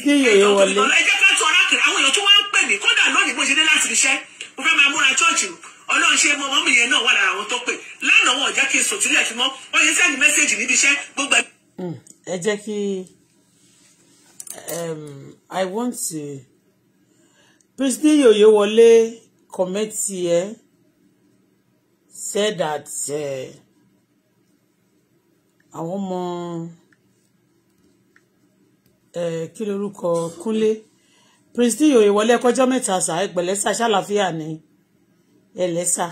tó ẹ jẹ́ ká tún arákùnrin àwọn èèyàn tó wá ń pè mí kódà lónìí mo ṣe dé láti iṣẹ́ mo fẹ́ máa múra chọ́ọ̀chì ọlọ́run ṣe mọ mọ́mí yẹn náà wà lára àwọn tó pè lánàá wọn jẹ́ kí n sòtílẹ̀ kí mọ́ wọ́n yẹ sẹ́ni mẹ́sẹ̀jì níbi iṣẹ́ gbogbo ẹ̀. Hmm, ẹ jẹ́ kí um, I want to Christine Oyewole comment here said that uh, àwọn uh, ọmọ kí lorúkọ kúnlé prince diyo ìwọlé ẹkọjọ mẹ́ta sà ẹgbẹlẹsà ṣàlàfíà ní ẹlẹsà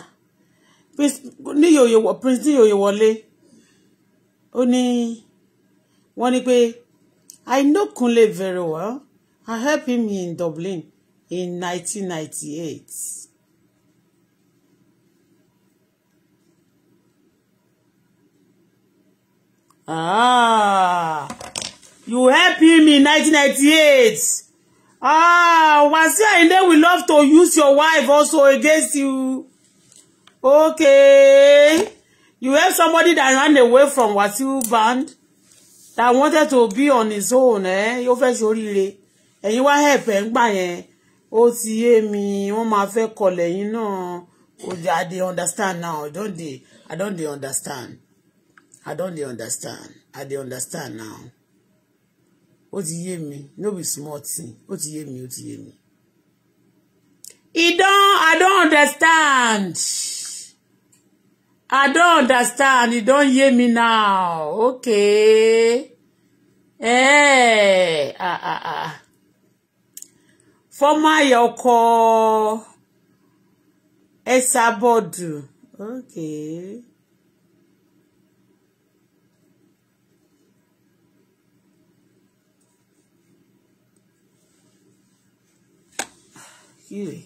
prince diyo ìwọlé ó ní wọ́n ní pé i know kunle very well i help him in dublin in 1998. Ah you help him in 1998 ah Wasiu Ayinde we love to use your wife also against you okay you have somebody that ran away from Wasiu band that wanted to be on his own eh yóò fẹ́ ṣoríire ẹ̀yin wá help ẹ̀ ń gbà yẹn ó ti yé mi wọ́n máa You know? Oh, náà I understand now don't they? I don't they understand I don't they understand I they understand now ó ti yé mi no be small thing ó ti yé mi ó ti yé mi. e don i don understand i don understand e don hear me now okay. Hey, eh, ah, ah, ah. former yọkọ Esabodu, okay. ire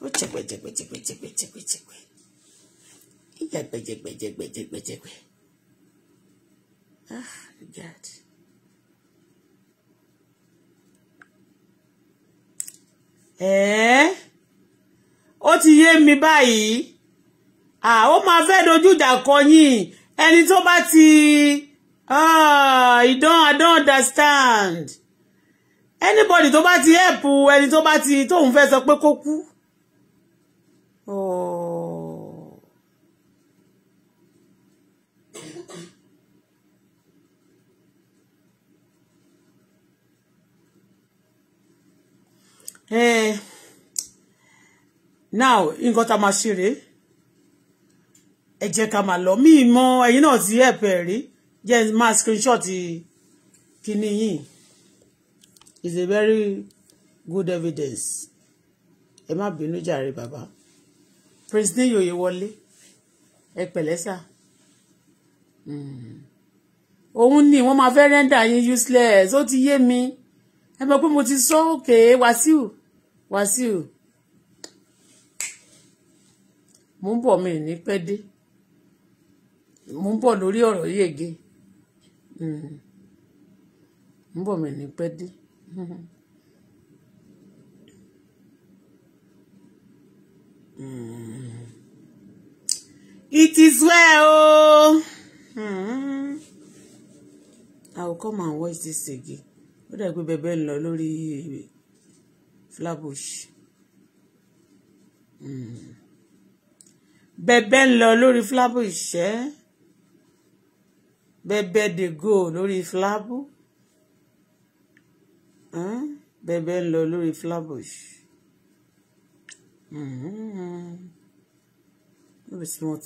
ó jẹgbẹjẹgbẹjẹgbẹjẹgbẹjẹgbẹ ìjẹgbẹjẹgbẹjẹgbẹjẹgbẹjẹgbẹ ah god ẹ̀ẹ́ eh? ó ti yé mi báyìí à ah, ó máa fẹ́ dojú ìjà kọ yín ẹni tó bá ti ah you don't i don't understand anybody tó bá ti help ẹni tó bá ti tóun fẹ́ sọ pé kó kú oh. eh. now nǹkan tá a máa ṣe rèé ẹ jẹ́ ká máa lọ mí mọ ẹ̀yin náà ti help ẹ̀ rí jẹ́ máa screenshot kìíní yìí. Is a very good evidence ẹ má bínú jàre bàbá president yòòyè wọlé ẹ pẹ̀lẹ́ sà hmm. òun ni wọ́n máa fẹ́ rẹ́ńdà yín useless ó ti yé mi ẹ mọ̀ pé mo ti sọ òkè wàsíù wàsíù mo ń bọ̀ mi ní pẹ́ dé mo ń bọ̀ lórí ọ̀rọ̀ yìí ègé hmm. mo ń bọ̀ mi ní pẹ́ dé. Hmm. It is well. Mm. I will come and watch this again. Ó dàgbé bẹ̀bẹ̀ ń lọ lórí Flatbush. Hmm. Bẹ̀bẹ̀ ń lọ lórí Flatbush ẹ́. Eh? Bẹ̀bẹ̀ dey go lórí Flatbush bẹ́ẹ̀ ń lọ lórí Flatbush níbi tí wọ́n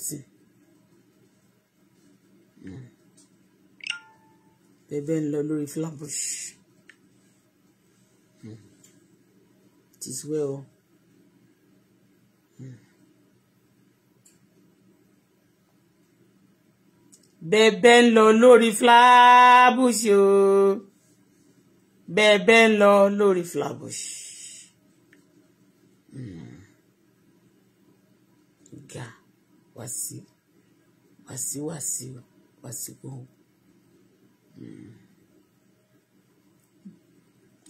ti bẹ́ẹ̀ ń lọ lórí Flatbush it is well. Mm. bẹ́ẹ̀bẹ́ ń lọ lórí Flatbush o. Oh bẹ́ẹ̀bẹ́ lọ lórí Flatbush. Hmm. ga wàsí wàsí wàsí wàsí gbóhùn. Hmm.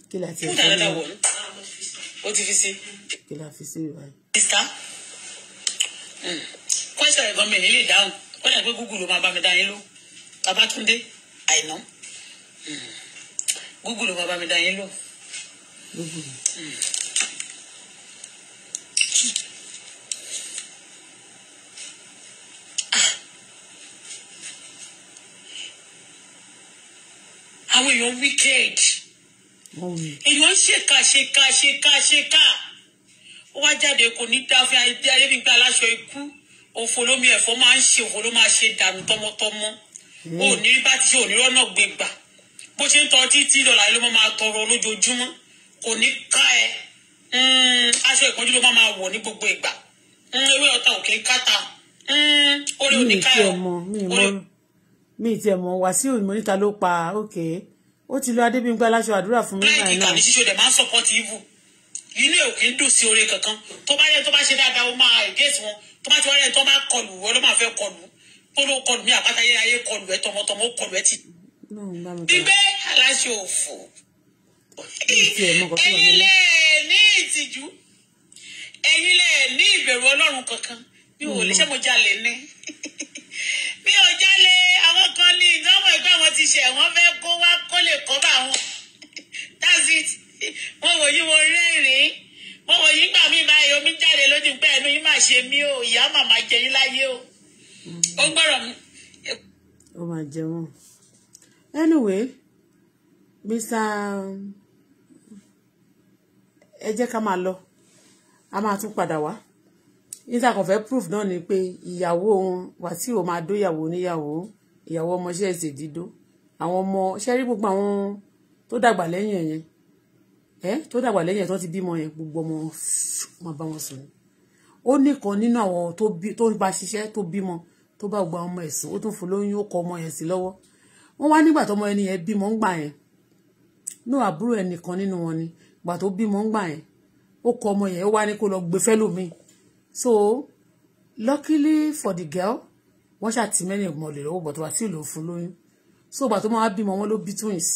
kí la ti fi sí o ti fi sí. kí la fi sí ìwà yìí. sista kwesíọ̀ hmm. ẹ̀gbọ́n mi lè dáhùn wọ́n yà pé Google ló máa bá mi dá yín ló Babátúndé Àìná. Mm. Google ló máa bá mi dá yín lò. Google. Ah. àwọn èèyàn wicked èèyàn ṣèkà ṣèkà ṣèkà ṣèkà ó wá jáde kò ní dáfẹ́ ayé nígbà aláṣọ ikú òfò lómi ẹ̀fọ́ máa ń ṣe òfò ló máa ṣe dànù tọmọtọmọ òní bá ti ṣe òní rọ́nà gbégbà bó ṣe ń tọ títí dọ̀là yìí ló máa tọrọ lójoojúmọ́ kò ní ká ẹ hmm, aṣọ ìpọ́njú ló máa wọ̀ ní gbogbo ìgbà hmm, ewé ọ̀tá òkè káta orí hmm, òní ká ẹ mi tiẹ̀ mọ̀ Wàsíù ìmọ̀ríta ló pa òkè ó ti lọ Adébíyìngbé aláṣọ àdúrà fún mi náà. láì kíkà ṣíṣe òde máa ń support ivu inú ẹ̀ ò kí ń dùn sí oore kankan tó bá yẹ tó bá ṣe dáadáa ó máa ègéèsì wọn tó bá ti wá yẹ tó bá kọlù wọn ló kọlù ó ló kọlù mí àpáta yẹ ayé kọlù ẹ tọmọtọmọ kọlù ẹ ti bíbẹ́ aláṣọ òfò ẹ̀yin lẹ ní ìtìjú ẹ̀yin lẹ ní ìbẹ̀rù ọlọ́run kankan mi ò lè ṣe mo jalè ní <laughs> mi ò jalè àwọn kan ní ìdánwò ẹgbẹ́ wọn ti ṣe wọ́n fẹ́ kó wá kó lè kọ́ bá wọn <laughs> that's it <laughs> wọ́n wò yí wọ́n rẹ́rìn-ín wọ́n wò yí gbà mí báyìí omi jáde lójú pé ẹnu yín má ṣe mí o ìyá màmá jẹ yín láyé o mm. ó gbọ́rọ̀ mi. ó máa jẹ wọn anyway mr ẹ jẹ́ ká máa lọ a máa tún padà wá níta proof náà ni pé ìyàwó Wàsíù máa dó ìyàwó oníyàwó ìyàwó ọmọọṣẹ́ ẹ̀sẹ̀ dídó àwọn ọmọ ṣẹ́rí gbogbo àwọn tó dàgbà lẹ́yìn ẹ̀yẹn ẹ tó dàgbà lẹ́yìn ẹ̀ tó ti bímọ yẹn gbogbo ọmọ máa bá wọn sùn ó nìkan nínú àwọn tó bá ṣiṣẹ́ tó bímọ tó bá gba ọmọ ẹ̀sùn ó tún fún lóyún ó kọ ọmọ yẹn sí lọ́wọ́ wọ́n wá nígbà tọmọ ẹni yẹn bímọ ń gbà yẹn ní àbúrò ẹnìkan nínú wọn ni gbà tó bímọ ń gbà yẹn ó kọ ọmọ yẹn ó wá ní kó lọ gbé fẹ́lòmíì so luckily for the girl wọ́n ṣàtì mẹ́rin ìgbọ̀n lè lọ́wọ́ bọ̀tọ̀ wá sí ìlò fún lóyún so gbà tó máa bímọ wọn ló bí twins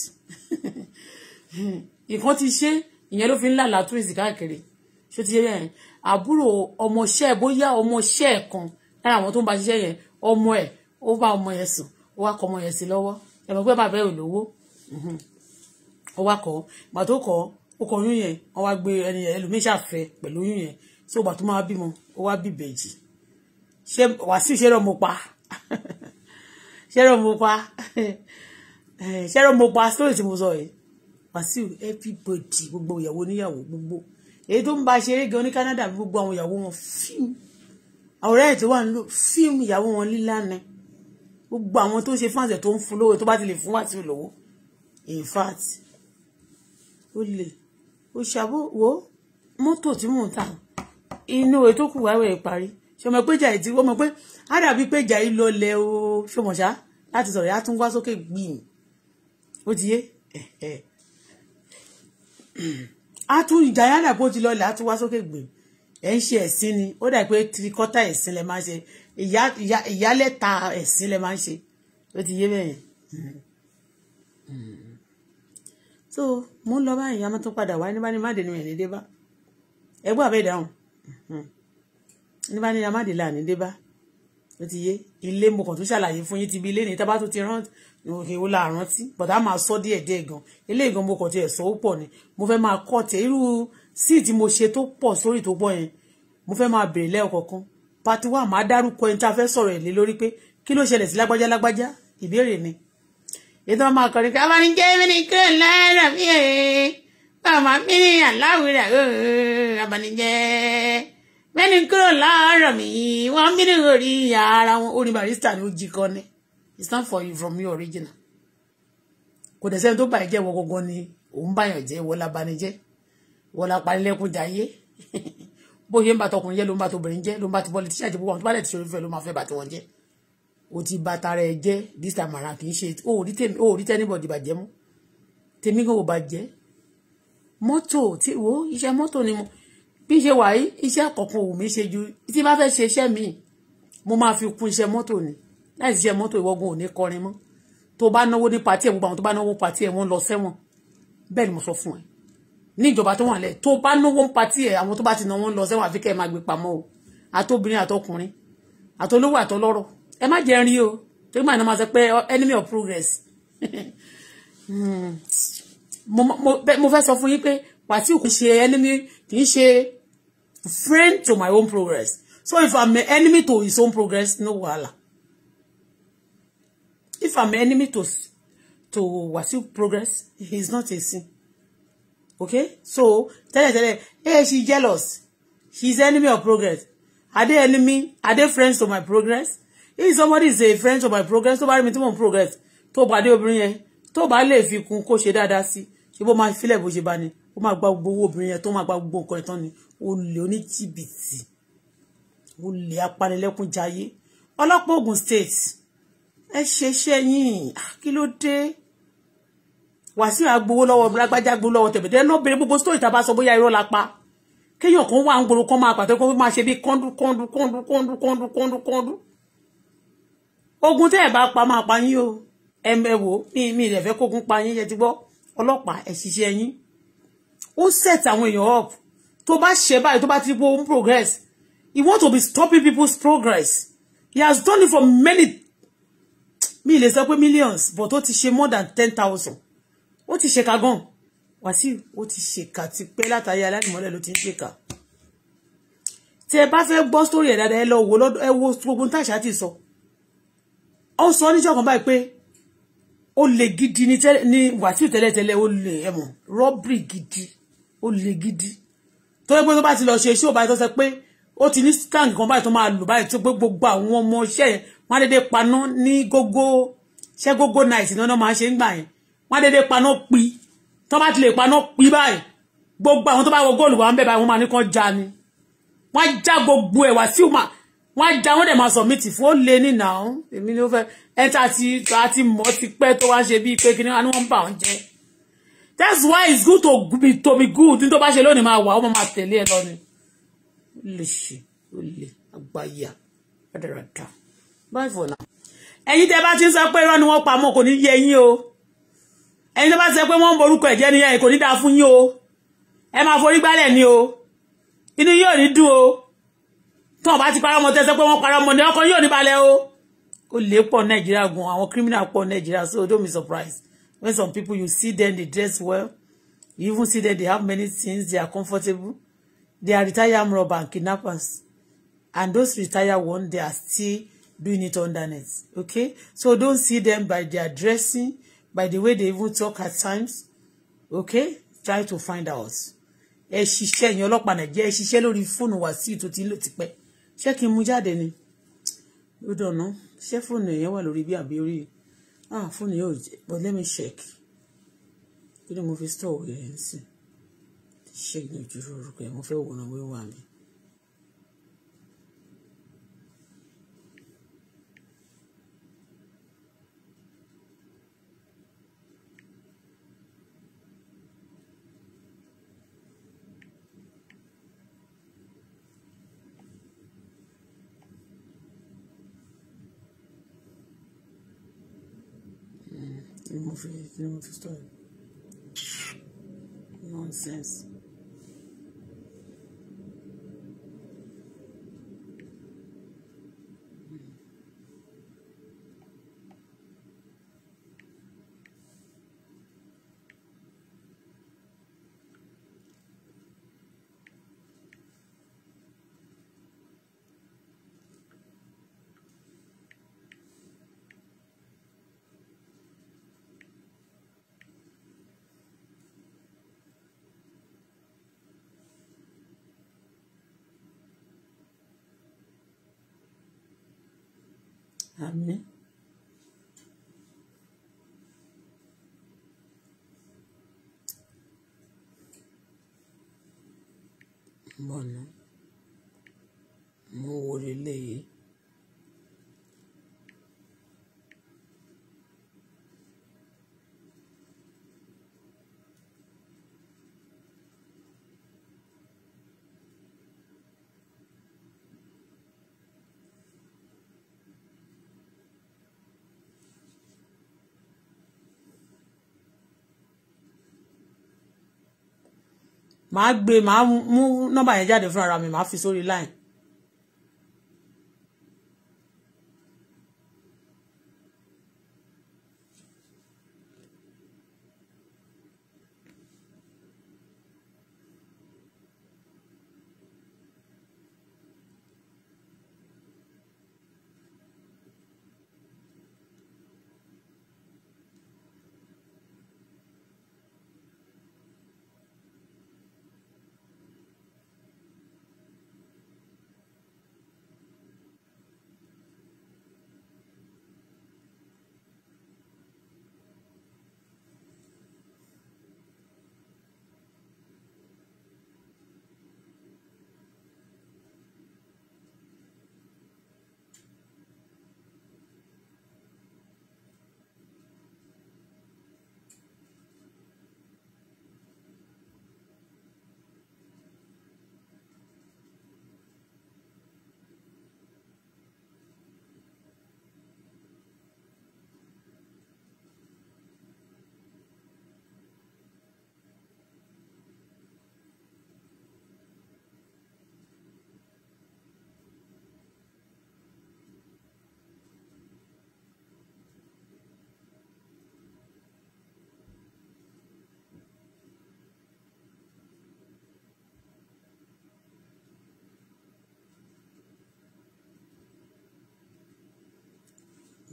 <laughs> nǹkan ti ṣe ìyẹn ló fi ń lálàá twins káàkiri ṣé ti ṣe bẹ́ẹ̀ àbúrò ọmọọṣẹ́ bóyá ọmọọṣẹ́ kan lára àwọn tó ń bá ṣiṣẹ́ yẹn ọmọ ẹ̀ ó bá ọmọ yẹn sùn ó wá kọ ọmọ yẹn sí lọ́wọ́ ẹ̀mọ́ pé bàbá ẹ̀ ò lówó mhm. ó wá kọ́ gbà tó kọ́ ó kọ́ oyún yẹn wọ́n wá gbé ẹni ẹlòmíín ṣàfẹ́ pẹ̀lú oyún yẹn tí ó gbà tó máa bímọ ó wá bí ìbejì ṣé wàásù ṣẹ́rọ̀ mo pa <laughs> ṣẹ́rọ̀ mo pa <laughs> eh, ṣẹ́rọ̀ mo pa story tí mo sọ yìí wàásù everybody gbogbo ìyàwó oníyàwó gbogbo èyí tó ń ba ṣeré gan ní Canada gbogbo àwọn ìyàwó wọn fíìmù àwọn ọ̀rẹ́ ẹ̀ tó wà ń lò fíìmù ìyàwó wọn lílànà gbogbo àwọn tó ń ṣe fáǹsẹ̀ tó ń fún lówó tó bá ti lè fún wàásù lówó in fact ó lè ó ṣàbò wo mọ́tò tí mò ń tà inú ètò kù wáwẹ̀ ìparí ṣe mọ̀ pé jàì tí wọ́n mọ̀ pé á dàbí pé jàì lọ lẹ o ṣe mọ̀ ṣá láti sọ̀rọ̀ yá tún wá sókè gbìn ó ti yé á tún ìjà yá dàbí ó ti lọ lẹ á tún wá sókè gbìn ẹ̀ ń ṣe ẹ̀sìn ni ó dàbí pé tirikọ́tà ẹ̀sìn lẹ máa ṣe ìyá ìyá ìyálẹ́ta ẹ̀sìn lẹ máa ń ṣe ló ti yé bẹ́ẹ̀ yẹn so mo ń lọ báyìí a máa tún padà wá níbá ní má dènà ẹ̀ní dé bá ẹgbẹ́ àbẹ́ ìdáhùn níbá ní má dènà ẹ̀ní dé bá ló ti yé ilé mo kàn tún ṣàlàyé fún yín ti bí ilé ní tábà tó ti rántí òkè wo la rántí bọ̀dá máa sọ díẹ̀ díẹ̀ gan ilé gan mo kàn tiẹ̀ sọ ó pọ̀ ni mo fẹ́ máa kọ́ tẹ̀ irú síìtì mo ṣe tó pọ̀ sórí tó pọ̀ yẹn mo fẹ́ máa bèrè lẹ́ọ̀kọ̀ọ̀kan part one máa dárúkọ ẹni tá a fẹ́ sọ̀rọ̀ ẹ̀ lé lórí pé kí ló ṣẹlẹ̀ sí lágbájá lágbájá ìbéèrè ni ètò ọmọ akọrin kí abáni jẹ́ mímí kúrò náírà mi ẹ̀ bàmà mi ní aláwìrà abáni jẹ́ mẹ́ni kúrò láàárọ̀ mi wọ́n bí ní orí ara wọn orin barista ni ó jí kan ní it's not for you from your original kò dẹ̀ sẹ́ni tó bàyẹ̀ jẹ́ wọ gangan ni òun bàyàn jẹ́ wọ́n lábanijẹ́ wọ́n lápanilẹ́kùn jayé. <laughs> bó ṣe ń bàtọ ọkùnrin jẹ́ ló ń bàtọ obìnrin jẹ́ ló ń bàtọ bọ́ọ̀lì tíṣà jẹ́ gbogbo àwọn tó bá dẹ̀ ti ṣòro fẹ́ ló máa fẹ́ bàtọ wọn jẹ́ o ti ba tara ẹ jẹ́ this time around kì í ṣe o ò rí tẹ́nibọ̀dì bàjẹ́ mú tèmi kò bàjẹ́ mọ́tò tí wo iṣẹ́ mọ́tò ni mo bí ṣe wà yìí iṣẹ́ kọ̀ọ̀kan ò mí ṣe ju tí bá fẹ́ ṣe iṣẹ́ míì mo máa fi kún iṣẹ́ mọ́tò ni láì ṣiṣẹ́ mọ́tò ìwọ́gun ò ní kọrin mọ́ tó bá náwó ní pàtí ẹ̀ gbogbo àwọn tó bá náwó pàtí ẹ̀ wọ́n lọ sẹ́wọ̀n bẹ́ẹ̀ ni mo sọ fún ẹ ní ìjọba tó wà lẹ̀ tó bá náwó ń patí ẹ̀ àwọn tó bá ti náwó ń lọ sẹ́wọ̀n àfi kẹ́ ẹ máa gbé pamọ́ o àtobìnrin àtọkùnrin àtolówó àtọlọ́rọ̀ ẹ má jẹ́ rí o tó gbà náà máa sọ pé enemy of progress <laughs> hmm. mo fẹ́ sọ fún yín pé Wàsíù kì í ṣe enemy kì í ṣe friend to my own progress so if I'm an enemy to his own progress no wahala if I'm an enemy to to Wasiu progress he is not a sin okay so tell her tell her hey she jealous she's enemy of progress are they enemy are they friends to my progress if somebody is a friend to my progress tó bá rí mi tí mò ń progress tó bá dé obìnrin yẹn tó bá lè fi kún kó ṣe dáadáa sí ṣe bó máa filẹ̀ bó ṣe bá ni ó máa gba gbogbo owó obìnrin yẹn tó máa gba gbogbo nǹkan ìtàn ni olè oníjìbìtì olè apanilẹ́kúnjayé ọlọ́pàá Ògùn state ẹ ṣe iṣẹ́ yín ah, kí ló dé wàsíù agbowó lọ́wọ́ lágbájá gbowó lọ́wọ́ tẹ̀bẹ̀tẹ̀ ẹ̀ náà bèrè gbogbo sítórì tá a bá sọ bóyá irọ́ la pa kéèyàn kan wà ń gbòòrò kan máa pàtó kó máa ṣe bí kọ́ńdú kọ́ńdú kọ́ńdú kọ́ńdú kọ́ńdú kọ́ńdú kọ́ńdú ogun tẹ́ ẹ̀ bá pa máa pa yín o ẹ mẹ́wò mi mi ìrẹ̀fẹ́ kógun pa yín yẹ ti gbọ́ ọlọ́pàá ẹ̀ ṣiṣẹ́ yín ó set àwọn èèyàn up tó bá ṣe báyìí tó bá ti bó progress he want to be stopping people's progress he has done it for many mi lè sọ pé millions but ó ti ṣe more than ten thousand ó ti ṣèkà gan Wàsíù ó ti ṣèkà ti pẹ́ látàrí alánìmọ́lẹ̀ ló ti ń ṣèkà tí ẹ bá fẹ́ gbọ́ sórí ẹ̀ dáadáa ẹ lọ wò lọ́dọ̀ ẹ wo gbogbo táṣà ti sọ ó sọ níjọ́ kan báyìí pé ó lè gidi ní Wàsíù tẹ́lẹ̀tẹ́lẹ̀ ó lè ẹ̀mọ̀ rọ́bìrì gidi ó lè gidi tó yẹ pé tó bá ti lọ ṣe iṣẹ́ òbá tó sọ pé ó ti ní stand kan báyìí tó máa lò báyìí tó pé gbogbo àwọn ọmọ iṣẹ́ yẹn wọ́n á dédé paná ní gógó iṣẹ́ gógó náà ìsìn náà máa ń ṣe ń gbà yẹn wọ́n dédé paná pi tọ́ bá ti lè paná pi báyìí gbogbo àwọn tó bá wọ góòlù wà ń bẹ̀ báyìí wọ́n máa ní kán já ni wọ́n já gbogbo ẹ̀ wá sí ìwà wọ́n já wọ́n dẹ̀ máa submit fún ó lé nìna ọ̀hún èmi ló fẹ́ ẹ̀ta ti ta ti mọ̀ ti pẹ́ tó wá ṣe bíi pé kí ni wọ́n ń bà wọ́n jẹ́ that's why it's good to be to be good ní tó bá ṣe lónìí máa wà ó máa tẹ̀lé ẹ lọ ni lè ṣe ó lè agbáyà rádaràdà báyìí fọ̀ náà ẹ̀yin tẹ́ bá ti ń sọ pé irọ́ ni wọ́n pa mọ́ kò ní yẹ yín o ẹni tó bá ti sọ pé wọ́n ń borúkọ ẹ̀jẹ̀ ni ẹ̀ kò ní dáa fún yín o ẹ máa forí gbálẹ̀ ni o inú yóò ní dùn o tí wọ́n bá ti parọ́ ọmọ tẹ́sẹ́ pé wọ́n parọ́ ọmọ ní ọkọ yóò ní balẹ̀ o ó lè pọ̀ nàìjíríà gan àwọn criminal pọ̀ nàìjíríà so don't be surprised when some people you see them they dress well you even see them they have many things they are comfortable they are retired armed robbers and kidnappers and those retired ones they are still doing it on net okay so don't see them by their dressing by the way they even talk at times okay try to find out ẹ ṣiṣẹ́ ẹ̀yin ọlọ́pàá nàìjíríà ẹ ṣiṣẹ́ lórí fóònù Wàsíù tó ti ń lò tipẹ́ ṣé kí n mú jáde ni ó dọ̀nà ṣé fóònù yẹn wà lórí bí àbí orí ah fóònù yóò jẹ but let me check kí ni mo fi store òwe yẹn sí ṣé ìgbìyànjú orúkọ yẹn mo fẹ́ wò ó náà mi. ni mo fi ni mo nonsense. Àmín. Bọ̀nà. màá gbé màá mú nọ́mbà yẹn jáde fún ara mi màá fi sórí line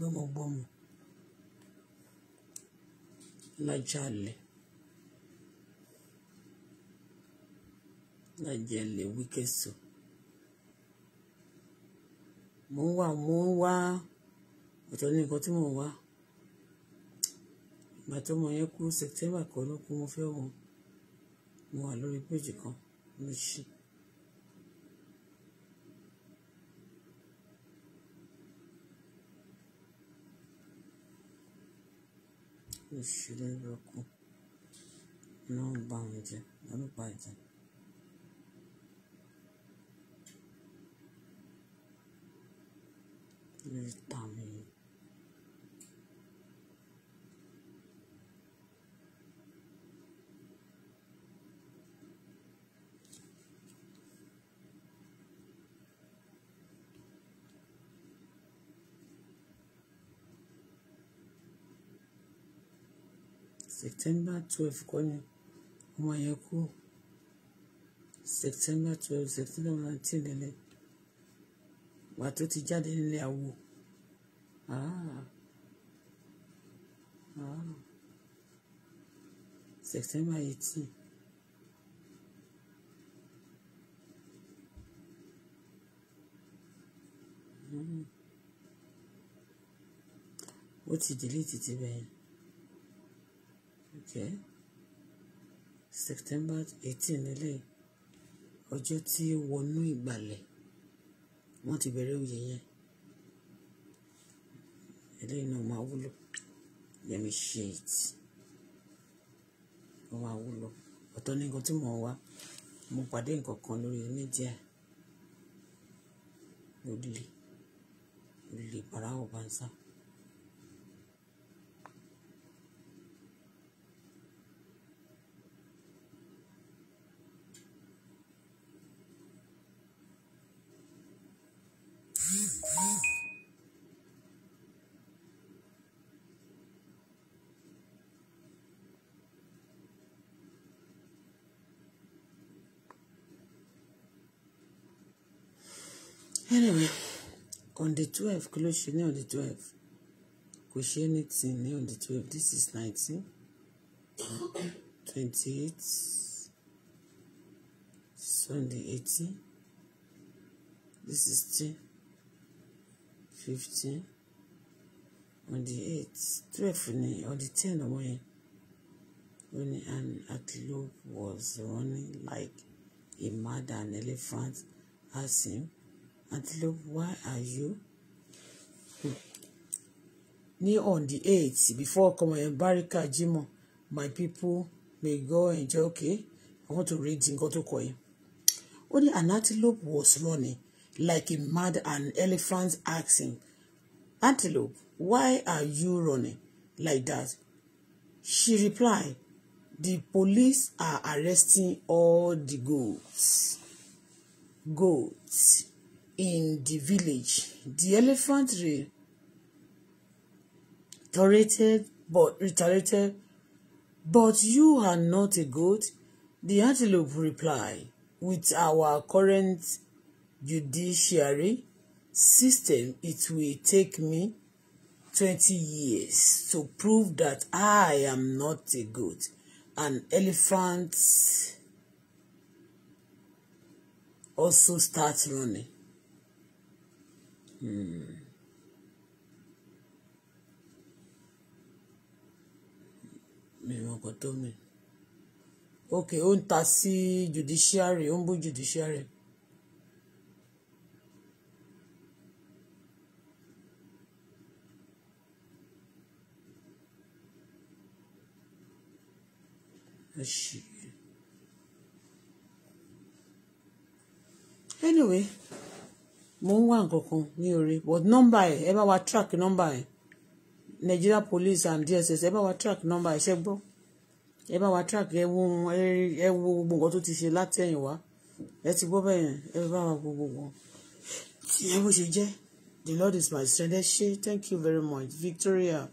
gbọ́mọgbọ́mọ lájàlẹ̀ lájàlẹ̀ wíkẹ́sọ̀ mo ń wá mo ń wá ọ̀tọ̀ ní nǹkan tí mo ń wá ìgbà tó mọ yẹn kú September kan ló kú mo fẹ́ wọn mo wà lórí péjì kan lóṣù. òṣèré lọ́kù iná ń bá wọn jẹ lọ́lọ́pàá ìjà. lórí táwọn èèyàn. september twelve kọ́ ni ọmọ yẹn kú september twelve september nineteen nílẹ̀ wà tó ti jáde nílé awo ah ah september eighteen. Hmm. ó ti delete ti bẹ́ẹ̀ yẹn okay September eighteen eléyìí ọjọ́ tí ó wọnú ìgbàlẹ̀ wọ́n ti bẹ̀rẹ̀ oyè yẹn eléyìí náà máa wúlò let me share it ó máa wúlò ọ̀tọ̀ ní nǹkan tí mò ń wá mo pàdé nǹkan kan lórí mídíà olè olè pàrọ̀ àwọn anyway on the twelve close. ló ṣe on the twelve kò ṣe anything ní on the twelve this is nineteen twenty-eight sunday eighteen this is ten fifteen on the eight twelve ni on the ten ọmọ yẹn ó an antelope was running like a mad an elephant asked him antelope why are you hmm. ní on the eight before ọkọọmọ yẹn barika jimoh my people may go enjoy okay i want to read nǹkan tó kọ yẹn ó ní an antelope was running like a mad an elephant asking, Antelope, why are you running like that? She replied, the police are arresting all the goats, goats in the village. The elephant retaliated, but retaliated. but you are not a goat. The antelope replied, with our current judiciary system, it will take me twenty years to prove that I am not a goat. An elephant also starts running. Hmm. mi mọ nǹkan tó mi ok ó ń ta sí judiciary ó ń bú judiciary àṣírí. anyway mo ń wá nǹkan kan ní wa track nọ́mbà Nigeria police and DSS ẹ bá wa track nọ́mbà ẹ ṣe gbọ́ ẹ bá wa track ẹ wo ẹ wo gbogbo nǹkan tó ti ṣe látẹ̀yìn wá ẹ ti gbọ́ bẹ́yẹn ẹ bá wa gbogbo wọn tí ẹ bó ṣe jẹ́ the Lord is my strength ẹ ṣe thank you very much Victoria